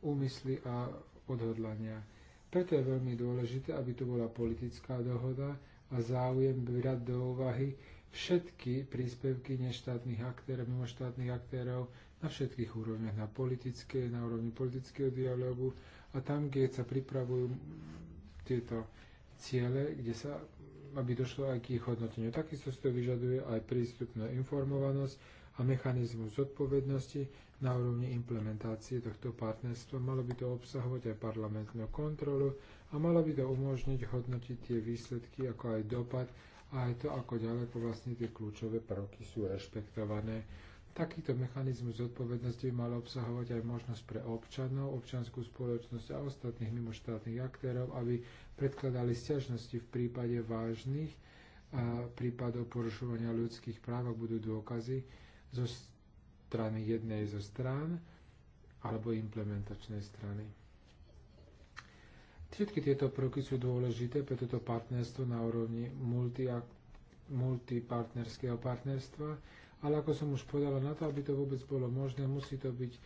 úmysly a odhodlania. Preto je veľmi dôležité, aby tu bola politická dohoda a záujem brať do úvahy všetky príspevky neštátnych aktérov, mimoštátnych aktérov na všetkých úrovniach, na politické, na úrovni politického dialogu a tam, kde sa pripravujú tieto ciele, kde sa, aby došlo aj k ich hodnoteniu. Takisto si to vyžaduje aj prístup na informovanosť a mechanizmus zodpovednosti na úrovni implementácie tohto partnerstva. Malo by to obsahovať aj parlamentnú kontrolu a malo by to umožniť hodnotiť tie výsledky, ako aj dopad a aj to, ako ďaleko vlastne tie kľúčové prvky sú rešpektované. Takýto mechanizmus zodpovednosti by mal obsahovať aj možnosť pre občanov, občanskú spoločnosť a ostatných mimoštátnych aktérov, aby predkladali stiažnosti v prípade vážnych a prípadov porušovania ľudských práv, ak budú dôkazy zo strany jednej zo strán alebo implementačnej strany. Všetky tieto prvky sú dôležité pre toto partnerstvo na úrovni multi, multipartnerského partnerstva, ale ako som už povedala, na to, aby to vôbec bolo možné, musí to byť e,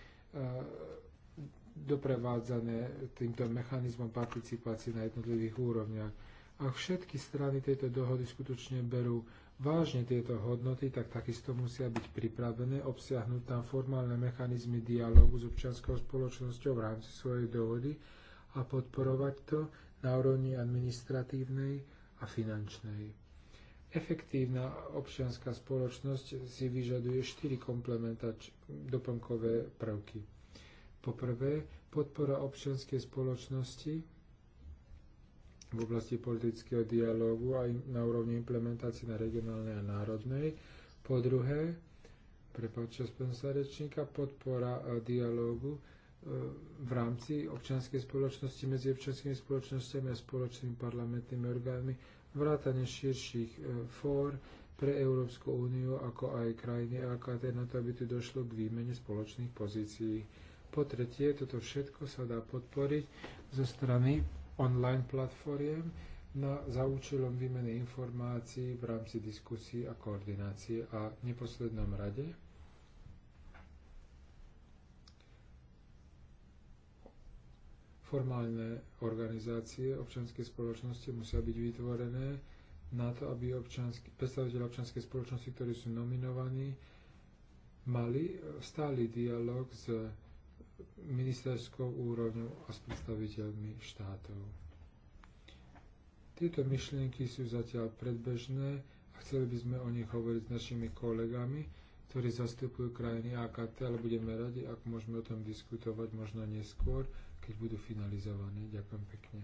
doprevádzané týmto mechanizmom participácie na jednotlivých úrovniach. Ak všetky strany tejto dohody skutočne berú vážne tieto hodnoty, tak takisto musia byť pripravené obsiahnuť tam formálne mechanizmy dialógu s občianskou spoločnosťou v rámci svojej dohody, a podporovať to na úrovni administratívnej a finančnej. Efektívna občianská spoločnosť si vyžaduje štyri komplementač doplnkové prvky. Poprvé, podpora občianskej spoločnosti v oblasti politického dialógu aj na úrovni implementácie na regionálnej a národnej. Po druhé, prepáčte, spôsobom sa rečníka, podpora e, dialógu v rámci občianskej spoločnosti, medzi občianskými spoločnosťami a spoločnými parlamentnými orgánmi, vrátane širších e, fór pre Európsku úniu, ako aj krajiny AKT, na to, aby tu došlo k výmene spoločných pozícií. Po tretie, toto všetko sa dá podporiť zo strany online platformiem na, za účelom výmeny informácií v rámci diskusí a koordinácie a neposlednom rade Formálne organizácie občianskej spoločnosti musia byť vytvorené na to, aby občansky, predstaviteľi občianskej spoločnosti, ktorí sú nominovaní, mali stály dialog s ministerskou úrovňou a s predstaviteľmi štátov. Tieto myšlienky sú zatiaľ predbežné a chceli by sme o nich hovoriť s našimi kolegami, ktorí zastupujú krajiny AKT, ale budeme radi, ak môžeme o tom diskutovať možno neskôr, keď budú finalizované. Ďakujem pekne.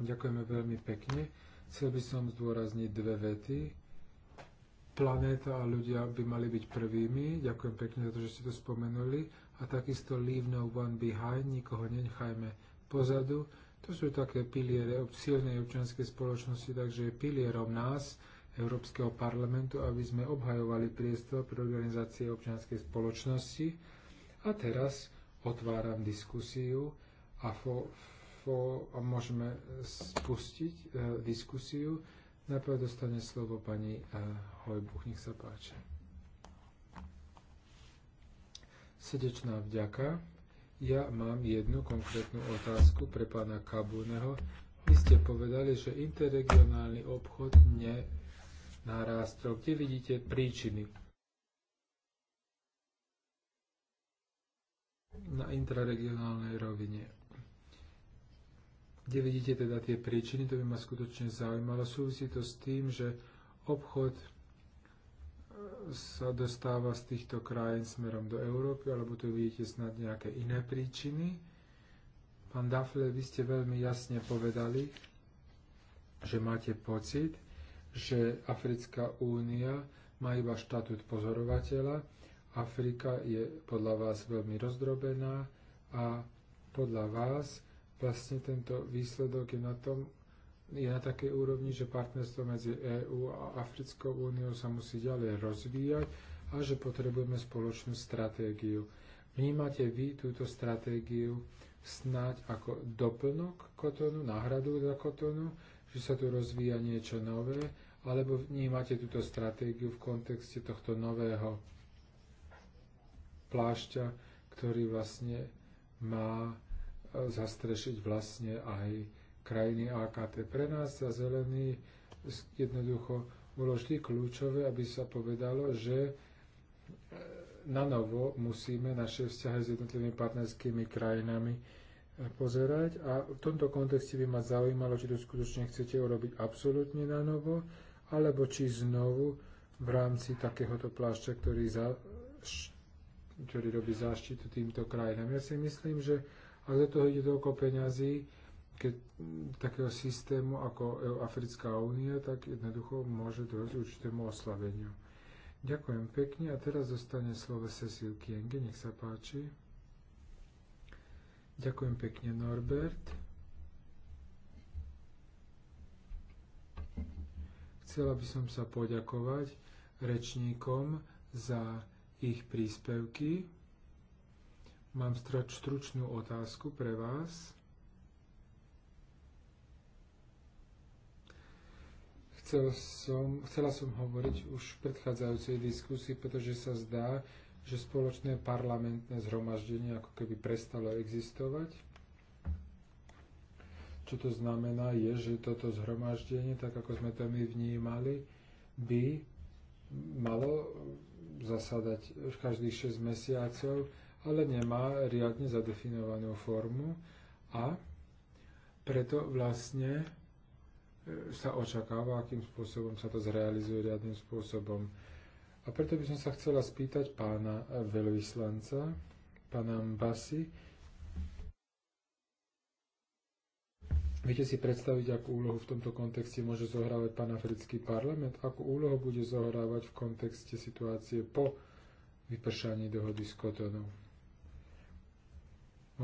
Ďakujeme veľmi pekne. Chcel by som zdôrazniť dve vety. Planéta a ľudia by mali byť prvými. Ďakujem pekne za to, že ste to spomenuli. A takisto leave no one behind, nikoho nenechajme pozadu. To sú také piliere silnej občianskej spoločnosti, takže je pilierom nás, Európskeho parlamentu, aby sme obhajovali priestor pre organizácie občianskej spoločnosti a teraz otváram diskusiu a, fo, fo, a môžeme spustiť e, diskusiu. Najprv dostane slovo pani e, Hojbuch, nech sa páči. Srdečná vďaka. Ja mám jednu konkrétnu otázku pre pána Kabuneho. Vy ste povedali, že interregionálny obchod nenarástol. Kde vidíte príčiny na intraregionálnej rovine. Kde vidíte teda tie príčiny, to by ma skutočne zaujímalo. Súvisí to s tým, že obchod e, sa dostáva z týchto krajín smerom do Európy, alebo tu vidíte snad nejaké iné príčiny. Pán Dafle, vy ste veľmi jasne povedali, že máte pocit, že Africká únia má iba štatút pozorovateľa, Afrika je podľa vás veľmi rozdrobená a podľa vás vlastne tento výsledok je na tom, je na takej úrovni, že partnerstvo medzi EÚ a Africkou úniou sa musí ďalej rozvíjať a že potrebujeme spoločnú stratégiu. Vnímate vy túto stratégiu snáď ako doplnok kotonu, náhradu za kotonu, že sa tu rozvíja niečo nové, alebo vnímate túto stratégiu v kontexte tohto nového plášťa, ktorý vlastne má e, zastrešiť vlastne aj krajiny AKT. Pre nás za zelený jednoducho bolo vždy kľúčové, aby sa povedalo, že e, na novo musíme naše vzťahy s jednotlivými partnerskými krajinami e, pozerať a v tomto kontexte by ma zaujímalo, či to skutočne chcete urobiť absolútne na novo, alebo či znovu v rámci takéhoto plášťa, ktorý za, ktorý robí záštitu týmto krajinám. Ja si myslím, že ak do toho ide toľko peňazí, keď takého systému ako Africká únia, tak jednoducho môže dojsť určitému oslabeniu. Ďakujem pekne a teraz zostane slovo Cecil Kienge, nech sa páči. Ďakujem pekne Norbert. Chcela by som sa poďakovať rečníkom za ich príspevky. Mám stručnú otázku pre vás. Chcel som, chcela som hovoriť už v predchádzajúcej diskusii, pretože sa zdá, že spoločné parlamentné zhromaždenie ako keby prestalo existovať. Čo to znamená je, že toto zhromaždenie, tak ako sme to my vnímali, by malo zasadať každých 6 mesiacov, ale nemá riadne zadefinovanú formu a preto vlastne e, sa očakáva, akým spôsobom sa to zrealizuje riadnym spôsobom. A preto by som sa chcela spýtať pána e, veľvyslanca, pána Mbasi, Viete si predstaviť, akú úlohu v tomto kontexte môže zohrávať pán africký parlament? Akú úlohu bude zohrávať v kontexte situácie po vypršaní dohody s Kotonou?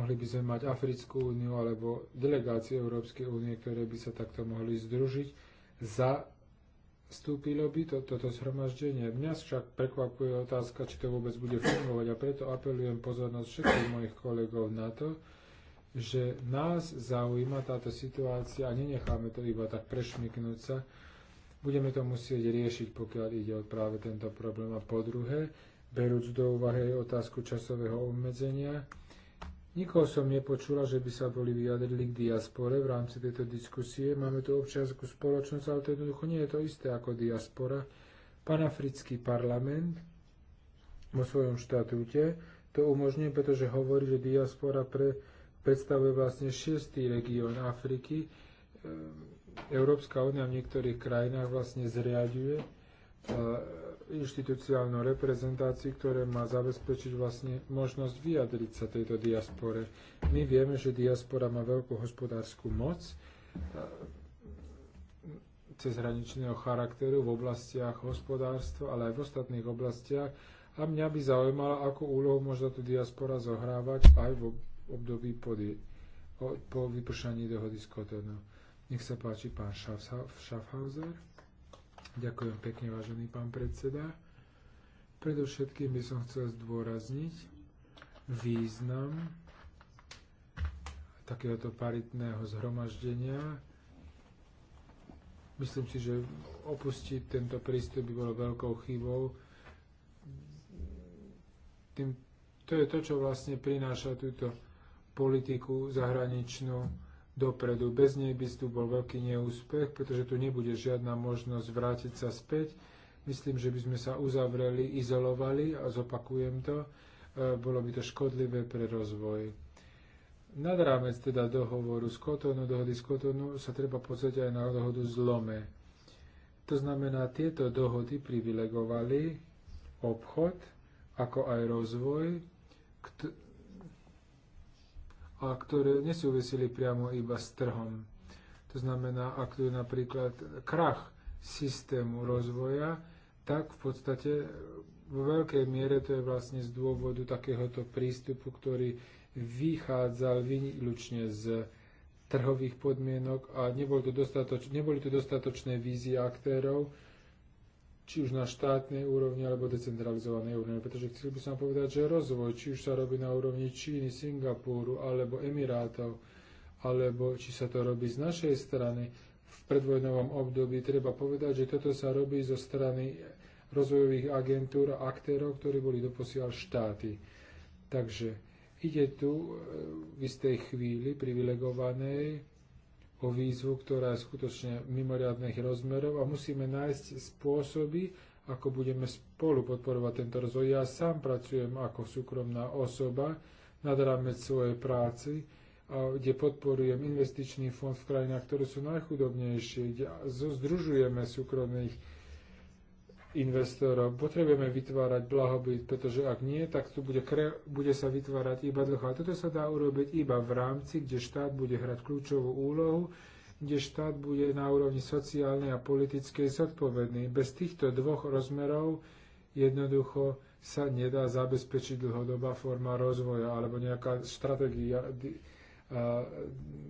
Mohli by sme mať Africkú úniu alebo delegácie Európskej únie, ktoré by sa takto mohli združiť. Zastúpilo by to, toto zhromaždenie. Mňa však prekvapuje otázka, či to vôbec bude fungovať a preto apelujem pozornosť všetkých mojich kolegov na to, že nás zaujíma táto situácia a nenecháme to iba tak prešmiknúť sa. Budeme to musieť riešiť, pokiaľ ide o práve tento problém. A po druhé, berúc do úvahy aj otázku časového obmedzenia, Nikoho som nepočula, že by sa boli vyjadrili k diaspore v rámci tejto diskusie. Máme tu občianskú spoločnosť, ale to jednoducho nie je to isté ako diaspora. Panafrický parlament vo svojom štatúte to umožňuje, pretože hovorí, že diaspora pre predstavuje vlastne šiestý región Afriky. Ehm, Európska únia v niektorých krajinách vlastne zriaduje eh, inštitucionálnu reprezentáciu, ktoré má zabezpečiť vlastne možnosť vyjadriť sa tejto diaspore. My vieme, že diaspora má veľkú hospodárskú moc eh, cezhraničného charakteru v oblastiach hospodárstva, ale aj v ostatných oblastiach. A mňa by zaujímalo, akú úlohu môže tu diaspora zohrávať aj v období pod je, o, po vypršaní dohody s Kotonou. Nech sa páči pán Schaffhauser. Ďakujem pekne, vážený pán predseda. Predovšetkým by som chcel zdôrazniť význam takéhoto paritného zhromaždenia. Myslím si, že opustiť tento prístup by bolo veľkou chybou. Tým, to je to, čo vlastne prináša túto politiku zahraničnú dopredu. Bez nej by tu bol veľký neúspech, pretože tu nebude žiadna možnosť vrátiť sa späť. Myslím, že by sme sa uzavreli, izolovali a zopakujem to. E, bolo by to škodlivé pre rozvoj. Nad rámec teda dohovoru z Kotonu, dohody z Kotonu sa treba pozrieť aj na dohodu z Lome. To znamená, tieto dohody privilegovali obchod, ako aj rozvoj, a ktoré nesúvisili priamo iba s trhom. To znamená, ak tu je napríklad krach systému rozvoja, tak v podstate vo veľkej miere to je vlastne z dôvodu takéhoto prístupu, ktorý vychádzal výlučne z trhových podmienok a nebol neboli to dostatočné vízie aktérov, či už na štátnej úrovni alebo decentralizovanej úrovni. Pretože chcel by som povedať, že rozvoj, či už sa robí na úrovni Číny, Singapúru alebo Emirátov, alebo či sa to robí z našej strany v predvojnovom období, treba povedať, že toto sa robí zo strany rozvojových agentúr a aktérov, ktorí boli doposiaľ štáty. Takže ide tu e, v istej chvíli privilegovanej o výzvu, ktorá je skutočne mimoriadných rozmerov a musíme nájsť spôsoby, ako budeme spolu podporovať tento rozvoj. Ja sám pracujem ako súkromná osoba nad rámec svojej práci, kde podporujem investičný fond v krajinách, ktoré sú najchudobnejšie, kde združujeme súkromných investorov. Potrebujeme vytvárať blahobyt, pretože ak nie, tak tu bude, kre, bude sa vytvárať iba dlho. A toto sa dá urobiť iba v rámci, kde štát bude hrať kľúčovú úlohu, kde štát bude na úrovni sociálnej a politickej zodpovedný. Bez týchto dvoch rozmerov jednoducho sa nedá zabezpečiť dlhodobá forma rozvoja alebo nejaká stratégia,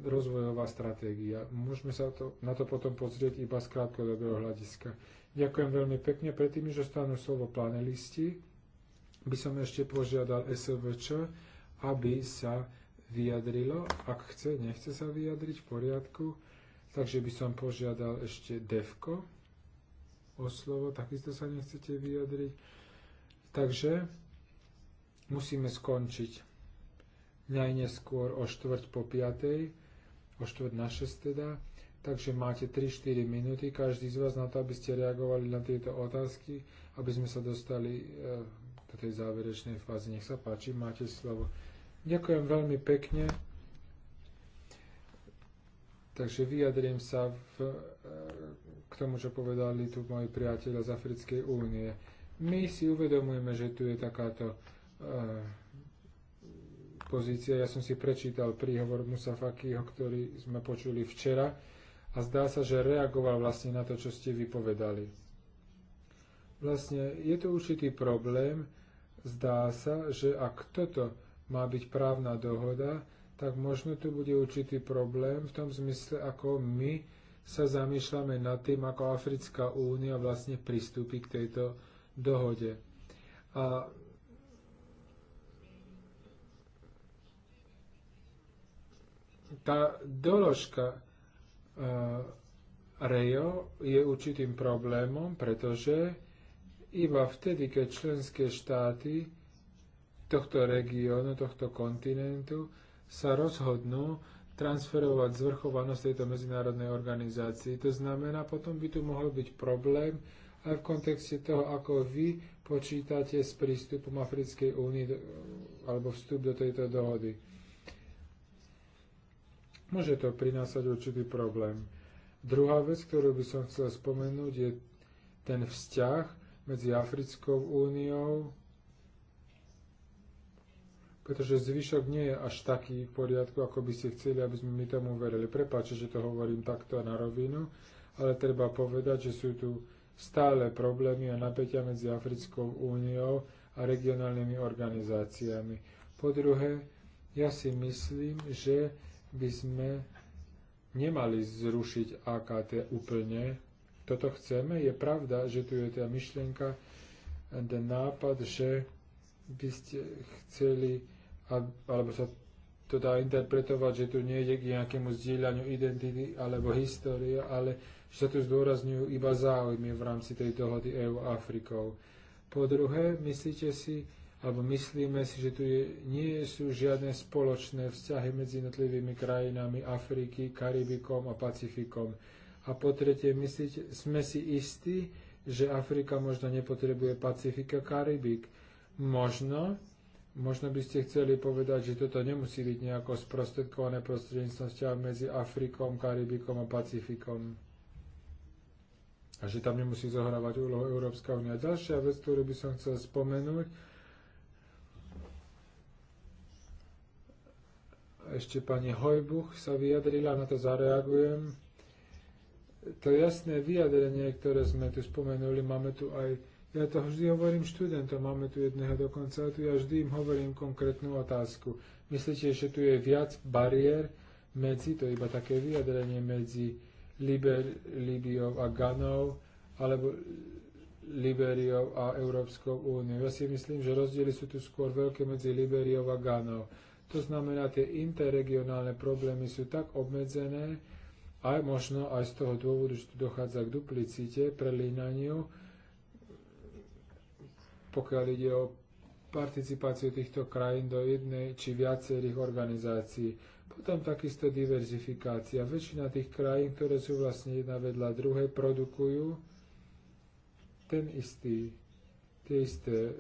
rozvojová stratégia. Môžeme sa to, na to potom pozrieť iba z krátkodobého hľadiska. Ďakujem veľmi pekne. Predtým, že stanú slovo panelisti, by som ešte požiadal SVČ, aby sa vyjadrilo. Ak chce, nechce sa vyjadriť, v poriadku. Takže by som požiadal ešte DEVKO o slovo, takisto sa nechcete vyjadriť. Takže musíme skončiť najneskôr o štvrť po piatej, o štvrť na šest teda takže máte 3-4 minúty každý z vás na to, aby ste reagovali na tieto otázky, aby sme sa dostali e, do tej záverečnej fázy. Nech sa páči, máte slovo. Ďakujem veľmi pekne. Takže vyjadrím sa v, e, k tomu, čo povedali tu moji priatelia z Africkej únie. My si uvedomujeme, že tu je takáto uh, pozícia. Ja som si prečítal príhovor Musafakiho, ktorý sme počuli včera a zdá sa, že reagoval vlastne na to, čo ste vypovedali. Vlastne je to určitý problém, zdá sa, že ak toto má byť právna dohoda, tak možno tu bude určitý problém v tom zmysle, ako my sa zamýšľame nad tým, ako Africká únia vlastne pristúpi k tejto dohode. A tá doložka Eh, REJO je určitým problémom, pretože iba vtedy, keď členské štáty tohto regiónu, tohto kontinentu sa rozhodnú transferovať zvrchovanosť tejto medzinárodnej organizácii. To znamená, potom by tu mohol byť problém aj v kontexte toho, ako vy počítate s prístupom Africkej únie alebo vstup do tejto dohody môže to prinásať určitý problém. Druhá vec, ktorú by som chcel spomenúť, je ten vzťah medzi Africkou úniou, pretože zvyšok nie je až taký v poriadku, ako by ste chceli, aby sme my tomu verili. Prepáčte, že to hovorím takto na rovinu, ale treba povedať, že sú tu stále problémy a napätia medzi Africkou úniou a regionálnymi organizáciami. Po druhé, ja si myslím, že by sme nemali zrušiť AKT úplne. Toto chceme. Je pravda, že tu je tá myšlienka, ten nápad, že by ste chceli, alebo sa to dá interpretovať, že tu nejde k nejakému zdieľaniu identity alebo histórie, ale že sa tu zdôrazňujú iba záujmy v rámci tej dohody EU-Afrikou. Po druhé, myslíte si, alebo myslíme si, že tu je, nie sú žiadne spoločné vzťahy medzi jednotlivými krajinami Afriky, Karibikom a Pacifikom. A po tretie, myslíte, sme si istí, že Afrika možno nepotrebuje Pacifik a Karibik. Možno, možno by ste chceli povedať, že toto nemusí byť nejako sprostredkované prostredníctvom vzťahov medzi Afrikom, Karibikom a Pacifikom. A že tam nemusí zohrávať úlohu Európska únia. Ďalšia vec, ktorú by som chcel spomenúť, Ešte pani Hojbuch sa vyjadrila, na to zareagujem. To jasné vyjadrenie, ktoré sme tu spomenuli, máme tu aj, ja to vždy hovorím študentom, máme tu jedného dokonca, tu ja vždy im hovorím konkrétnu otázku. Myslíte, že tu je viac bariér medzi, to je iba také vyjadrenie medzi Liber, Libiou a Ganou, alebo Liberiou a Európskou úniou. Ja si myslím, že rozdiely sú tu skôr veľké medzi Liberiou a Ganou. To znamená, tie interregionálne problémy sú tak obmedzené, aj možno aj z toho dôvodu, že tu dochádza k duplicite, prelínaniu, pokiaľ ide o participáciu týchto krajín do jednej či viacerých organizácií. Potom takisto diverzifikácia. Väčšina tých krajín, ktoré sú vlastne jedna vedľa druhé, produkujú ten istý, tie isté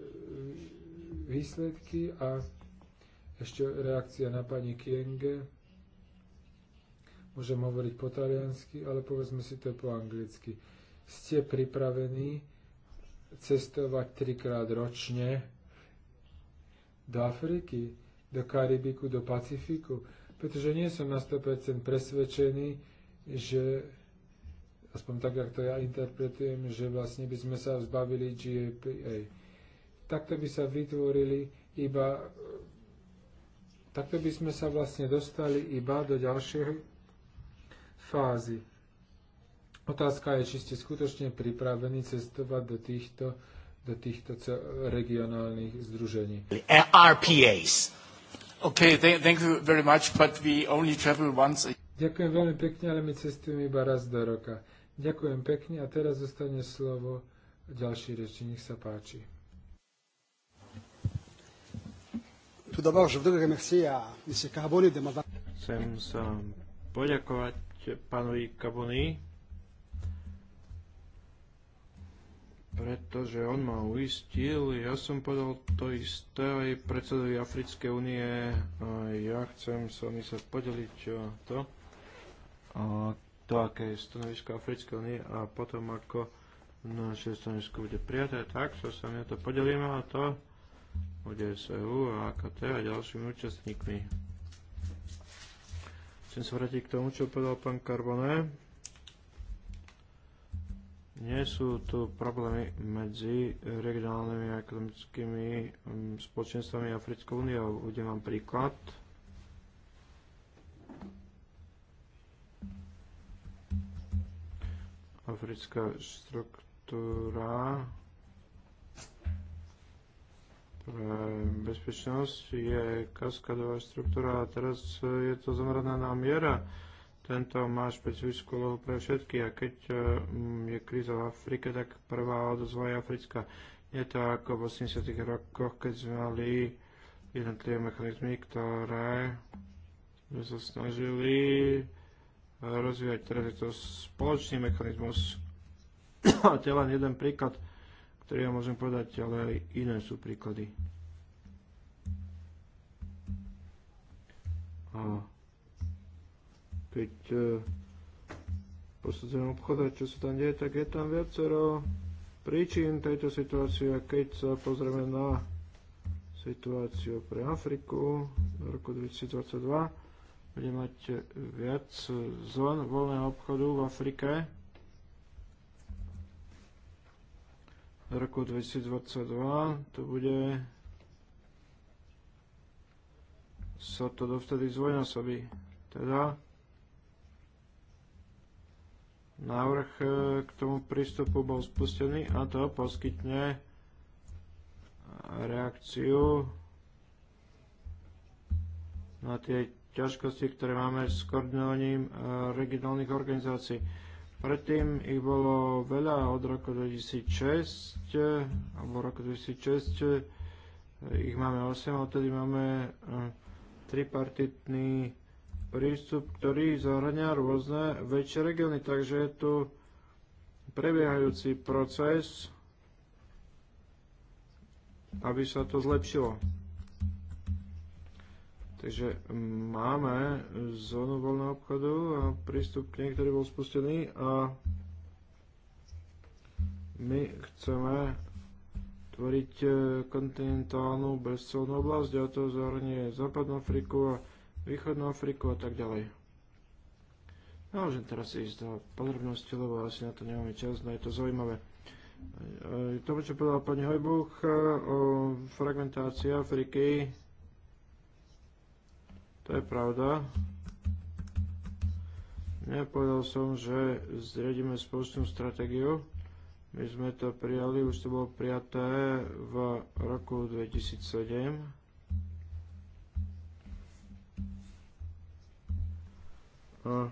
výsledky a ešte reakcia na pani Kienge. Môžem hovoriť po taliansky, ale povedzme si to po anglicky. Ste pripravení cestovať trikrát ročne do Afriky, do Karibiku, do Pacifiku, pretože nie som na 100% presvedčený, že aspoň tak, jak to ja interpretujem, že vlastne by sme sa zbavili GAPA. Takto by sa vytvorili iba Takto by sme sa vlastne dostali iba do ďalšej fázy. Otázka je, či ste skutočne pripravení cestovať do týchto, do týchto regionálnych združení. RPAs. Okay, thank you very much, but we only travel once a... Ďakujem veľmi pekne, ale my cestujeme iba raz do roka. Ďakujem pekne a teraz zostane slovo ďalší reči. Nech sa páči. Chcem sa poďakovať pánovi Kaboni, pretože on ma uistil. Ja som povedal to isté aj predsedovi Africkej únie. Ja chcem sa mi sa podeliť to, to, aké je stanovisko Africkej únie a potom ako naše stanovisko bude prijaté, tak sa sa mi to podelíme a to ODSEU a AKT a ďalšími účastníkmi. Chcem sa vrátiť k tomu, čo povedal pán Carboné. Nie sú tu problémy medzi regionálnymi a ekonomickými mm, spoločenstvami Africkou úniou. Ude vám príklad. Africká štruktúra Eh, bezpečnosť je kaskadová štruktúra a teraz eh, je to zamraná na miera. Tento má špecifickú úlohu pre všetky a keď eh, mm, je kríza v Afrike, tak prvá odozva je africká. Je to ako v 80. rokoch, keď sme mali jednotlivé mechanizmy, ktoré sme sa snažili rozvíjať. Teraz je to spoločný mechanizmus. (coughs) to je len jeden príklad ktoré ja môžem povedať, ale aj iné sú príklady. A keď e, posudzujem obchodať, čo sa tam deje, tak je tam viacero príčin tejto situácie. Keď sa pozrieme na situáciu pre Afriku do roku 2022, bude mať viac zón voľného obchodu v Afrike roku 2022 to bude sa to dovtedy zdvojnásobí. Teda návrh e, k tomu prístupu bol spustený a to poskytne reakciu na tie ťažkosti, ktoré máme s koordinovaním e, regionálnych organizácií Predtým ich bolo veľa od roku 2006, alebo roku 2006 eh, ich máme 8, odtedy máme eh, tripartitný prístup, ktorý zahrania rôzne väčšie regióny. Takže je tu prebiehajúci proces, aby sa to zlepšilo. Takže máme zónu voľného obchodu a prístup k nej, ktorý bol spustený a my chceme tvoriť e, kontinentálnu bezcelnú oblasť a to zahrnie západnú Afriku a východnú Afriku a tak ďalej. Nemôžem teraz ísť do podrobnosti, lebo asi na to nemáme čas, no je to zaujímavé. E, e, to, čo povedala pani Hojbuch o fragmentácii Afriky, to je pravda. Nepovedal som, že zriedíme spoločnú stratégiu. My sme to prijali, už to bolo prijaté v roku 2007. A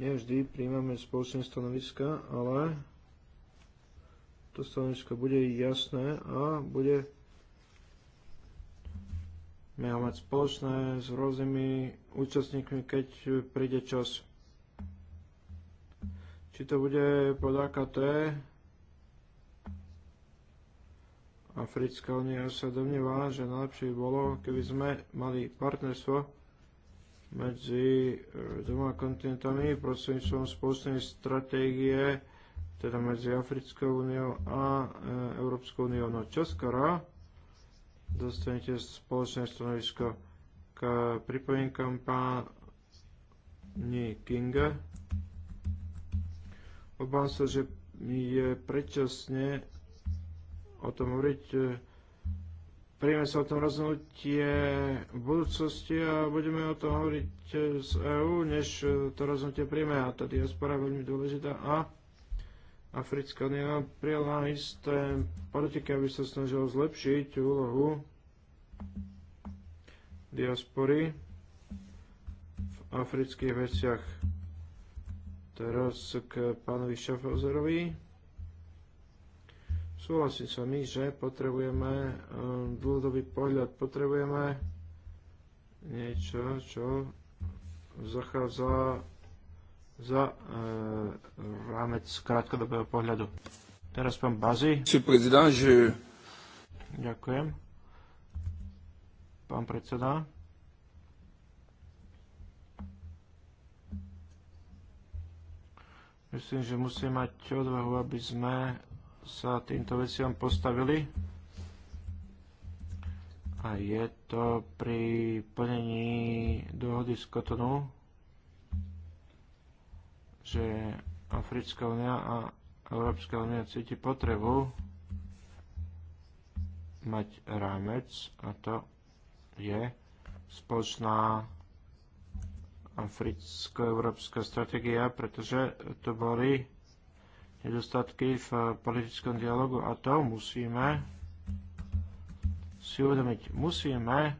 nevždy príjmame spoločné stanoviska, ale to stanovisko bude jasné a bude majú mať spoločné s rôznymi účastníkmi, keď príde čas. Či to bude pod AKT, Africká unia sa domnieva, že najlepšie by bolo, keby sme mali partnerstvo medzi e, dvoma kontinentami prostredníctvom spoločnej stratégie, teda medzi Africkou úniou a e, Európskou úniou. No čoskoro dostanete spoločné stanovisko k pripojenkám pani Kinga. Obávam sa, že mi je predčasne o tom hovoriť. Príjme sa o tom rozhodnutie v budúcnosti a budeme o tom hovoriť z EÚ, než to rozhodnutie príjme. A tá diaspora je veľmi dôležitá. A Africká unia prijala isté politiky, aby sa snažila zlepšiť úlohu diaspory v afrických veciach. Teraz k pánovi Šafozerovi. Súhlasím sa my, že potrebujeme eh, dlhodobý pohľad, potrebujeme niečo, čo zachádza za e, rámec krátkodobého pohľadu. Teraz pán Bazi. Ďakujem. Pán predseda. Myslím, že musí mať odvahu, aby sme sa týmto veciam postavili a je to pri plnení dohody z Kotonu že Africká unia a Európska unia cíti potrebu mať rámec a to je spoločná africko-európska stratégia, pretože to boli nedostatky v politickom dialogu a to musíme si uvedomiť. Musíme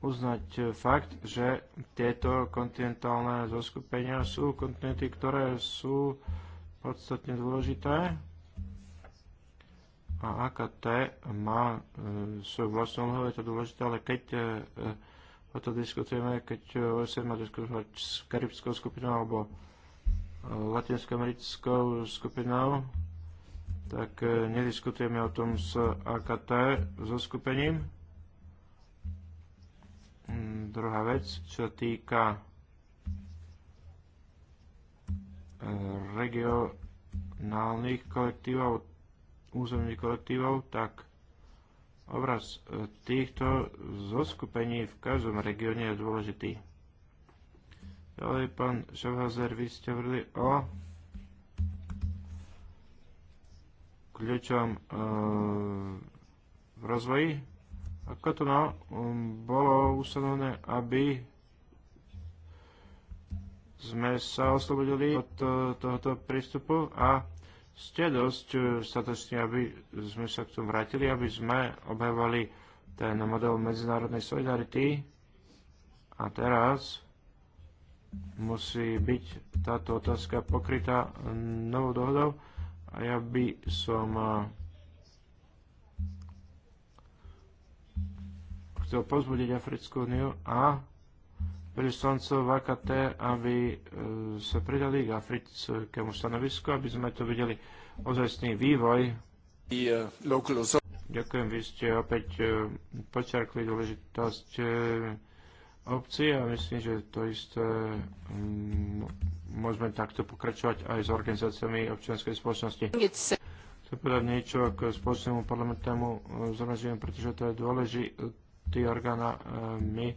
uznať e, fakt, že tieto kontinentálne zoskupenia sú kontinenty, ktoré sú podstatne dôležité a AKT má e, svoju vlastnú úlohu, je to dôležité, ale keď e, e o to diskutujeme, keď e, OSN má diskutovať s karibskou skupinou alebo latinskoamerickou skupinou, tak e, nediskutujeme o tom s AKT, so skupením, Mm, druhá vec, čo týka e, regionálnych kolektívov, územných kolektívov, tak obraz e, týchto zoskupení v každom regióne je dôležitý. Ďalej, pán Šovhazer, vy ste hovorili o kľúčom e, v rozvoji ako Kotono um, bolo ustanovené, aby sme sa oslobodili od e, tohoto prístupu a ste dosť e, statoční, aby sme sa k tomu vrátili, aby sme obhajovali ten model medzinárodnej solidarity a teraz musí byť táto otázka pokrytá novou dohodou a ja by som e, chcel pozbudiť Africkú úniu a veľvyslancov AKT, aby e, sa pridali k africkému stanovisku, aby sme tu videli ozajstný vývoj. Ďakujem, vy ste opäť e, počarkli dôležitosť e, obci a myslím, že to isté môžeme takto pokračovať aj s organizáciami občianskej spoločnosti. Chcem povedať niečo k spoločnému parlamentnému zhromaždeniu, pretože to je dôležité orgána my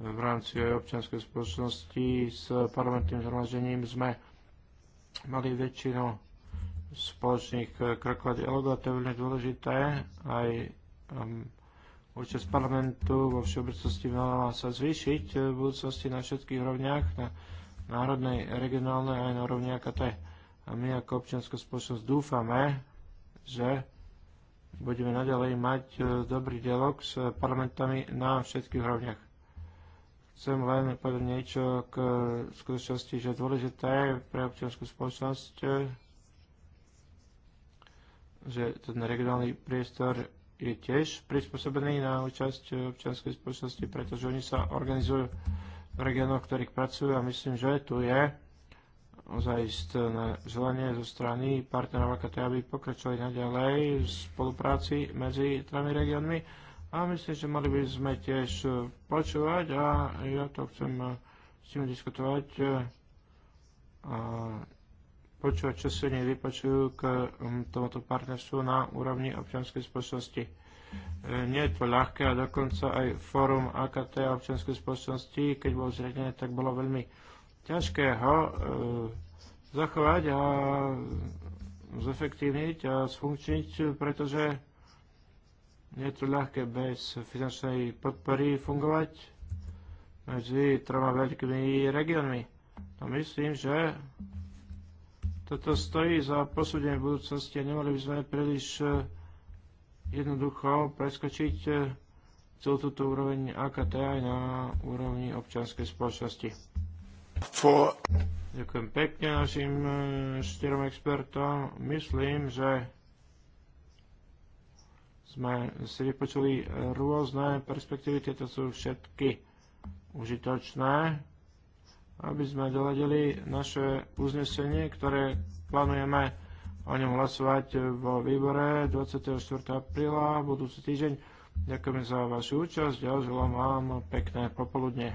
v rámci občianskej spoločnosti s parlamentným zhromaždením sme mali väčšinu spoločných krokov a dialogov a to je veľmi dôležité aj um, účasť parlamentu vo všeobecnosti mala sa zvýšiť v budúcnosti na všetkých rovniach, na národnej, regionálnej aj na rovniach to je A my ako občianská spoločnosť dúfame, že budeme naďalej mať e, dobrý dialog s parlamentami na všetkých rovniach. Chcem len povedať niečo k skutočnosti, že dôležité je pre občianskú spoločnosť, e, že ten regionálny priestor je tiež prispôsobený na účasť občianskej spoločnosti, pretože oni sa organizujú v regiónoch, v ktorých pracujú a myslím, že tu je zaistné želanie zo strany partnerov AKT, aby pokračovali naďalej v spolupráci medzi tromi regiónmi a myslím, že mali by sme tiež e, počúvať a ja to chcem e, s nimi diskutovať e, a počúvať, čo si oni vypočujú k tomuto partnerstvu na úrovni občianskej spoločnosti. Nie je to ľahké a dokonca aj fórum AKT a občianskej spoločnosti, keď bolo zriadené, tak bolo veľmi ťažké ho e, zachovať a zefektívniť a sfunkčniť, pretože nie je to ľahké bez finančnej podpory fungovať medzi troma veľkými regiónmi. A no myslím, že toto stojí za posúdenie budúcnosti a nemali by sme príliš e, jednoducho preskočiť e, celú túto úroveň AKT aj na úrovni občianskej spoločnosti. For... Ďakujem pekne našim e, štyrom expertom. Myslím, že sme si vypočuli rôzne perspektívy, tieto sú všetky užitočné, aby sme doladili naše uznesenie, ktoré plánujeme o ňom hlasovať vo výbore 24. apríla, budúci týždeň. Ďakujem za vašu účasť a želám vám pekné popoludne.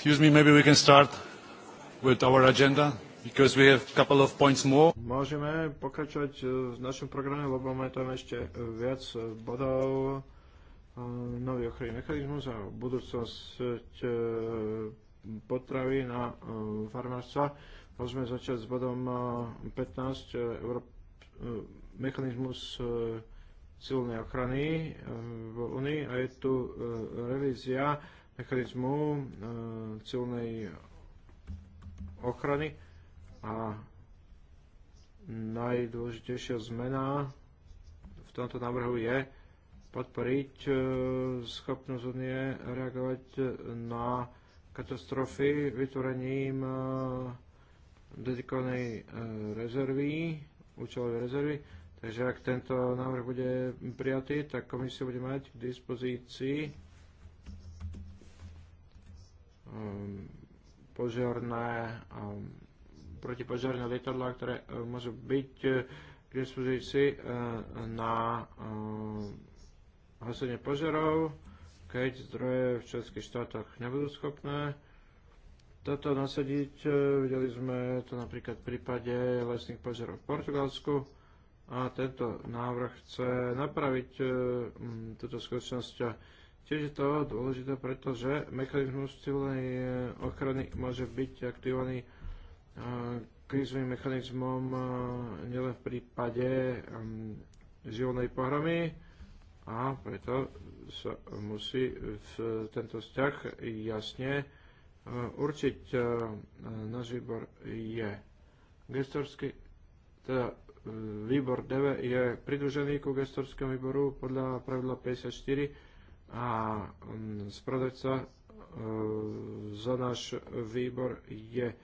Excuse me, maybe we can start with our agenda, because we have a couple of points more. Môžeme pokračovať s e, našim programom, lebo máme tam ešte e, viac e, bodov. Nový ochranný mechanizmus a budúcnosť potravy na farmárstva. Môžeme začať s bodom 15, mechanizmus silnej ochrany v Unii a je tu revízia mechanizmu e, celnej ochrany a najdôležitejšia zmena v tomto návrhu je podporiť e, schopnosť Unie reagovať na katastrofy vytvorením e, dedikovanej rezervy, účelovej rezervy. Takže ak tento návrh bude prijatý, tak komisia bude mať k dispozícii Um, požiarné um, protipožiarné lietadla, ktoré uh, môžu byť uh, k dispozícii uh, na hasenie požiarov, keď zdroje v českých štátoch nebudú schopné toto nasadiť. Videli sme to napríklad v prípade lesných požiarov v Portugalsku a tento návrh chce napraviť túto skutočnosť Tiež je to dôležité, pretože mechanizmus civilnej eh, ochrany môže byť aktivovaný eh, krízovým mechanizmom eh, nielen v prípade živonej pohromy a preto sa musí v tento vzťah jasne určiť. Náš výbor je gestorský, teda výbor DV je pridružený ku gestorskému výboru podľa pravidla 54 a mm, spravodajca e, za náš výbor je e,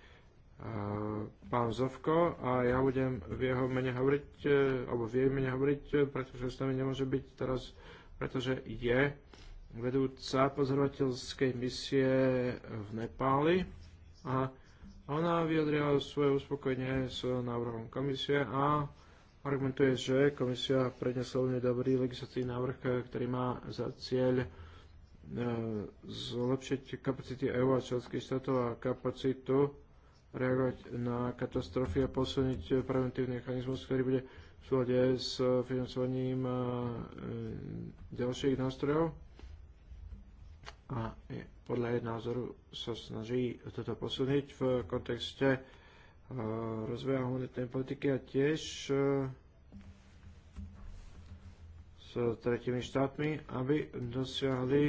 pán Zovko a ja budem v jeho mene hovoriť, e, alebo v jej mene hovoriť, pretože s nami nemôže byť teraz, pretože je vedúca pozorovateľskej misie v Nepáli a ona vyjadrila svoje uspokojenie s návrhom komisie a argumentuje, že komisia prednesla veľmi dobrý legislatívny návrh, ktorý má za cieľ e, zlepšiť kapacity EU a členských štátov a kapacitu reagovať na katastrofy a posunúť preventívny mechanizmus, ktorý bude v súlade s financovaním e, ďalších nástrojov. A podľa jej názoru sa snaží toto posunúť v kontexte rozvoja humanitárnej politiky a tiež e, s tretimi štátmi, aby dosiahli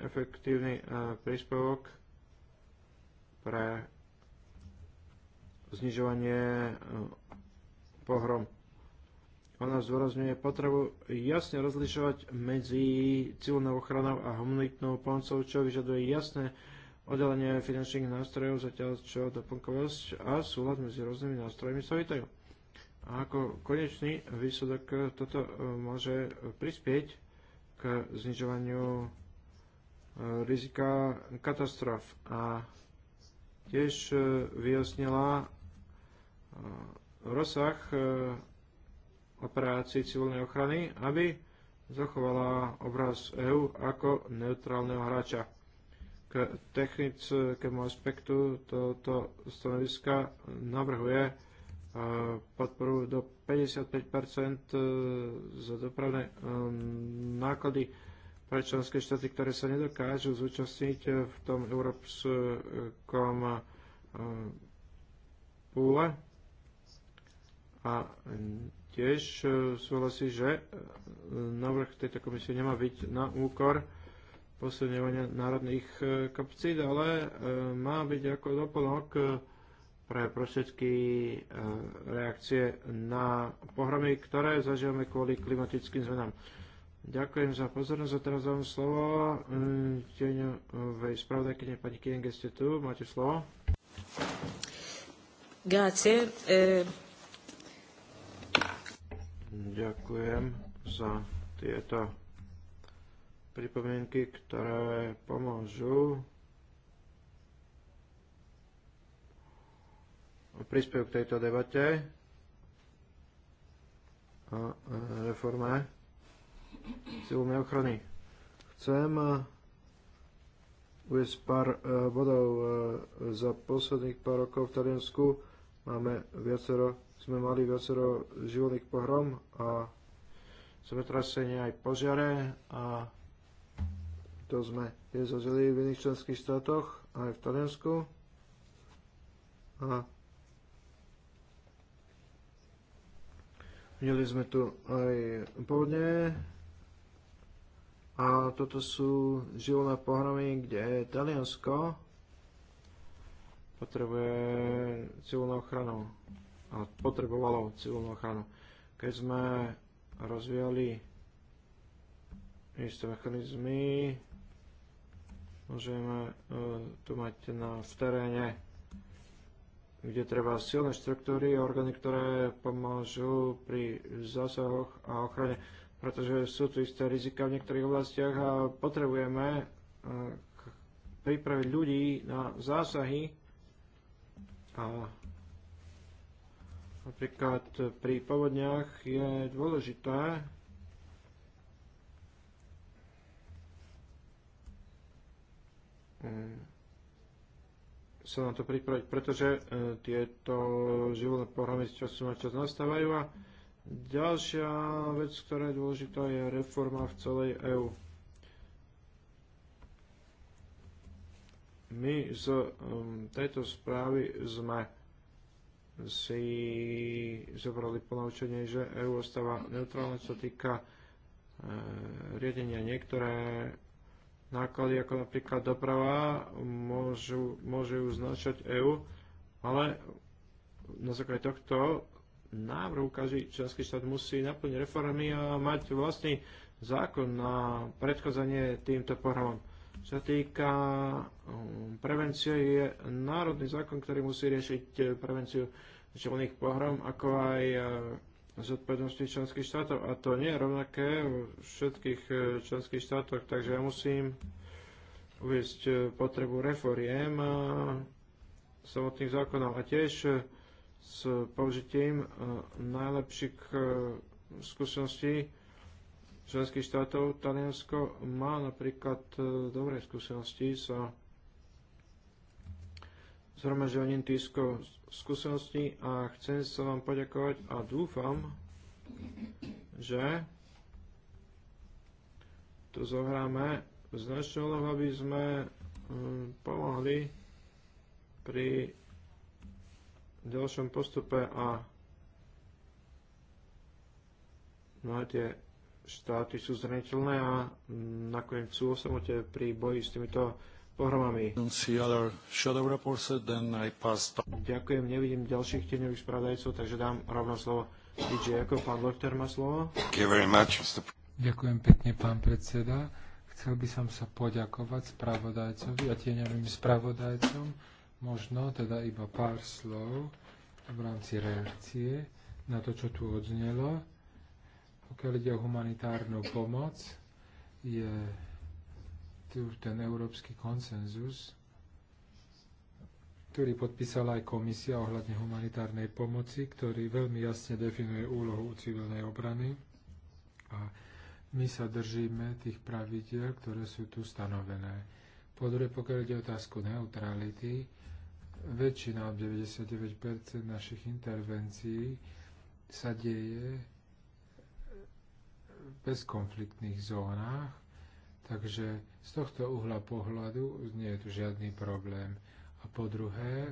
efektívny e, príspevok pre znižovanie e, pohrom. Ona zdôrazňuje potrebu jasne rozlišovať medzi civilnou ochranou a humanitnou pomocou, čo vyžaduje jasné uh, oddelenie finančných nástrojov, zatiaľ čo doplnkovosť a súlad medzi rôznymi nástrojmi sa vítajú. A ako konečný výsledok toto e, môže prispieť k znižovaniu e, rizika katastrof a tiež e, vyjasnila rozsah operácií civilnej ochrany, aby zachovala obraz EÚ ako neutrálneho hráča. K technickému aspektu tohoto stanoviska navrhuje e, podporu do 55 e, za dopravné e, náklady pre členské štáty, ktoré sa nedokážu zúčastniť v tom európskom púle. A tiež súhlasí, že návrh tejto komisie nemá byť na úkor posilňovania národných e, kapacít, ale e, má byť ako doplnok e, pre prostriedky reakcie na pohromy, ktoré zažívame kvôli klimatickým zmenám. Ďakujem za pozornosť a teraz dám slovo mm, tieňovej spravodajkyne pani Kienge, ste tu, máte slovo. Grazie. Ďakujem za tieto pripomienky, ktoré pomôžu príspev k tejto debate a e, reforme civilnej ochrany. Chcem e, uvieť pár e, bodov za posledných pár rokov v Taliansku. Máme viacero, sme mali viacero životných pohrom a zemetrasenia aj požiare a to sme je zažili v iných členských štátoch, aj v Taliansku. A videli sme tu aj povodne. A toto sú živolné pohromy, kde Taliansko potrebuje civilnú ochranu. A potrebovalo civilnú ochranu. Keď sme rozvíjali isté mechanizmy môžeme e, tu mať na, v teréne, kde treba silné štruktúry, orgány, ktoré pomôžu pri zásahoch a ochrane, pretože sú tu isté rizika v niektorých oblastiach a potrebujeme e, pripraviť ľudí na zásahy a napríklad pri povodniach je dôležité sa eh, na to pripraviť, pretože eh, tieto životné programy z času na čas nastávajú a ďalšia vec, ktorá je dôležitá, je reforma v celej EÚ. My z eh, tejto správy sme si zobrali ponaučenie, že EÚ ostáva neutrálne, čo týka riadenia niektoré náklady ako napríklad doprava môžu, môžu značať EÚ, ale na základe tohto návrhu každý členský štát musí naplniť reformy a mať vlastný zákon na predchádzanie týmto pohromom. Čo sa týka um, prevencie, je národný zákon, ktorý musí riešiť eh, prevenciu čelných pohrom, ako aj eh, zodpovednosti členských štátov. A to nie je rovnaké v všetkých e, členských štátoch, takže ja musím uviezť e, potrebu reforiem samotných zákonov a tiež e, s použitím najlepších skúseností členských štátov. Taliansko má napríklad dobré skúsenosti sa zhromažovaním z skúsenosti a chcem sa vám poďakovať a dúfam, že to zohráme značnú úlohu, aby sme hm, pomohli pri ďalšom postupe a mnohé tie štáty sú zraniteľné a nakoniec sú osamote pri boji s týmito pohromami. Ďakujem, nevidím ďalších tieňových spravodajcov, takže dám rovno slovo DJ, ako pán Lechter má slovo. Ďakujem pekne, pán predseda. Chcel by som sa poďakovať spravodajcovi a tieňovým spravodajcom. Možno teda iba pár slov v rámci reakcie na to, čo tu odznelo. Pokiaľ ide o humanitárnu pomoc, je tu, ten európsky konsenzus, ktorý podpísala aj komisia ohľadne humanitárnej pomoci, ktorý veľmi jasne definuje úlohu civilnej obrany a my sa držíme tých pravidiel, ktoré sú tu stanovené. Po druhé, pokiaľ ide otázku neutrality, väčšina, 99% našich intervencií sa deje v bezkonfliktných zónach, Takže z tohto uhla pohľadu nie je tu žiadny problém. A po druhé,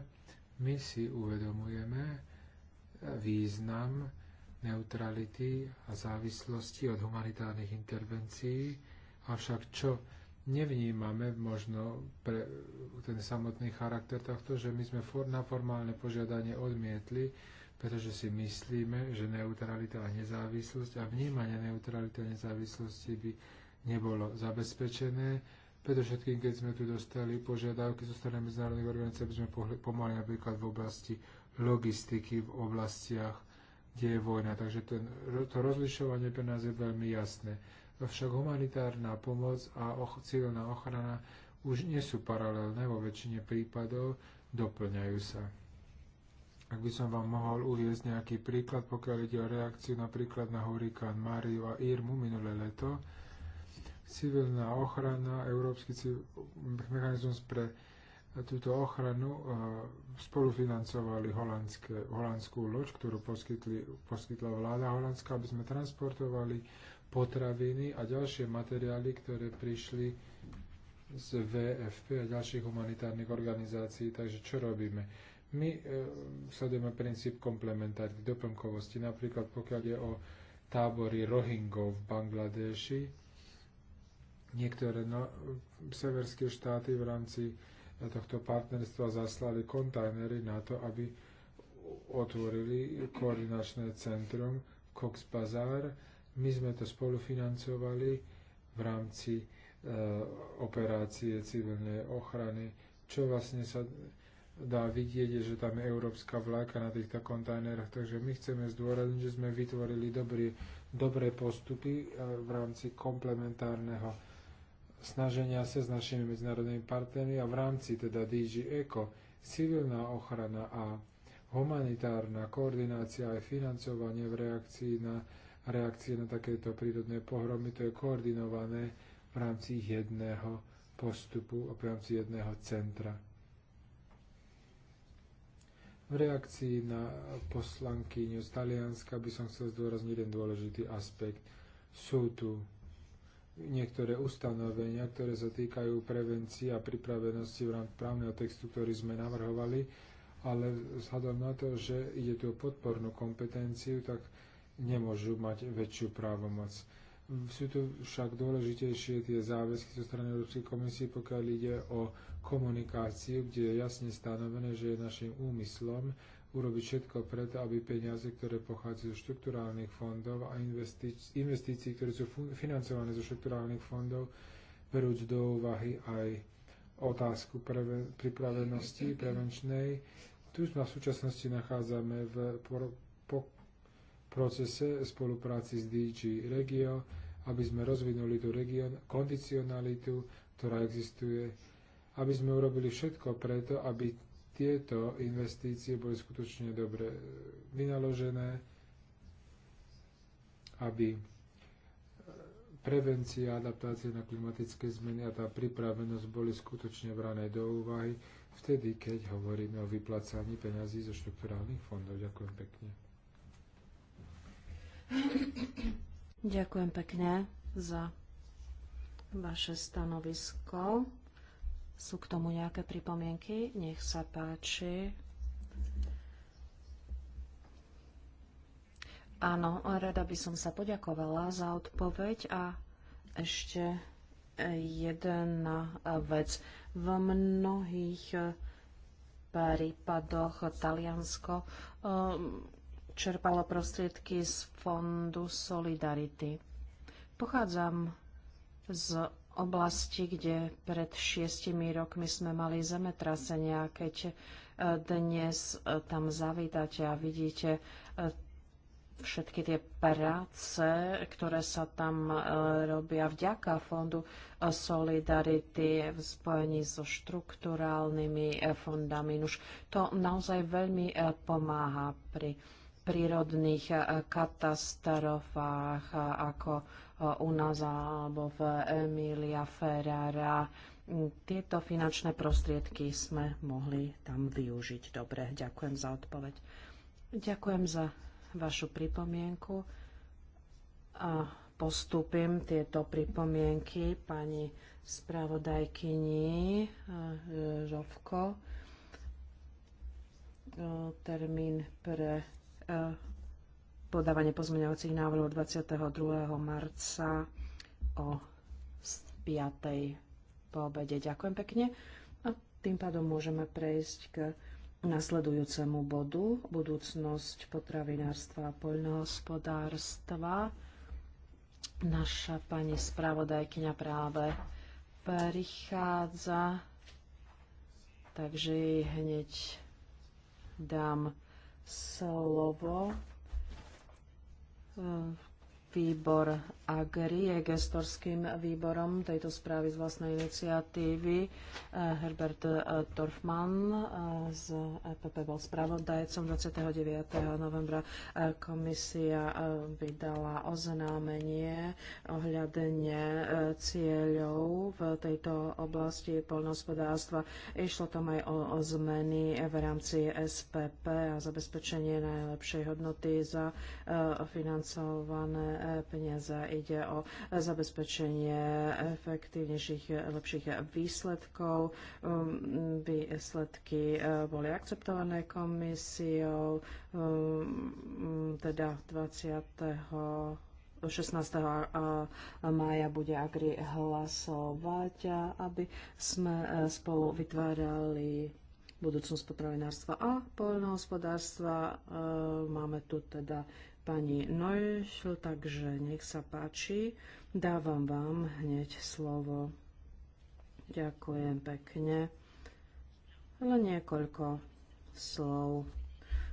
my si uvedomujeme význam neutrality a závislosti od humanitárnych intervencií, avšak čo nevnímame možno pre ten samotný charakter takto, že my sme for, na formálne požiadanie odmietli, pretože si myslíme, že neutralita a nezávislosť a vnímanie neutrality a nezávislosti by nebolo zabezpečené. Predovšetkým, keď sme tu dostali požiadavky zo strany medzinárodných organizácií, aby sme pomohli napríklad v oblasti logistiky, v oblastiach, kde je vojna. Takže ten, to rozlišovanie pre nás je veľmi jasné. Avšak humanitárna pomoc a och, civilná ochrana už nie sú paralelné vo väčšine prípadov, doplňajú sa. Ak by som vám mohol uviezť nejaký príklad, pokiaľ ide o reakciu napríklad na hurikán Mariu a Irmu minulé leto, civilná ochrana, Európsky mechanizmus pre túto ochranu eh, spolufinancovali holandskú loď, ktorú poskytli, poskytla vláda holandská, aby sme transportovali potraviny a ďalšie materiály, ktoré prišli z VFP a ďalších humanitárnych organizácií. Takže čo robíme? My e, sledujeme princíp komplementárnych doplnkovosti. Napríklad pokiaľ je o tábory Rohingov v Bangladeši, niektoré no, severské štáty v rámci eh, tohto partnerstva zaslali kontajnery na to, aby otvorili koordinačné centrum Cox Bazar. My sme to spolufinancovali v rámci e, operácie civilnej ochrany, čo vlastne sa dá vidieť, je, že tam je európska vlajka na týchto kontajneroch, takže my chceme zdôrazniť, že sme vytvorili dobrý, dobré postupy eh, v rámci komplementárneho snaženia sa s našimi medzinárodnými partnermi a v rámci teda DG ECO, civilná ochrana a humanitárna koordinácia aj financovanie v reakcii na reakcie na takéto prírodné pohromy, to je koordinované v rámci jedného postupu, v rámci jedného centra. V reakcii na poslankyňu z Talianska by som chcel zdôrazniť jeden dôležitý aspekt. Sú tu niektoré ustanovenia, ktoré sa týkajú prevencie a pripravenosti v rámci právneho textu, ktorý sme navrhovali, ale vzhľadom na to, že ide tu o podpornú kompetenciu, tak nemôžu mať väčšiu právomoc. Sú tu však dôležitejšie tie záväzky zo strany Európskej komisie, pokiaľ ide o komunikáciu, kde je jasne stanovené, že je našim úmyslom urobiť všetko preto, aby peniaze, ktoré pochádzajú zo štrukturálnych fondov a investíci, investícií, ktoré sú financované zo štrukturálnych fondov, berúc do úvahy aj otázku preven- pripravenosti prevenčnej. Tu sa v súčasnosti nachádzame v por, po procese spolupráci s DG Regio, aby sme rozvinuli tú region, kondicionalitu, ktorá existuje, aby sme urobili všetko preto, aby tieto investície boli skutočne dobre e, vynaložené, aby e, prevencia adaptácie na klimatické zmeny a tá pripravenosť boli skutočne brané do úvahy vtedy, keď hovoríme o vyplácaní peňazí zo štrukturálnych fondov. Ďakujem pekne. Ďakujem pekne za vaše stanovisko. Sú k tomu nejaké pripomienky? Nech sa páči. Áno, rada by som sa poďakovala za odpoveď a ešte jedna vec. V mnohých prípadoch Taliansko ehm, čerpalo prostriedky z Fondu Solidarity. Pochádzam z oblasti, kde pred šiestimi rokmi sme mali zemetrasenia, keď e, dnes e, tam zavítate a vidíte e, všetky tie práce, ktoré sa tam robia vďaka Fondu Solidarity v spojení so štruktúrálnymi fondami. Už to naozaj veľmi pomáha pri prírodných eh, katastrofách eh, ako eh, u nás alebo v Emilia Ferrara. Mm, tieto finančné prostriedky sme mohli tam využiť. Dobre, ďakujem za odpoveď. Ďakujem za vašu pripomienku a postupím tieto pripomienky pani spravodajkyni Žovko termín pre Eh, podávanie pozmeňovacích návrhov 22. marca o 5. po obede. Ďakujem pekne. A tým pádom môžeme prejsť k nasledujúcemu bodu budúcnosť potravinárstva a poľnohospodárstva. Naša pani spravodajkyňa práve prichádza, takže jej hneď dám slovo eh, Výbor Agri je gestorským výborom tejto správy z vlastnej iniciatívy. Eh, Herbert eh, Dorfman eh, z EPP bol spravodajcom 29. novembra. Komisia vydala oznámenie ohľadenie cieľov v tejto oblasti poľnohospodárstva. Išlo tam aj o, o zmeny v rámci SPP a zabezpečenie najlepšej hodnoty za financované peniaze. Ide o zabezpečenie efektívnejších, lepších výsledkov. Um, výsledky eh, boli akceptované komisiou, um, teda 20. 16. Eh, mája bude Agri hlasovať, eh, aby sme spolu vytvárali budúcnosť potravinárstva a poľnohospodárstva. Máme tu teda pani Neuchl, takže nech sa páči. Dávam vám hneď slovo. Ďakujem pekne. Len niekoľko slov.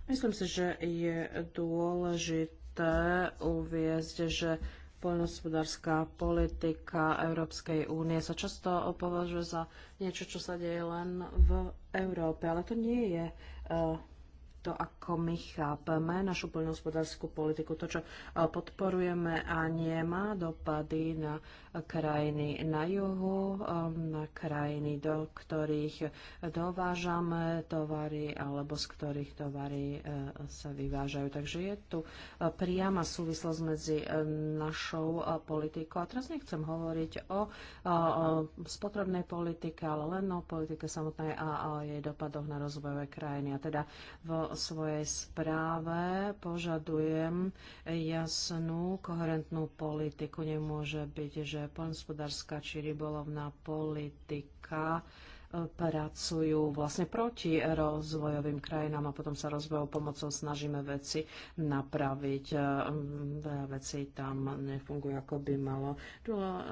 Myslím si, že je dôležité uviezť, že poľnohospodárska politika Európskej únie sa často považuje za niečo, čo sa deje len v Európe, ale to nie je eh, to, ako my chápeme našu poľnohospodárskú politiku, to, čo e, podporujeme a nemá dopady na krajiny na juhu, e, na krajiny, do ktorých dovážame tovary alebo z ktorých tovary e, sa vyvážajú. Takže je tu priama súvislosť medzi našou politikou. A teraz nechcem hovoriť o spotrebnej politike, ale len o politike samotnej a o jej dopadoch na rozvojové krajiny. A teda v svojej správe požadujem jasnú, koherentnú politiku. Nemôže byť, že poľnospodárska či rybolovná politika e, pracujú vlastne proti rozvojovým krajinám a potom sa rozvojou pomocou snažíme veci napraviť. E, veľa vecí tam nefungujú ako by malo.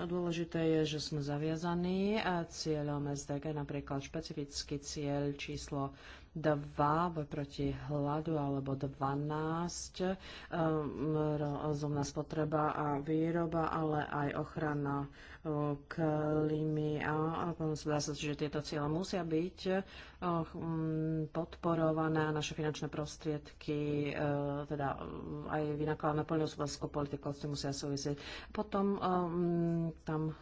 Dôležité je, že sme zaviazaní e, cieľom SDG, napríklad špecifický cieľ číslo 2, boj proti hladu, alebo 12, um, rozumná spotreba a výroba, ale aj ochrana klímy a zdá sa, že tieto cieľe musia byť eh, hm, podporované naše finančné prostriedky, eh, teda eh, aj vynakladané poľnohospodárskou politikou, s tým musia súvisieť. Potom hm, tam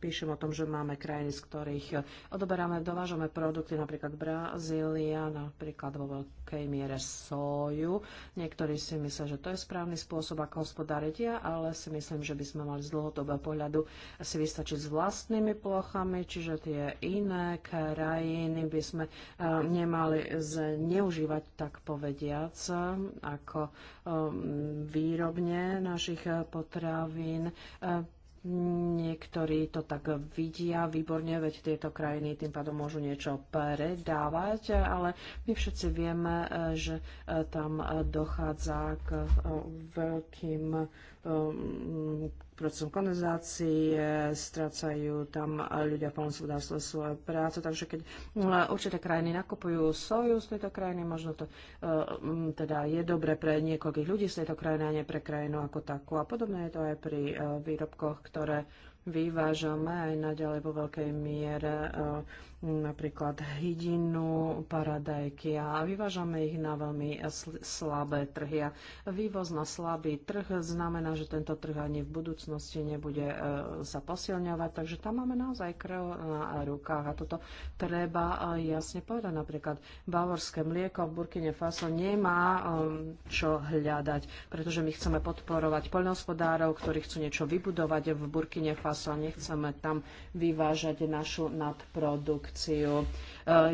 píšem o tom, že máme krajiny, z ktorých odoberáme, dovážame produkty, napríklad Brazília, napríklad vo veľkej miere soju. Niektorí si myslia, že to je správny spôsob, ako hospodáriť ja, ale si myslím, že by sme mali z dlhodobého pohľadu si vystačiť s vlastnými plochami, čiže tie iné krajiny by sme eh, nemali zneužívať, tak povediac, ako eh, výrobne našich eh, potravín. Niektorí to tak vidia výborne, veď tieto krajiny tým pádom môžu niečo predávať, ale my všetci vieme, že tam dochádza k veľkým Um, procesom kondenzácie, eh, strácajú tam ľudia v polnospodárstve svoje práce, takže keď eh, určité krajiny nakupujú soju z tejto krajiny, možno to eh, mm, teda je dobre pre niekoľkých ľudí z tejto krajiny a nie pre krajinu ako takú. A podobné je to aj pri výrobkoch, ktoré vyvážame aj naďalej vo veľkej miere napríklad hydinu, paradajky a vyvážame ich na veľmi slabé trhy. A vývoz na slabý trh znamená, že tento trh ani v budúcnosti nebude e, sa posilňovať, takže tam máme naozaj krv na rukách a toto treba e, jasne povedať. Napríklad bavorské mlieko v Burkine Faso nemá e, čo hľadať, pretože my chceme podporovať poľnohospodárov, ktorí chcú niečo vybudovať v Burkine Faso a nechceme tam vyvážať našu nadprodukt funkciu. E,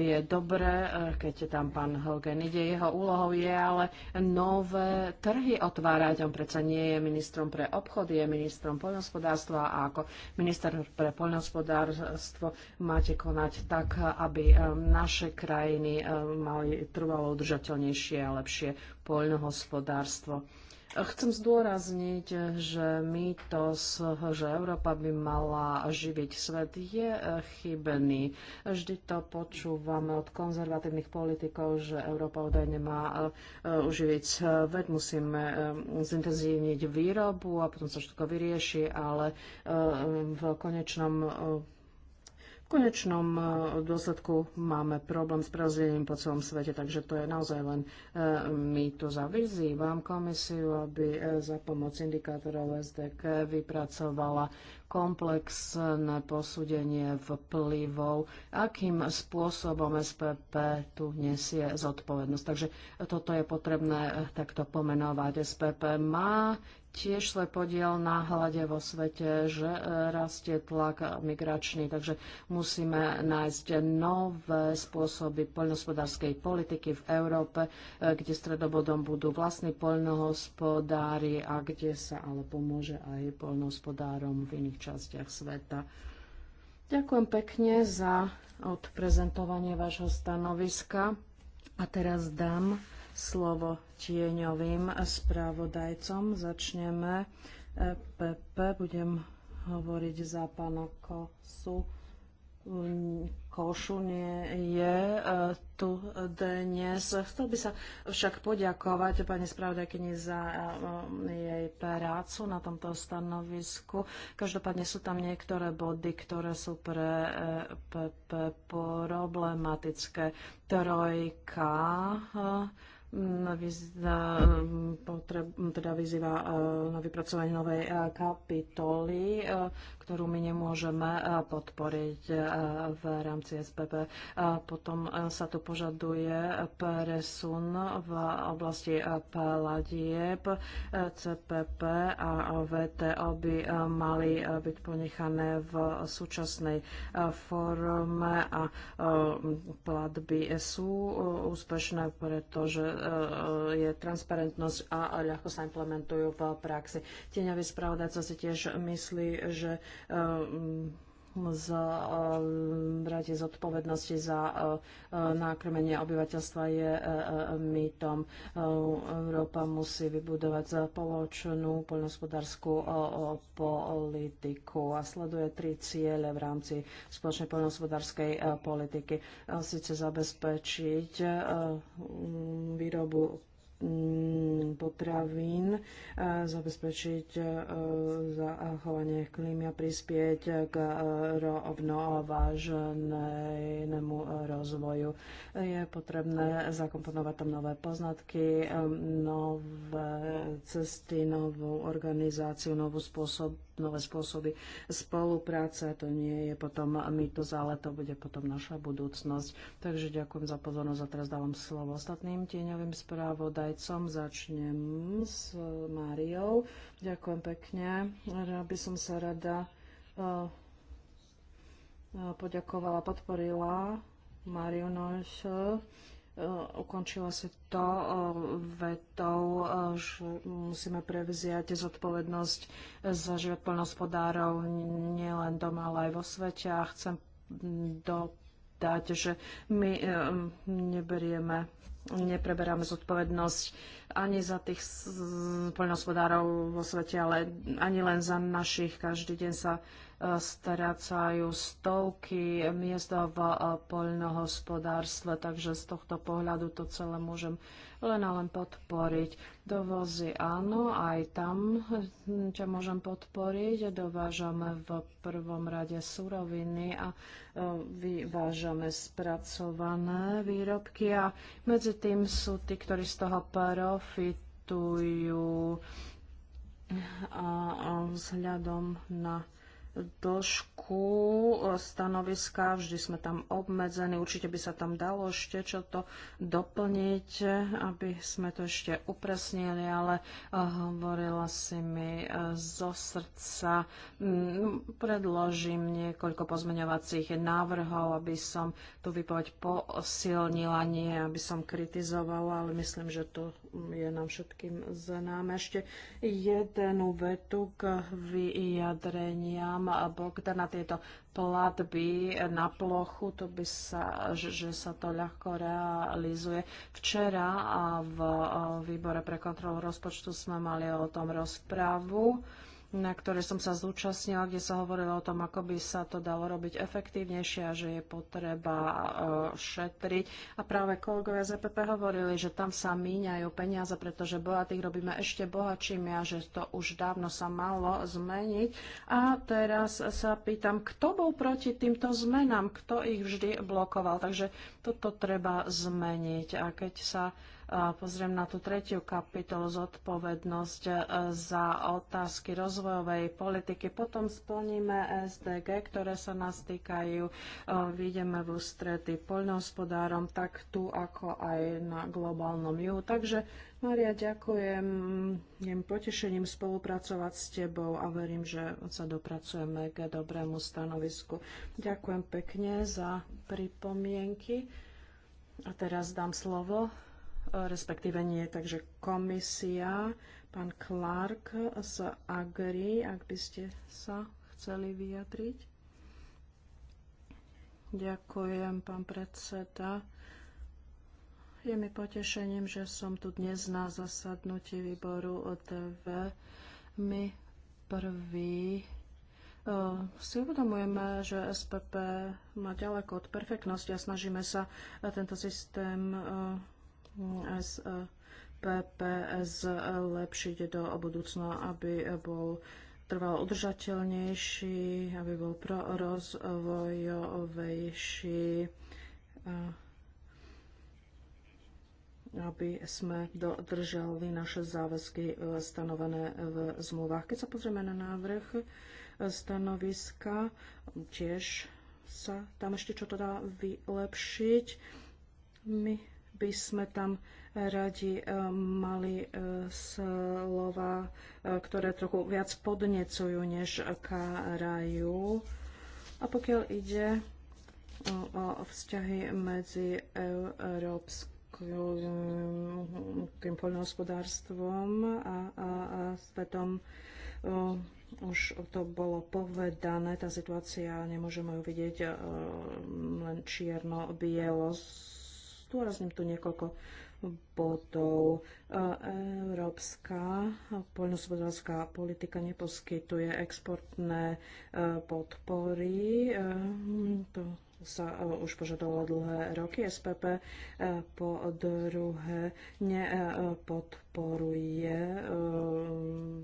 je dobré, e, keď tam pán Hogan ide. Jeho úlohou je ale nové trhy otvárať. On predsa nie je ministrom pre obchod, je ministrom poľnohospodárstva a ako minister pre poľnohospodárstvo máte konať tak, aby e, naše krajiny mali trvalo udržateľnejšie a lepšie poľnohospodárstvo. Chcem zdôrazniť, že my to, že Európa by mala živiť svet, je chybený. Vždy to počúvame od konzervatívnych politikov, že Európa údajne má e, uživiť svet, musíme e, zintenzívniť výrobu a potom sa všetko vyrieši, ale e, v konečnom konečnom e, dôsledku máme problém s prerozdelením po celom svete, takže to je naozaj len e, My A vyzývam komisiu, aby e, za pomoc indikátorov SDK vypracovala komplexné posúdenie vplyvov, akým spôsobom SPP tu nesie zodpovednosť. Takže toto je potrebné takto pomenovať. SPP má tiež svoj podiel na hlade vo svete, že e, rastie tlak migračný, takže musíme nájsť nové spôsoby poľnohospodárskej politiky v Európe, e, kde stredobodom budú vlastní poľnohospodári a kde sa ale pomôže aj poľnohospodárom v iných častiach sveta. Ďakujem pekne za odprezentovanie vášho stanoviska a teraz dám slovo tieňovým spravodajcom. Začneme PP, e, budem hovoriť za pána Kosu. Mm, Košu nie je e, tu dnes. Chcel by sa však poďakovať pani spravodajkyni za e, jej prácu na tomto stanovisku. Každopádne sú tam niektoré body, ktoré sú pre PP problematické. Trojka potreb, teda vyzýva eh, na vypracovanie novej eh, kapitoly, eh, ktorú my nemôžeme e, podporiť e, v rámci SPP. E, potom sa tu požaduje presun v oblasti pladieb. CPP a VTO by mali byť ponechané v súčasnej forme a platby sú úspešné, pretože je transparentnosť a ľahko sa implementujú v praxi. Tieňavý spravodajca si tiež myslí, že Ehm, zbrať ehm, zodpovednosti za e, e, nákrmenie obyvateľstva je e, mýtom. Európa musí vybudovať spoločnú poľnohospodárskú politiku a sleduje tri ciele v rámci spoločnej poľnohospodárskej politiky. Sice zabezpečiť výrobu Mm, potravín, zabezpečiť e, zachovanie klímy a prispieť k e, rovnovážnemu rozvoju. Je potrebné zakomponovať tam nové poznatky, e, nové cesty, novú organizáciu, novú spôsob nové spôsoby spolupráce. To nie je potom to ale to bude potom naša budúcnosť. Takže ďakujem za pozornosť a teraz dávam slovo ostatným tieňovým správodajcom. Začnem s Máriou. Ďakujem pekne. By som sa rada eh, eh, poďakovala, podporila Máriu Noš Eh, Ukončila si to eh, vetou, eh, že musíme prevziať zodpovednosť za život poľnohospodárov nielen doma, ale aj vo svete. A chcem mm, dodať, že my neberieme nepreberáme zodpovednosť ani za tých poľnohospodárov vo svete, ale ani len za našich. Každý deň sa strácajú stovky miest v eh, poľnohospodárstve, takže z tohto pohľadu to celé môžem len a len podporiť. Dovozy áno, aj tam ťa môžem podporiť. Dovážame v prvom rade suroviny a eh, vyvážame spracované výrobky a medzi tým sú tí, ktorí z toho profitujú a vzhľadom na dĺžku e, stanoviska, vždy sme tam obmedzení, určite by sa tam dalo ešte čo to doplniť, aby sme to ešte upresnili, ale e, hovorila si mi e, zo srdca, predložím niekoľko pozmeňovacích návrhov, aby som tú vypoveď posilnila, nie aby som kritizovala, ale myslím, že to je nám všetkým známe. Ešte jednu vetu k vyjadreniam pán Bogdana tieto platby na plochu, to by sa, že sa to ľahko realizuje. Včera v eh, výbore pre kontrolu rozpočtu sme mali o tom rozprávu na ktoré som sa zúčastnila, kde sa hovorilo o tom, ako by sa to dalo robiť efektívnejšie a že je potreba e, šetriť. A práve kolegovia z EPP hovorili, že tam sa míňajú peniaze, pretože bohatých robíme ešte bohatšími a že to už dávno sa malo zmeniť. A teraz sa pýtam, kto bol proti týmto zmenám, kto ich vždy blokoval. Takže toto treba zmeniť. A keď sa pozriem na tú tretiu kapitolu zodpovednosť e, za otázky rozvojovej politiky. Potom splníme SDG, ktoré sa nás týkajú. E, Vidíme v ústrety poľnohospodárom, tak tu ako aj na globálnom juhu. Takže Maria, ďakujem. Je potešením spolupracovať s tebou a verím, že sa dopracujeme k dobrému stanovisku. Ďakujem pekne za pripomienky. A teraz dám slovo respektíve nie. Takže komisia, pán Clark z Agri, ak by ste sa chceli vyjadriť. Ďakujem, pán predseda. Je mi potešením, že som tu dnes na zasadnutí výboru OTV. My prvý e, si uvedomujeme, že SPP má ďaleko od perfektnosti a snažíme sa tento systém e, SPP zlepšiť do budúcna, aby bol trval udržateľnejší, aby bol prorozvojovejší, aby sme dodržali naše záväzky e, stanovené v zmluvách. Keď sa pozrieme na návrh e, stanoviska, tiež sa tam ešte čo to dá vylepšiť. My by sme tam radi eh, mali eh, slova, eh, ktoré trochu viac podnecujú, než karajú. A pokiaľ ide o vzťahy medzi Európskou tým poľnohospodárstvom a, a, a svetom. Uh, už to bolo povedané, tá situácia, nemôžeme ju vidieť uh, len čierno-bielo, Zdôrazním tu niekoľko bodov. E, Európska poľnohospodárska politika neposkytuje exportné e, podpory. E, to sa už požadovalo dlhé roky. SPP po druhé nepodporuje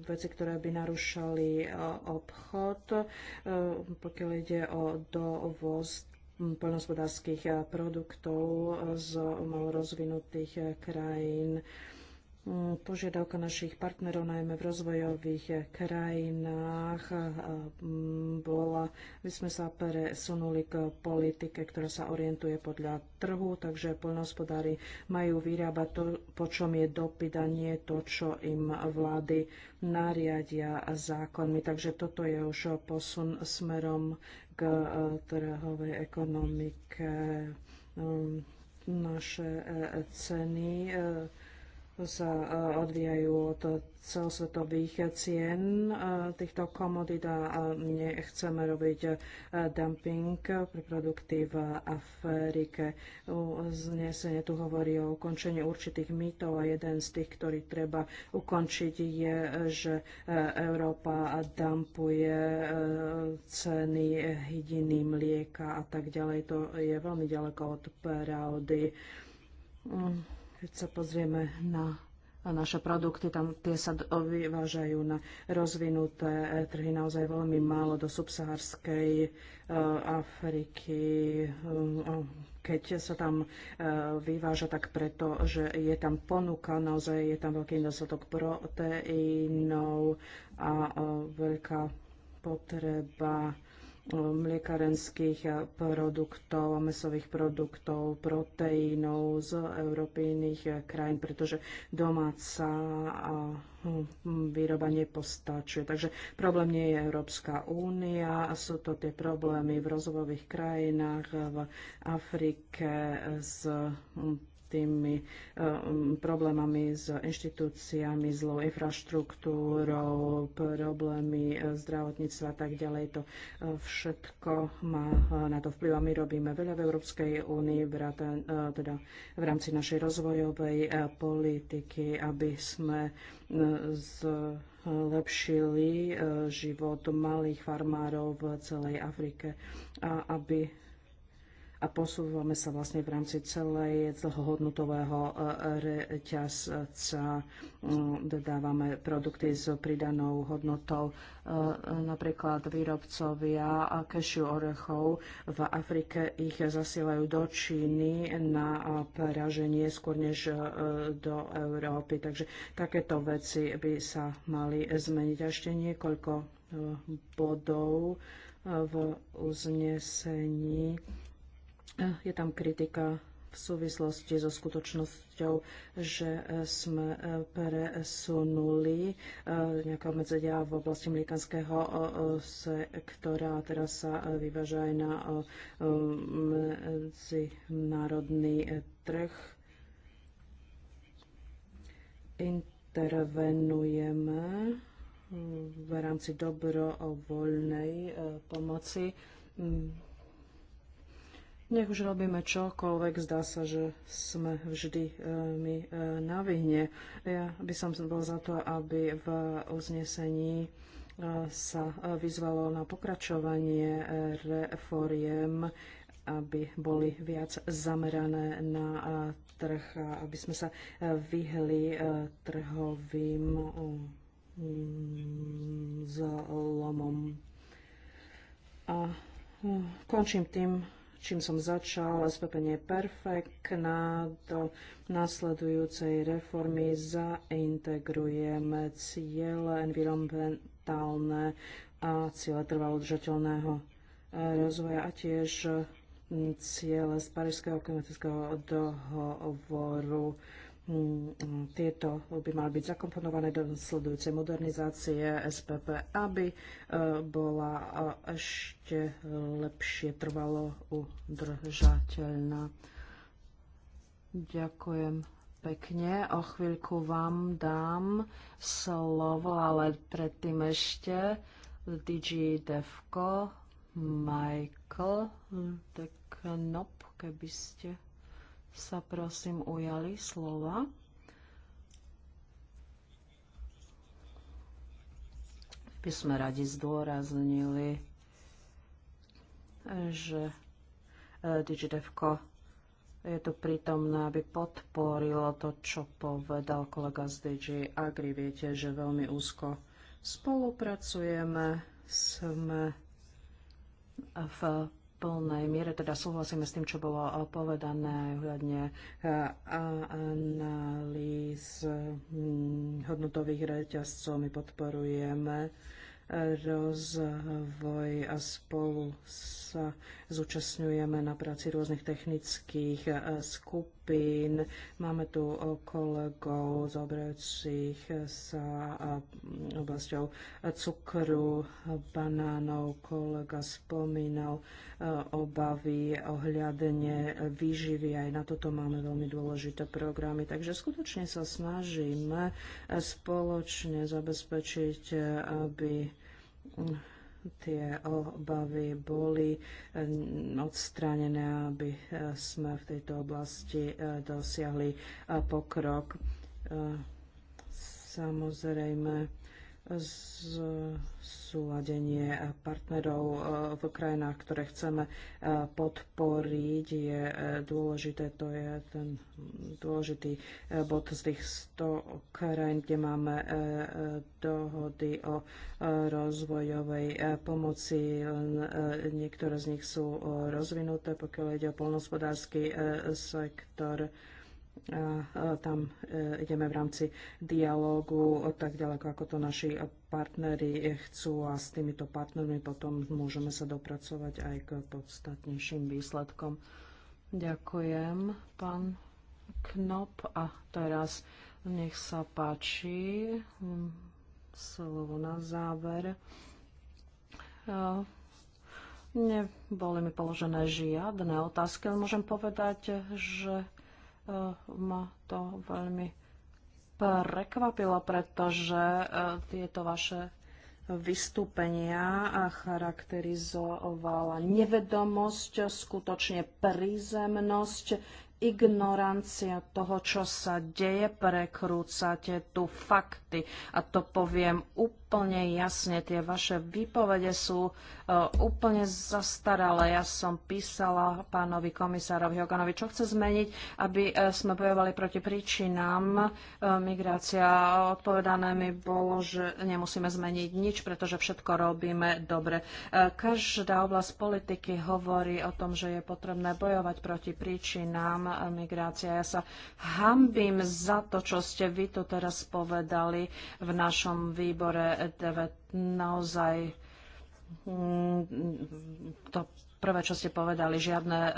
veci, ktoré by narušali obchod. Pokiaľ ide o dovoz poľnohospodárskych eh, produktov eh, z malo rozvinutých eh, krajín požiadavka našich partnerov, najmä v rozvojových krajinách, bola, by sme sa presunuli k politike, ktorá sa orientuje podľa trhu, takže poľnohospodári majú vyrábať to, po čom je dopyt a nie to, čo im vlády nariadia zákonmi. Takže toto je už posun smerom k e, trhovej ekonomike. Ehm, naše e, ceny e, sa e, odvíjajú od celosvetových cien e, týchto komodít a nechceme robiť e, dumping pre produkty v Afrike. Znesenie tu hovorí o ukončení určitých mýtov a jeden z tých, ktorý treba ukončiť, je, že Európa dumpuje ceny hydiny, mlieka a tak ďalej. To je veľmi ďaleko od pravdy. Mm. Keď sa pozrieme na a naše produkty, tam tie sa vyvážajú na rozvinuté e, trhy naozaj veľmi málo do subsaharskej e, Afriky. E, keď sa tam vyváža, tak preto, že je tam ponuka, naozaj je tam veľký nedostatok proteínov a veľká potreba mliekarenských produktov, mesových produktov, proteínov z európejných krajín, pretože domáca hm, výroba nepostačuje. Takže problém nie je Európska únia, sú to tie problémy v rozvojových krajinách, v Afrike s hm, tými eh, problémami s inštitúciami, zlou infraštruktúrou, problémy eh, zdravotníctva a tak ďalej. To eh, všetko má na to vplyv a my robíme veľa v Európskej únii, teda v rámci našej rozvojovej politiky, aby sme lepšili život malých farmárov v celej Afrike a aby a posúvame sa vlastne v rámci celej dlhohodnotového e, reťazca. Mm, dodávame produkty s pridanou hodnotou e, napríklad výrobcovia kešiu orechov v Afrike ich zasielajú do Číny na praženie skôr než e, do Európy. Takže takéto veci by sa mali zmeniť. A ešte niekoľko bodov v uznesení Eh, je tam kritika v súvislosti so skutočnosťou, že eh, sme eh, presunuli nejaké obmedzenia v oblasti mlikanského sektora a teraz sa vyváža aj na medzinárodný trh. Intervenujeme v rámci dobrovoľnej pomoci mm, nech už robíme čokoľvek, zdá sa, že sme vždy e, my e, na vyhne. Ja by som bol za to, aby v uznesení e, sa vyzvalo na pokračovanie reforiem, aby boli viac zamerané na trh, aby sme sa vyhli trhovým mm, zlomom. A končím tým, čím som začal. SPP nie je perfektná. Do nasledujúcej reformy zaintegrujeme ciele environmentálne a ciele trvalo držateľného e, rozvoja a tiež ciele z Parížského klimatického dohovoru tieto by mali byť zakomponované do sledujúcej modernizácie SPP, aby e, bola e, ešte lepšie trvalo udržateľná. Ďakujem pekne. O chvíľku vám dám slovo, ale predtým ešte DG Devko, Michael, tak nop, keby ste sa prosím ujali slova. By sme radi zdôraznili, že e, DigiDevko je tu prítomná, aby podporilo to, čo povedal kolega z Digi Agri. Viete, že veľmi úzko spolupracujeme, sme v plnej miere teda súhlasíme s tým, čo bolo povedané hľadne e, analýz mm, hodnotových reťazcov. My podporujeme e, rozvoj a spolu sa zúčastňujeme na práci rôznych technických eh, skupín. Máme tu eh, kolegov zaoberajúcich eh, sa oblasťou cukru, banánov. Kolega spomínal obavy ohľadne výživy. Aj na toto máme veľmi dôležité programy. Takže skutočne sa snažíme spoločne zabezpečiť, aby tie obavy boli eh, odstránené, aby eh, sme v tejto oblasti eh, dosiahli pokrok. Samozrejme, zúladenie partnerov eh, v krajinách, ktoré chceme eh, podporiť, je eh, dôležité. To je ten dôležitý bod z tých 100 krajín, kde máme dohody o rozvojovej pomoci. Niektoré z nich sú rozvinuté, pokiaľ ide o polnospodársky sektor a tam e, ideme v rámci dialógu tak ďaleko, ako to naši partnery chcú a s týmito partnermi potom môžeme sa dopracovať aj k podstatnejším výsledkom. Ďakujem, pán Knop. A teraz nech sa páči slovo na záver. Neboli mi položené žiadne otázky, ale môžem povedať, že Eh, ma to veľmi prekvapilo, pretože eh, tieto vaše vystúpenia a charakterizovala nevedomosť, skutočne prízemnosť, ignorancia toho, čo sa deje, prekrúcate tu fakty. A to poviem úplne úplne jasne. Tie vaše výpovede sú e, úplne zastaralé. Ja som písala pánovi komisárovi Hoganovi, čo chce zmeniť, aby e, sme bojovali proti príčinám e, migrácia. Odpovedané mi bolo, že nemusíme zmeniť nič, pretože všetko robíme dobre. Každá oblasť politiky hovorí o tom, že je potrebné bojovať proti príčinám migrácia. Ja sa hambím za to, čo ste vy tu teraz povedali v našom výbore E naozaj mm, to prvé, čo ste povedali, žiadne e, e,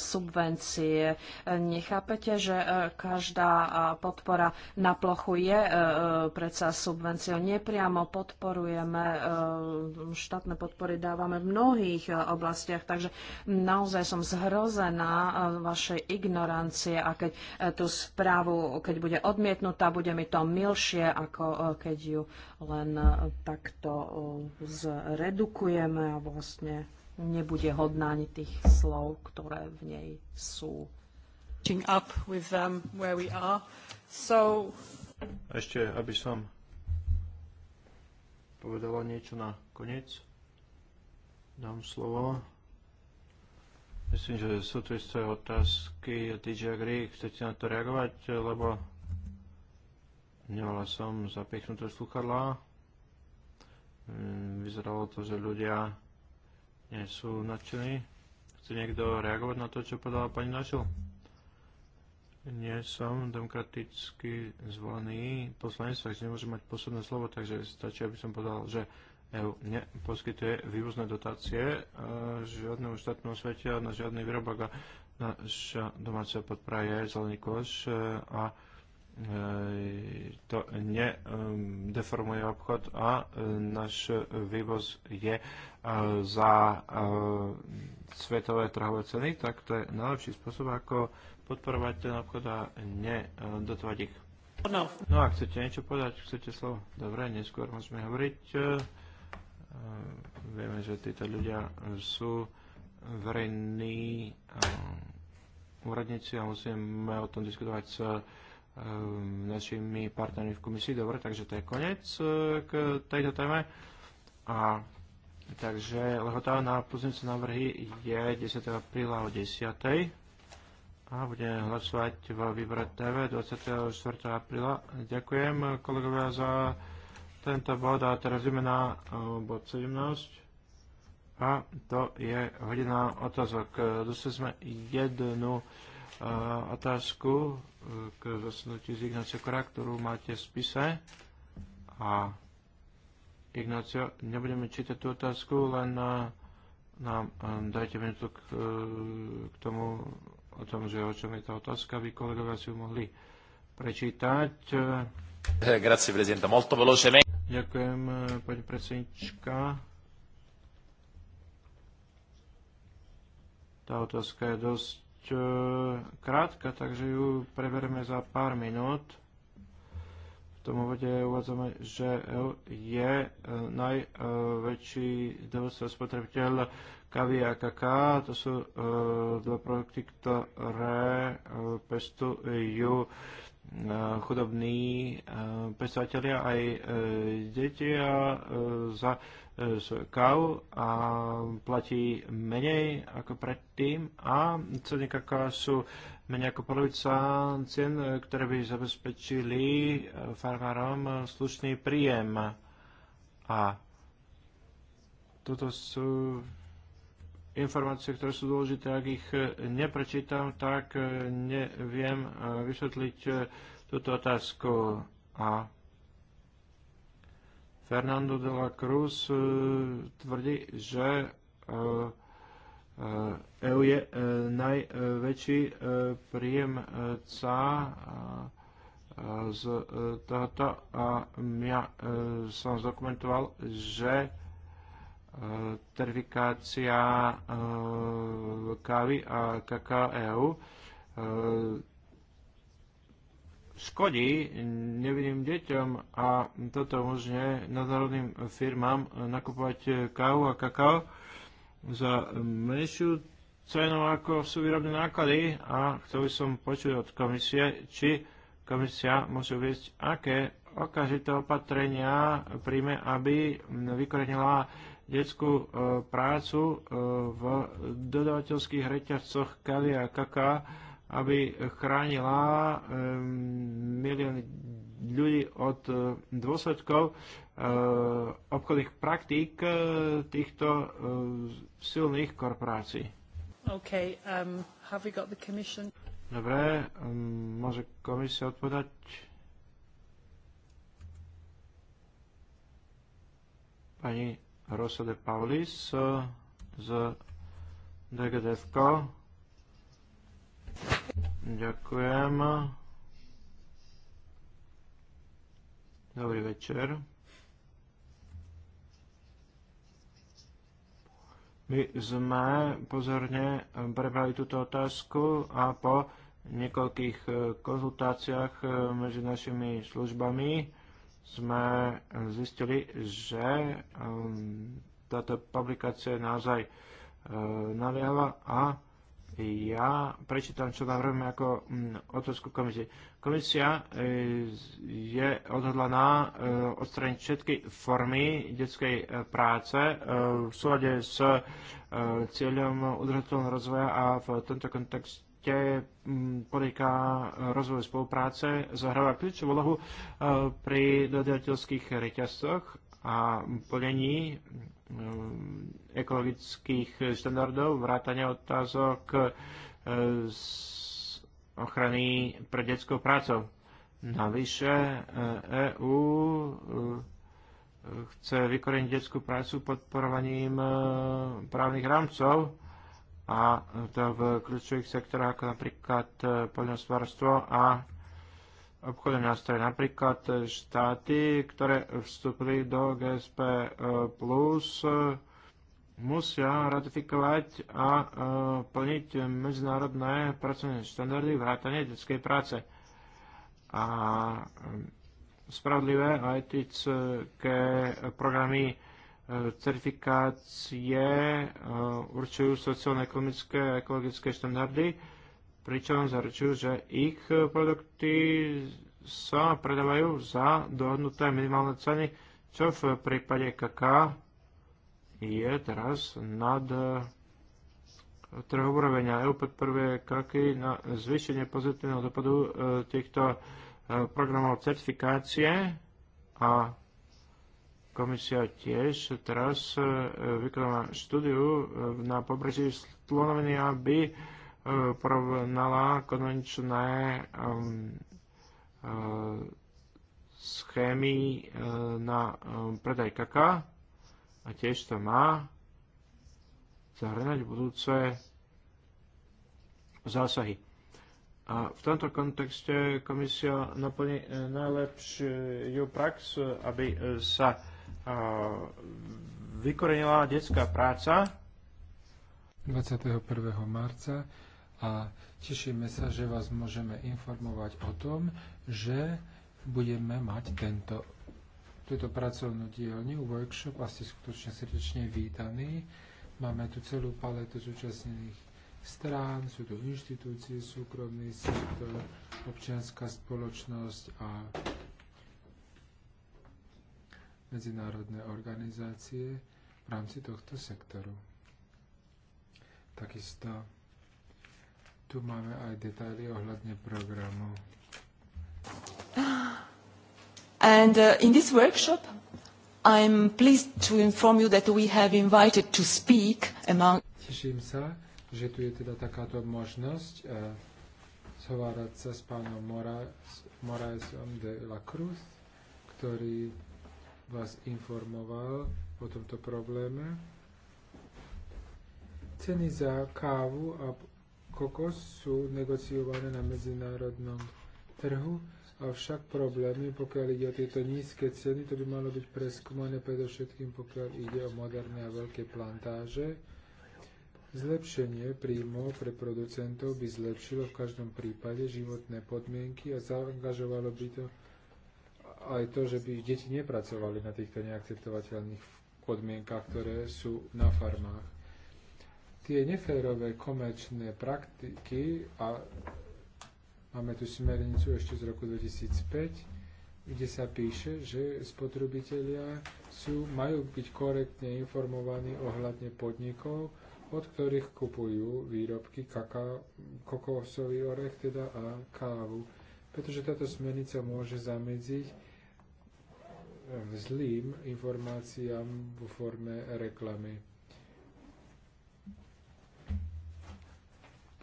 subvencie. Nechápete, že e, každá podpora na plochu je predsa subvenciou. Nepriamo podporujeme, štátne podpory dávame v mnohých oblastiach, takže naozaj som zhrozená vašej ignorancie a keď tú správu, keď bude odmietnutá, bude mi to milšie, ako keď ju len takto zredukujeme a vlastne nebude hodná ani tých slov, ktoré v nej sú. Ešte, aby som povedala niečo na koniec, dám slovo. Myslím, že sú tu isté otázky. DJ Agri, chcete na to reagovať, lebo nemala som zapichnuté sluchadlá. Mm, vyzeralo to, že ľudia nie sú nadšení. Chce niekto reagovať na to, čo podala pani Našu? Nie som demokraticky zvolený poslanec, takže nemôžem mať posledné slovo, takže stačí, aby som povedal, že EU neposkytuje vývozné dotácie e, žiadnemu štátnemu svete na žiadny výrobok a naša domáca podpora je zelený koš e, a to deformuje obchod a e, náš vývoz je e, za e, svetové trhové ceny, tak to je najlepší spôsob, ako podporovať ten obchod a nedotovať ich. No. no a chcete niečo povedať, chcete slovo? Dobre, neskôr môžeme hovoriť. Vieme, že títo ľudia sú verejní úradníci a musíme o tom diskutovať s Ehm, našimi partnermi v komisii. Dobre, takže to je koniec eh, k tejto téme. A takže lehota na pozemce návrhy je 10. apríla o 10. A budeme hlasovať v výbore TV 24. apríla. Ďakujem kolegovia za tento bod a teraz ideme na eh, bod 17. A to je hodina otázok. Eh, dostali sme jednu otázku e, k zasnutí z Ignácia Kora, ktorú máte v spise. A Ignácio, nebudeme čítať tú otázku, len e, nám e, dajte minútu k, k tomu, o tom, že o čom je tá otázka, aby kolegovia si ju mohli prečítať. Eh, grazie, prezidenta. Molto velocemente. Ďakujem, pani predsednička. Tá otázka je dosť dosť e, krátka, takže ju preberieme za pár minút. V tom úvode uvádzame, že EU je e, najväčší dovoz spotrebiteľ kavy a kaká. To sú e, dva produkty, ktoré pestujú chudobní pestovateľia aj deti a za z káv a platí menej ako predtým a ceny kaká sú menej ako polovica cien, ktoré by zabezpečili eh, farmárom slušný príjem. A toto sú informácie, ktoré sú dôležité. Ak ich eh, neprečítam, tak eh, neviem vysvetliť túto otázku. A Fernando de la Cruz eh, tvrdí, že EU eh, eh, e je najväčší príjemca z tohoto a ja som zdokumentoval, že terifikácia kávy a kakao EU škodí nevinným deťom a toto umožňuje nadnárodným firmám nakupovať kávu a kakao za menšiu cenu, ako sú výrobné náklady a chcel by som počuť od komisie, či komisia môže uvieť, aké okamžité opatrenia príjme, aby vykorenila detskú e, prácu e, v dodavateľských reťazcoch kávy a kakao aby chránila milióny ľudí od e, dôsledkov e, obchodných praktík e, týchto silných korporácií. Okay, um, have we got the commission? Dobre, um, môže komisia odpovedať? Pani Rosa de Paulis z DGDF-ko. DGDFko. Ďakujem. Dobrý večer. My sme pozorne prebrali túto otázku a po niekoľkých eh, konzultáciách eh, medzi našimi službami sme zistili, že ehm, táto publikácia je naozaj eh, naliehavá a ja prečítam, čo navrhujeme ako mm, otázku komisie. Komisia e, je odhodlaná e, odstraniť všetky formy detskej e, práce v súlade s cieľom udržateľného rozvoja a v tomto kontexte kde mm, podniká rozvoj spolupráce, zahráva kľúčovú úlohu pri dodateľských reťazcoch a plnení Eh, ekologických štandardov, vrátania otázok z eh, ochrany pre detskou prácou. Navyše EÚ eh, e chce vykoreniť detskú prácu podporovaním právnych rámcov a to v kľúčových sektorách ako napríklad poľnohospodárstvo a obchodné nástroje. Napríklad e, štáty, ktoré vstúpili do GSP+, e, plus, e, musia ratifikovať a plniť medzinárodné pracovné štandardy vrátane detskej práce. A spravodlivé a etické programy certifikácie určujú sociálne, ekonomické a ekologické štandardy pričom zaručujú, že ich produkty sa predávajú za dohodnuté minimálne ceny, čo v prípade KK je teraz nad eh, trhu EU podporuje kroky na zvýšenie pozitívneho dopadu eh, týchto eh, programov certifikácie a komisia tiež teraz vykonáva štúdiu na pobreží Slonoviny, aby porovnala konvenčné um, uh, schémy uh, na um, predaj kaká a tiež to má zahrňať budúce zásahy. A v tomto kontexte komisia naplní eh, najlepšiu prax, aby eh, sa eh, vykorenila detská práca. 21. marca a tešíme sa, že vás môžeme informovať o tom, že budeme mať tento, túto pracovnú dielňu, workshop a ste skutočne srdečne vítaní. Máme tu celú paletu zúčastnených strán, sú tu inštitúcie, súkromný sektor, občianská spoločnosť a medzinárodné organizácie v rámci tohto sektoru. Takisto tu máme aj detaily ohľadne programu. And uh, in this workshop, I'm pleased to inform you that we have invited to speak among... Teším sa, že tu je teda takáto možnosť uh, zhovárať sa s pánom Moraesom de la Cruz, ktorý vás informoval o tomto probléme. Ceny za kávu a kokos sú negociované na medzinárodnom trhu, avšak problémy, pokiaľ ide o tieto nízke ceny, to by malo byť preskúmané predovšetkým, pokiaľ ide o moderné a veľké plantáže. Zlepšenie príjmov pre producentov by zlepšilo v každom prípade životné podmienky a zaangažovalo by to aj to, že by deti nepracovali na týchto neakceptovateľných podmienkach, ktoré sú na farmách tie neférové komerčné praktiky a máme tu smernicu ešte z roku 2005, kde sa píše, že spotrebitelia sú, majú byť korektne informovaní ohľadne podnikov, od ktorých kupujú výrobky kaká, kokosový orech teda a kávu. Pretože táto smernica môže zamedziť eh, zlým informáciám vo forme reklamy.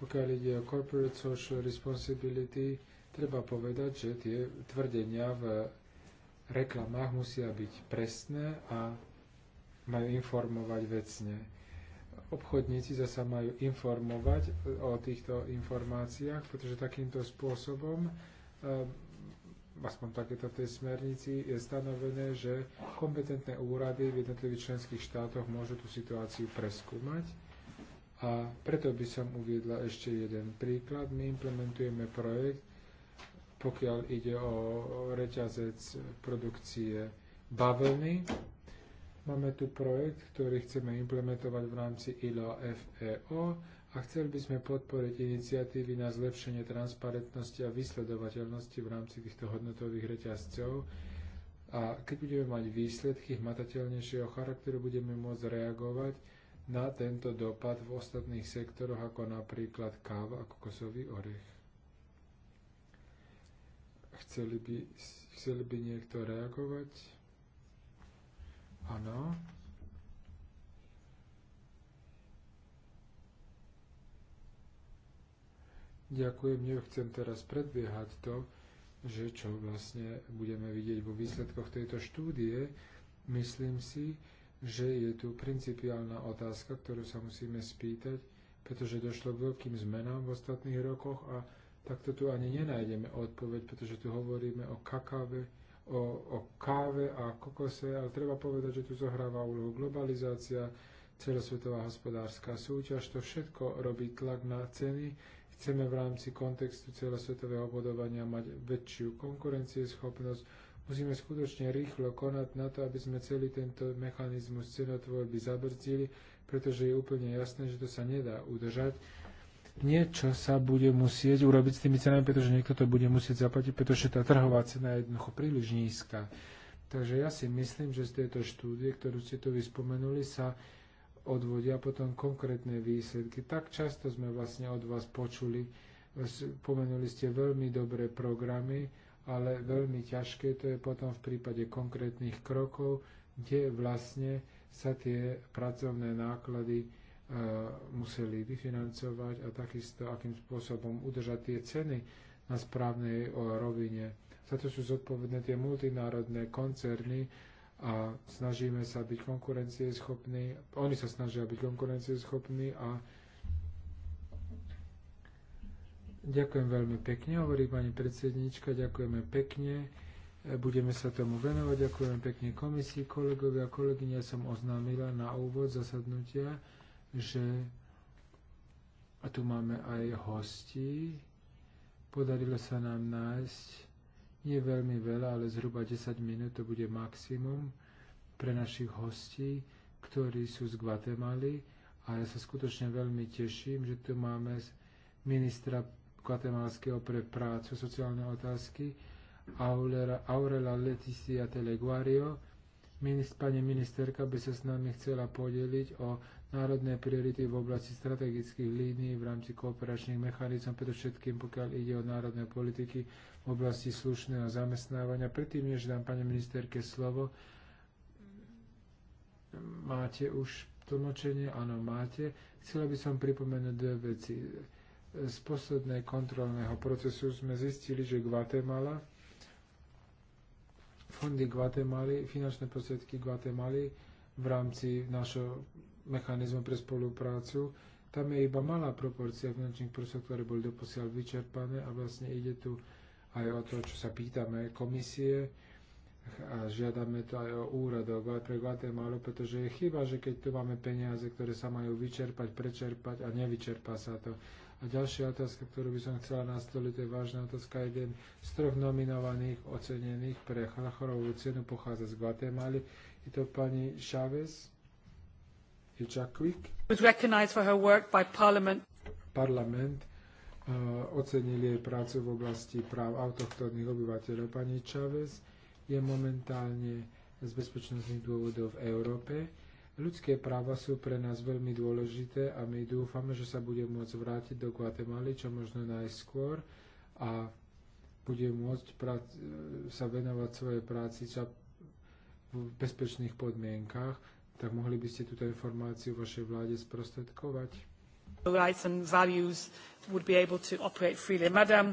Pokiaľ ide o corporate social responsibility, treba povedať, že tie tvrdenia v reklamách musia byť presné a majú informovať vecne. Obchodníci zasa majú informovať o týchto informáciách, pretože takýmto spôsobom, eh, aspoň takéto v tej smernici, je stanovené, že kompetentné úrady v jednotlivých členských štátoch môžu tú situáciu preskúmať a preto by som uviedla ešte jeden príklad. My implementujeme projekt, pokiaľ ide o reťazec produkcie bavlny. Máme tu projekt, ktorý chceme implementovať v rámci ILO FEO a chceli by sme podporiť iniciatívy na zlepšenie transparentnosti a vysledovateľnosti v rámci týchto hodnotových reťazcov. A keď budeme mať výsledky hmatateľnejšieho charakteru, budeme môcť reagovať na tento dopad v ostatných sektoroch, ako napríklad káva a kokosový orech. Chceli by, chceli by niekto reagovať? Áno. Ďakujem, nechcem teraz predbiehať to, že čo vlastne budeme vidieť vo výsledkoch tejto štúdie. Myslím si, že je tu principiálna otázka, ktorú sa musíme spýtať, pretože došlo k veľkým zmenám v ostatných rokoch a takto tu ani nenájdeme odpoveď, pretože tu hovoríme o kakave, o, o káve a kokose, ale treba povedať, že tu zohráva úlohu globalizácia, celosvetová hospodárska súťaž, to všetko robí tlak na ceny. Chceme v rámci kontextu celosvetového obodovania mať väčšiu konkurencieschopnosť, Musíme skutočne rýchlo konať na to, aby sme celý tento mechanizmus cenotvorby zabrzdili, pretože je úplne jasné, že to sa nedá udržať. Niečo sa bude musieť urobiť s tými cenami, pretože niekto to bude musieť zaplatiť, pretože tá trhová cena je jednoducho príliš nízka. Takže ja si myslím, že z tejto štúdie, ktorú ste tu vyspomenuli, sa odvodia potom konkrétne výsledky. Tak často sme vlastne od vás počuli, spomenuli ste veľmi dobré programy ale veľmi ťažké to je potom v prípade konkrétnych krokov, kde vlastne sa tie pracovné náklady e, museli vyfinancovať a takisto akým spôsobom udržať tie ceny na správnej e, rovine. Za to sú zodpovedné tie multinárodné koncerny a snažíme sa byť konkurencieschopní, oni sa snažia byť konkurencieschopní a Ďakujem veľmi pekne, hovorí pani predsednička, ďakujeme pekne. E, budeme sa tomu venovať. Ďakujem pekne komisii, kolegovia a kolegyne. Som oznámila na úvod zasadnutia, že a tu máme aj hosti. Podarilo sa nám nájsť nie veľmi veľa, ale zhruba 10 minút to bude maximum pre našich hostí, ktorí sú z Guatemaly. A ja sa skutočne veľmi teším, že tu máme ministra guatemalského pre prácu, sociálne otázky, Aurela Leticia Teleguario. Minist, pani ministerka by sa s nami chcela podeliť o národné priority v oblasti strategických línií v rámci kooperačných mechanizmov, predovšetkým pokiaľ ide o národné politiky v oblasti slušného zamestnávania. Predtým, než dám pani ministerke slovo, máte už tlmočenie? Áno, máte. Chcela by som pripomenúť dve veci z poslednej kontrolného procesu sme zistili, že Guatemala, fondy Guatemaly, finančné prostriedky Guatemaly v rámci našho mechanizmu pre spoluprácu, tam je iba malá proporcia finančných prostriedkov, ktoré boli doposiaľ vyčerpané a vlastne ide tu aj o to, čo sa pýtame komisie a žiadame to aj o úradov pre Guatemalu, pretože je chyba, že keď tu máme peniaze, ktoré sa majú vyčerpať, prečerpať a nevyčerpa sa to a ďalšia otázka, ktorú by som chcela nastoliť, je vážna otázka. Jeden z troch nominovaných, ocenených pre Chachorovú cenu pochádza z Guatemaly. Je to pani Chávez Ičakvik. Parlament uh, jej prácu v oblasti práv autochtónnych obyvateľov. Pani Chávez je momentálne z bezpečnostných dôvodov v Európe Ľudské práva sú pre nás veľmi dôležité a my dúfame, že sa bude môcť vrátiť do Guatemaly čo možno najskôr a bude môcť sa venovať svojej práci v bezpečných podmienkách, tak mohli by ste túto informáciu vašej vláde sprostredkovať? Madam,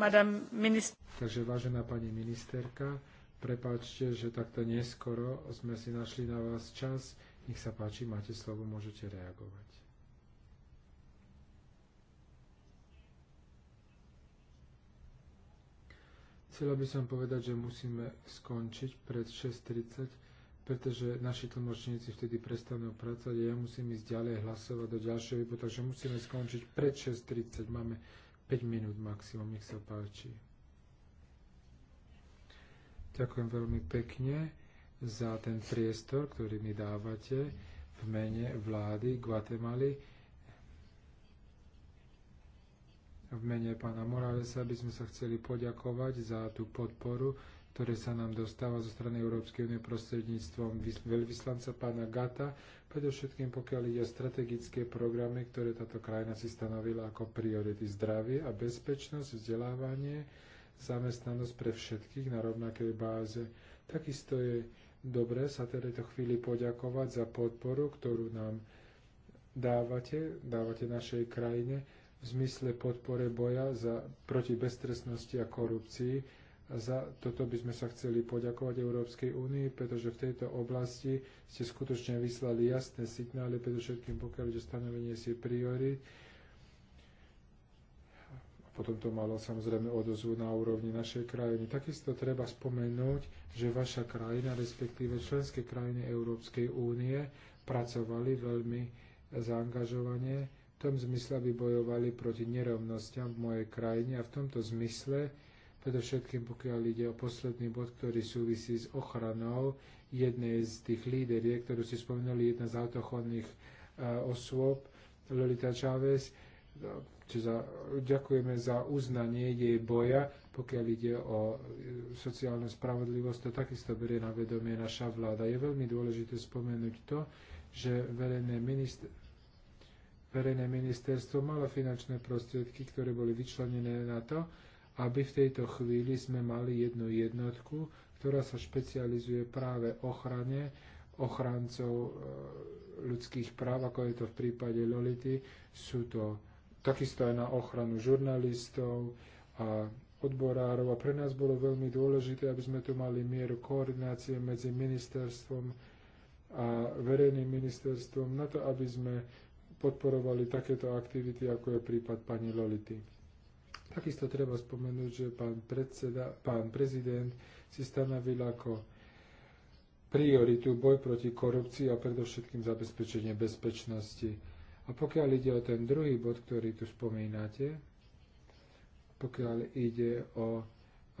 Madam minister... Takže vážená pani ministerka, Prepáčte, že takto neskoro sme si našli na vás čas. Nech sa páči, máte slovo, môžete reagovať. Chcela by som povedať, že musíme skončiť pred 6.30, pretože naši tlmočníci vtedy prestanú pracovať a ja musím ísť ďalej hlasovať do ďalšieho výboru, takže musíme skončiť pred 6.30. Máme 5 minút maximum, nech sa páči. Ďakujem veľmi pekne za ten priestor, ktorý mi dávate v mene vlády Guatemaly. V mene pána Moralesa by sme sa chceli poďakovať za tú podporu, ktoré sa nám dostáva zo strany Európskej únie prostredníctvom veľvyslanca pána Gata, predovšetkým pokiaľ ide o strategické programy, ktoré táto krajina si stanovila ako priority zdravie a bezpečnosť, vzdelávanie, zamestnanosť pre všetkých na rovnakej báze. Takisto je dobre sa tejto chvíli poďakovať za podporu, ktorú nám dávate, dávate našej krajine v zmysle podpore boja za, proti beztresnosti a korupcii. Za toto by sme sa chceli poďakovať Európskej únii, pretože v tejto oblasti ste skutočne vyslali jasné signály, predovšetkým pokiaľ ide stanovenie si priorit, potom to malo samozrejme odozvu na úrovni našej krajiny. Takisto treba spomenúť, že vaša krajina, respektíve členské krajiny Európskej únie pracovali veľmi zaangažovane v tom zmysle, aby bojovali proti nerovnostiam v mojej krajine a v tomto zmysle, predovšetkým pokiaľ ide o posledný bod, ktorý súvisí s ochranou jednej z tých líderiek, ktorú si spomenuli, jedna z autochodných eh, osôb, Lolita Chávez, či za, ďakujeme za uznanie jej boja, pokiaľ ide o e, sociálnu spravodlivosť, to takisto berie na vedomie naša vláda. Je veľmi dôležité spomenúť to, že verejné, minister, verejné ministerstvo malo finančné prostriedky, ktoré boli vyčlenené na to, aby v tejto chvíli sme mali jednu jednotku, ktorá sa špecializuje práve ochrane ochrancov e, ľudských práv, ako je to v prípade Lolity. Sú to takisto aj na ochranu žurnalistov a odborárov. A pre nás bolo veľmi dôležité, aby sme tu mali mieru koordinácie medzi ministerstvom a verejným ministerstvom na to, aby sme podporovali takéto aktivity, ako je prípad pani Lolity. Takisto treba spomenúť, že pán, predseda, pán prezident si stanovil ako prioritu boj proti korupcii a predovšetkým zabezpečenie bezpečnosti. A pokiaľ ide o ten druhý bod, ktorý tu spomínate, pokiaľ ide o,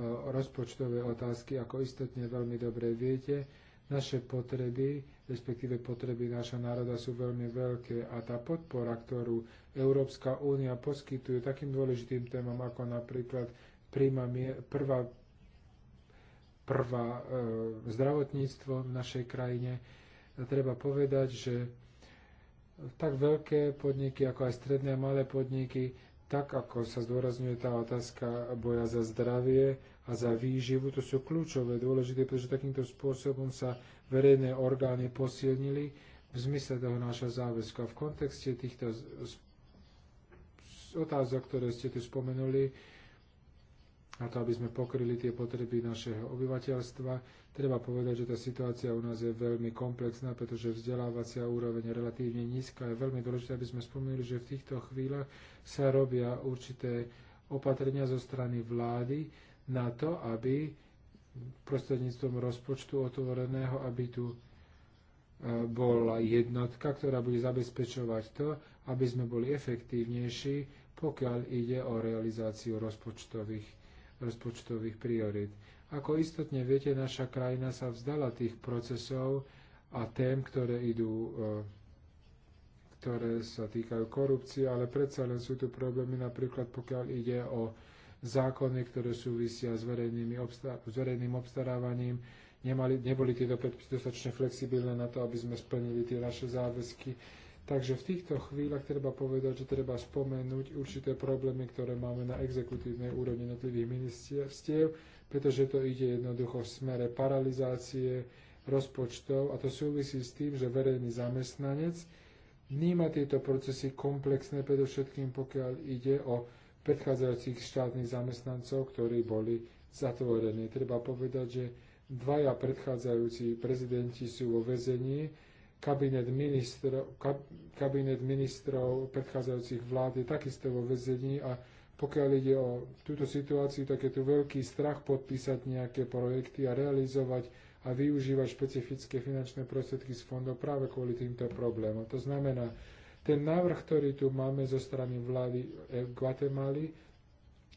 o rozpočtové otázky, ako istotne veľmi dobre viete, naše potreby, respektíve potreby nášho národa sú veľmi veľké a tá podpora, ktorú Európska únia poskytuje takým dôležitým témam, ako napríklad príjma prvá, prvá e, zdravotníctvo v našej krajine, treba povedať, že tak veľké podniky, ako aj stredné a malé podniky, tak ako sa zdôrazňuje tá otázka boja za zdravie a za výživu, to sú kľúčové, dôležité, pretože takýmto spôsobom sa verejné orgány posilnili v zmysle toho nášho záväzku. A v kontexte týchto otázok, ktoré ste tu spomenuli, na to, aby sme pokryli tie potreby našeho obyvateľstva. Treba povedať, že tá situácia u nás je veľmi komplexná, pretože vzdelávacia úroveň je relatívne nízka. Je veľmi dôležité, aby sme spomenuli, že v týchto chvíľach sa robia určité opatrenia zo strany vlády na to, aby prostredníctvom rozpočtu otvoreného, aby tu e, bola jednotka, ktorá bude zabezpečovať to, aby sme boli efektívnejší, pokiaľ ide o realizáciu rozpočtových rozpočtových priorit. Ako istotne viete, naša krajina sa vzdala tých procesov a tém, ktoré idú e, ktoré sa týkajú korupcie, ale predsa len sú tu problémy, napríklad pokiaľ ide o zákony, ktoré súvisia s, obstar s verejným obstarávaním, nemali, neboli tieto predpisy dostatočne flexibilné na to, aby sme splnili tie naše záväzky. Takže v týchto chvíľach treba povedať, že treba spomenúť určité problémy, ktoré máme na exekutívnej úrovni jednotlivých ministerstiev, pretože to ide jednoducho v smere paralizácie rozpočtov a to súvisí s tým, že verejný zamestnanec vníma tieto procesy komplexné, predovšetkým pokiaľ ide o predchádzajúcich štátnych zamestnancov, ktorí boli zatvorení. Treba povedať, že dvaja predchádzajúci prezidenti sú vo väzení, kabinet ministrov, kab, kabinet ministrov predchádzajúcich vlád je takisto vo vezení a pokiaľ ide o túto situáciu, tak je tu veľký strach podpísať nejaké projekty a realizovať a využívať špecifické finančné prostriedky z fondov práve kvôli týmto problémom. To znamená, ten návrh, ktorý tu máme zo strany vlády eh, Guatemaly,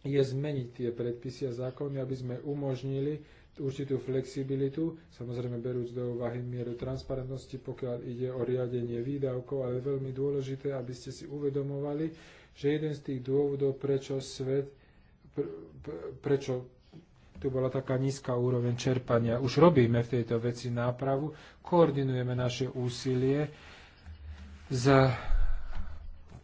je zmeniť tie predpisy a zákony, aby sme umožnili určitú flexibilitu, samozrejme berúc do úvahy mieru transparentnosti, pokiaľ ide o riadenie výdavkov, ale je veľmi dôležité, aby ste si uvedomovali, že jeden z tých dôvodov, prečo svet, prečo tu bola taká nízka úroveň čerpania. Už robíme v tejto veci nápravu, koordinujeme naše úsilie s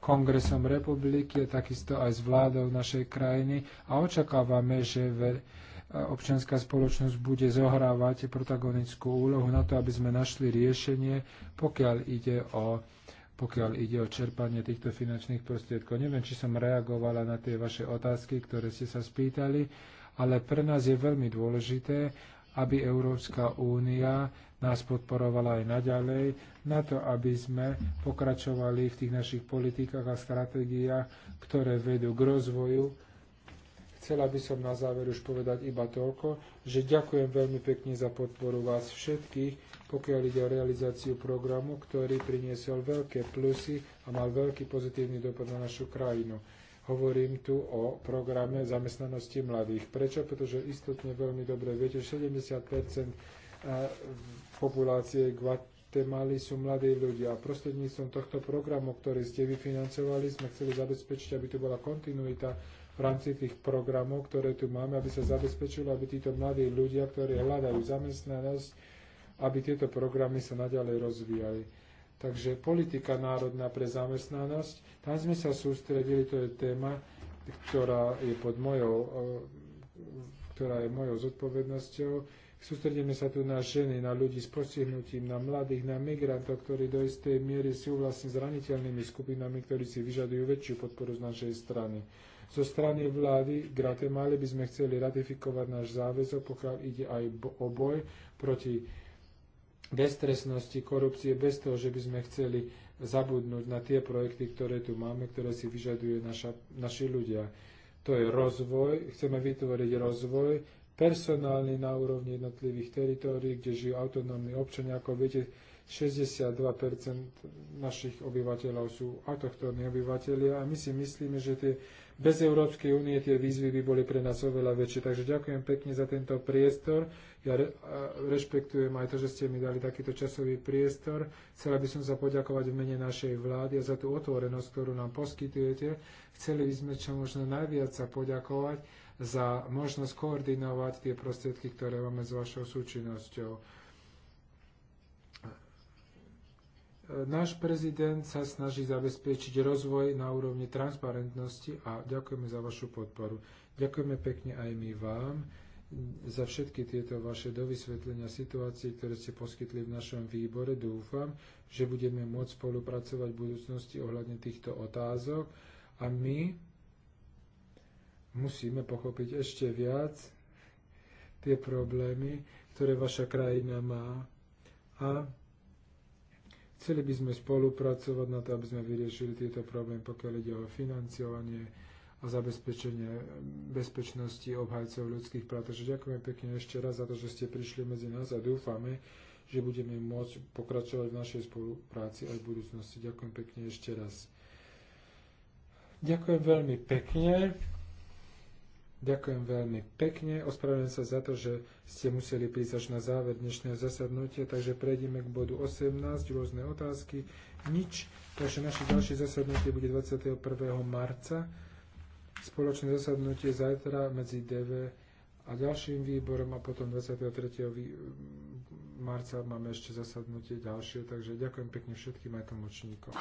Kongresom republiky a takisto aj s vládou našej krajiny a očakávame, že občianská spoločnosť bude zohrávať protagonickú úlohu na to, aby sme našli riešenie, pokiaľ ide o pokiaľ ide o čerpanie týchto finančných prostriedkov. Neviem, či som reagovala na tie vaše otázky, ktoré ste sa spýtali, ale pre nás je veľmi dôležité, aby Európska únia nás podporovala aj naďalej, na to, aby sme pokračovali v tých našich politikách a stratégiách, ktoré vedú k rozvoju Chcela by som na záver už povedať iba toľko, že ďakujem veľmi pekne za podporu vás všetkých, pokiaľ ide o realizáciu programu, ktorý priniesol veľké plusy a mal veľký pozitívny dopad na našu krajinu. Hovorím tu o programe zamestnanosti mladých. Prečo? Pretože istotne veľmi dobre viete, že 70 eh, populácie Guatemaly sú mladí ľudia. A prostredníctvom tohto programu, ktorý ste vyfinancovali, sme chceli zabezpečiť, aby tu bola kontinuita v rámci tých programov, ktoré tu máme, aby sa zabezpečilo, aby títo mladí ľudia, ktorí hľadajú zamestnanosť, aby tieto programy sa naďalej rozvíjali. Takže politika národná pre zamestnanosť, tam sme sa sústredili, to je téma, ktorá je pod mojou, e, ktorá je mojou zodpovednosťou. Sústredíme sa tu na ženy, na ľudí s postihnutím, na mladých, na migrantov, ktorí do istej miery sú vlastne zraniteľnými skupinami, ktorí si vyžadujú väčšiu podporu z našej strany. Zo strany vlády Guatemala by sme chceli ratifikovať náš záväzok, pokiaľ ide aj o boj proti bestresnosti, korupcie, bez toho, že by sme chceli zabudnúť na tie projekty, ktoré tu máme, ktoré si vyžadujú naša, naši ľudia. To je rozvoj, chceme vytvoriť rozvoj, personálny na úrovni jednotlivých teritórií, kde žijú autonómni občania. Ako viete, 62% našich obyvateľov sú autochtónni obyvateľia a my si myslíme, že tie bez Európskej únie tie výzvy by boli pre nás oveľa väčšie. Takže ďakujem pekne za tento priestor. Ja re, rešpektujem aj to, že ste mi dali takýto časový priestor. Chcela by som sa poďakovať v mene našej vlády a za tú otvorenosť, ktorú nám poskytujete. Chceli by sme čo možno najviac sa poďakovať za možnosť koordinovať tie prostriedky, ktoré máme s vašou súčinnosťou. Náš prezident sa snaží zabezpečiť rozvoj na úrovni transparentnosti a ďakujeme za vašu podporu. Ďakujeme pekne aj my vám za všetky tieto vaše dovysvetlenia situácií, ktoré ste poskytli v našom výbore. Dúfam, že budeme môcť spolupracovať v budúcnosti ohľadne týchto otázok a my musíme pochopiť ešte viac tie problémy, ktoré vaša krajina má. A Chceli by sme spolupracovať na to, aby sme vyriešili tieto problémy, pokiaľ ide o financovanie a zabezpečenie bezpečnosti obhajcov ľudských práv. Takže ďakujem pekne ešte raz za to, že ste prišli medzi nás a dúfame, že budeme môcť pokračovať v našej spolupráci aj v budúcnosti. Ďakujem pekne ešte raz. Ďakujem veľmi pekne. Ďakujem veľmi pekne. Ospravedlňujem sa za to, že ste museli prísť až na záver dnešného zasadnutia, takže prejdeme k bodu 18, rôzne otázky. Nič. Takže naše ďalšie zasadnutie bude 21. marca. Spoločné zasadnutie zajtra medzi DV a ďalším výborom a potom 23. marca máme ešte zasadnutie ďalšie, takže ďakujem pekne všetkým aj tlmočníkom.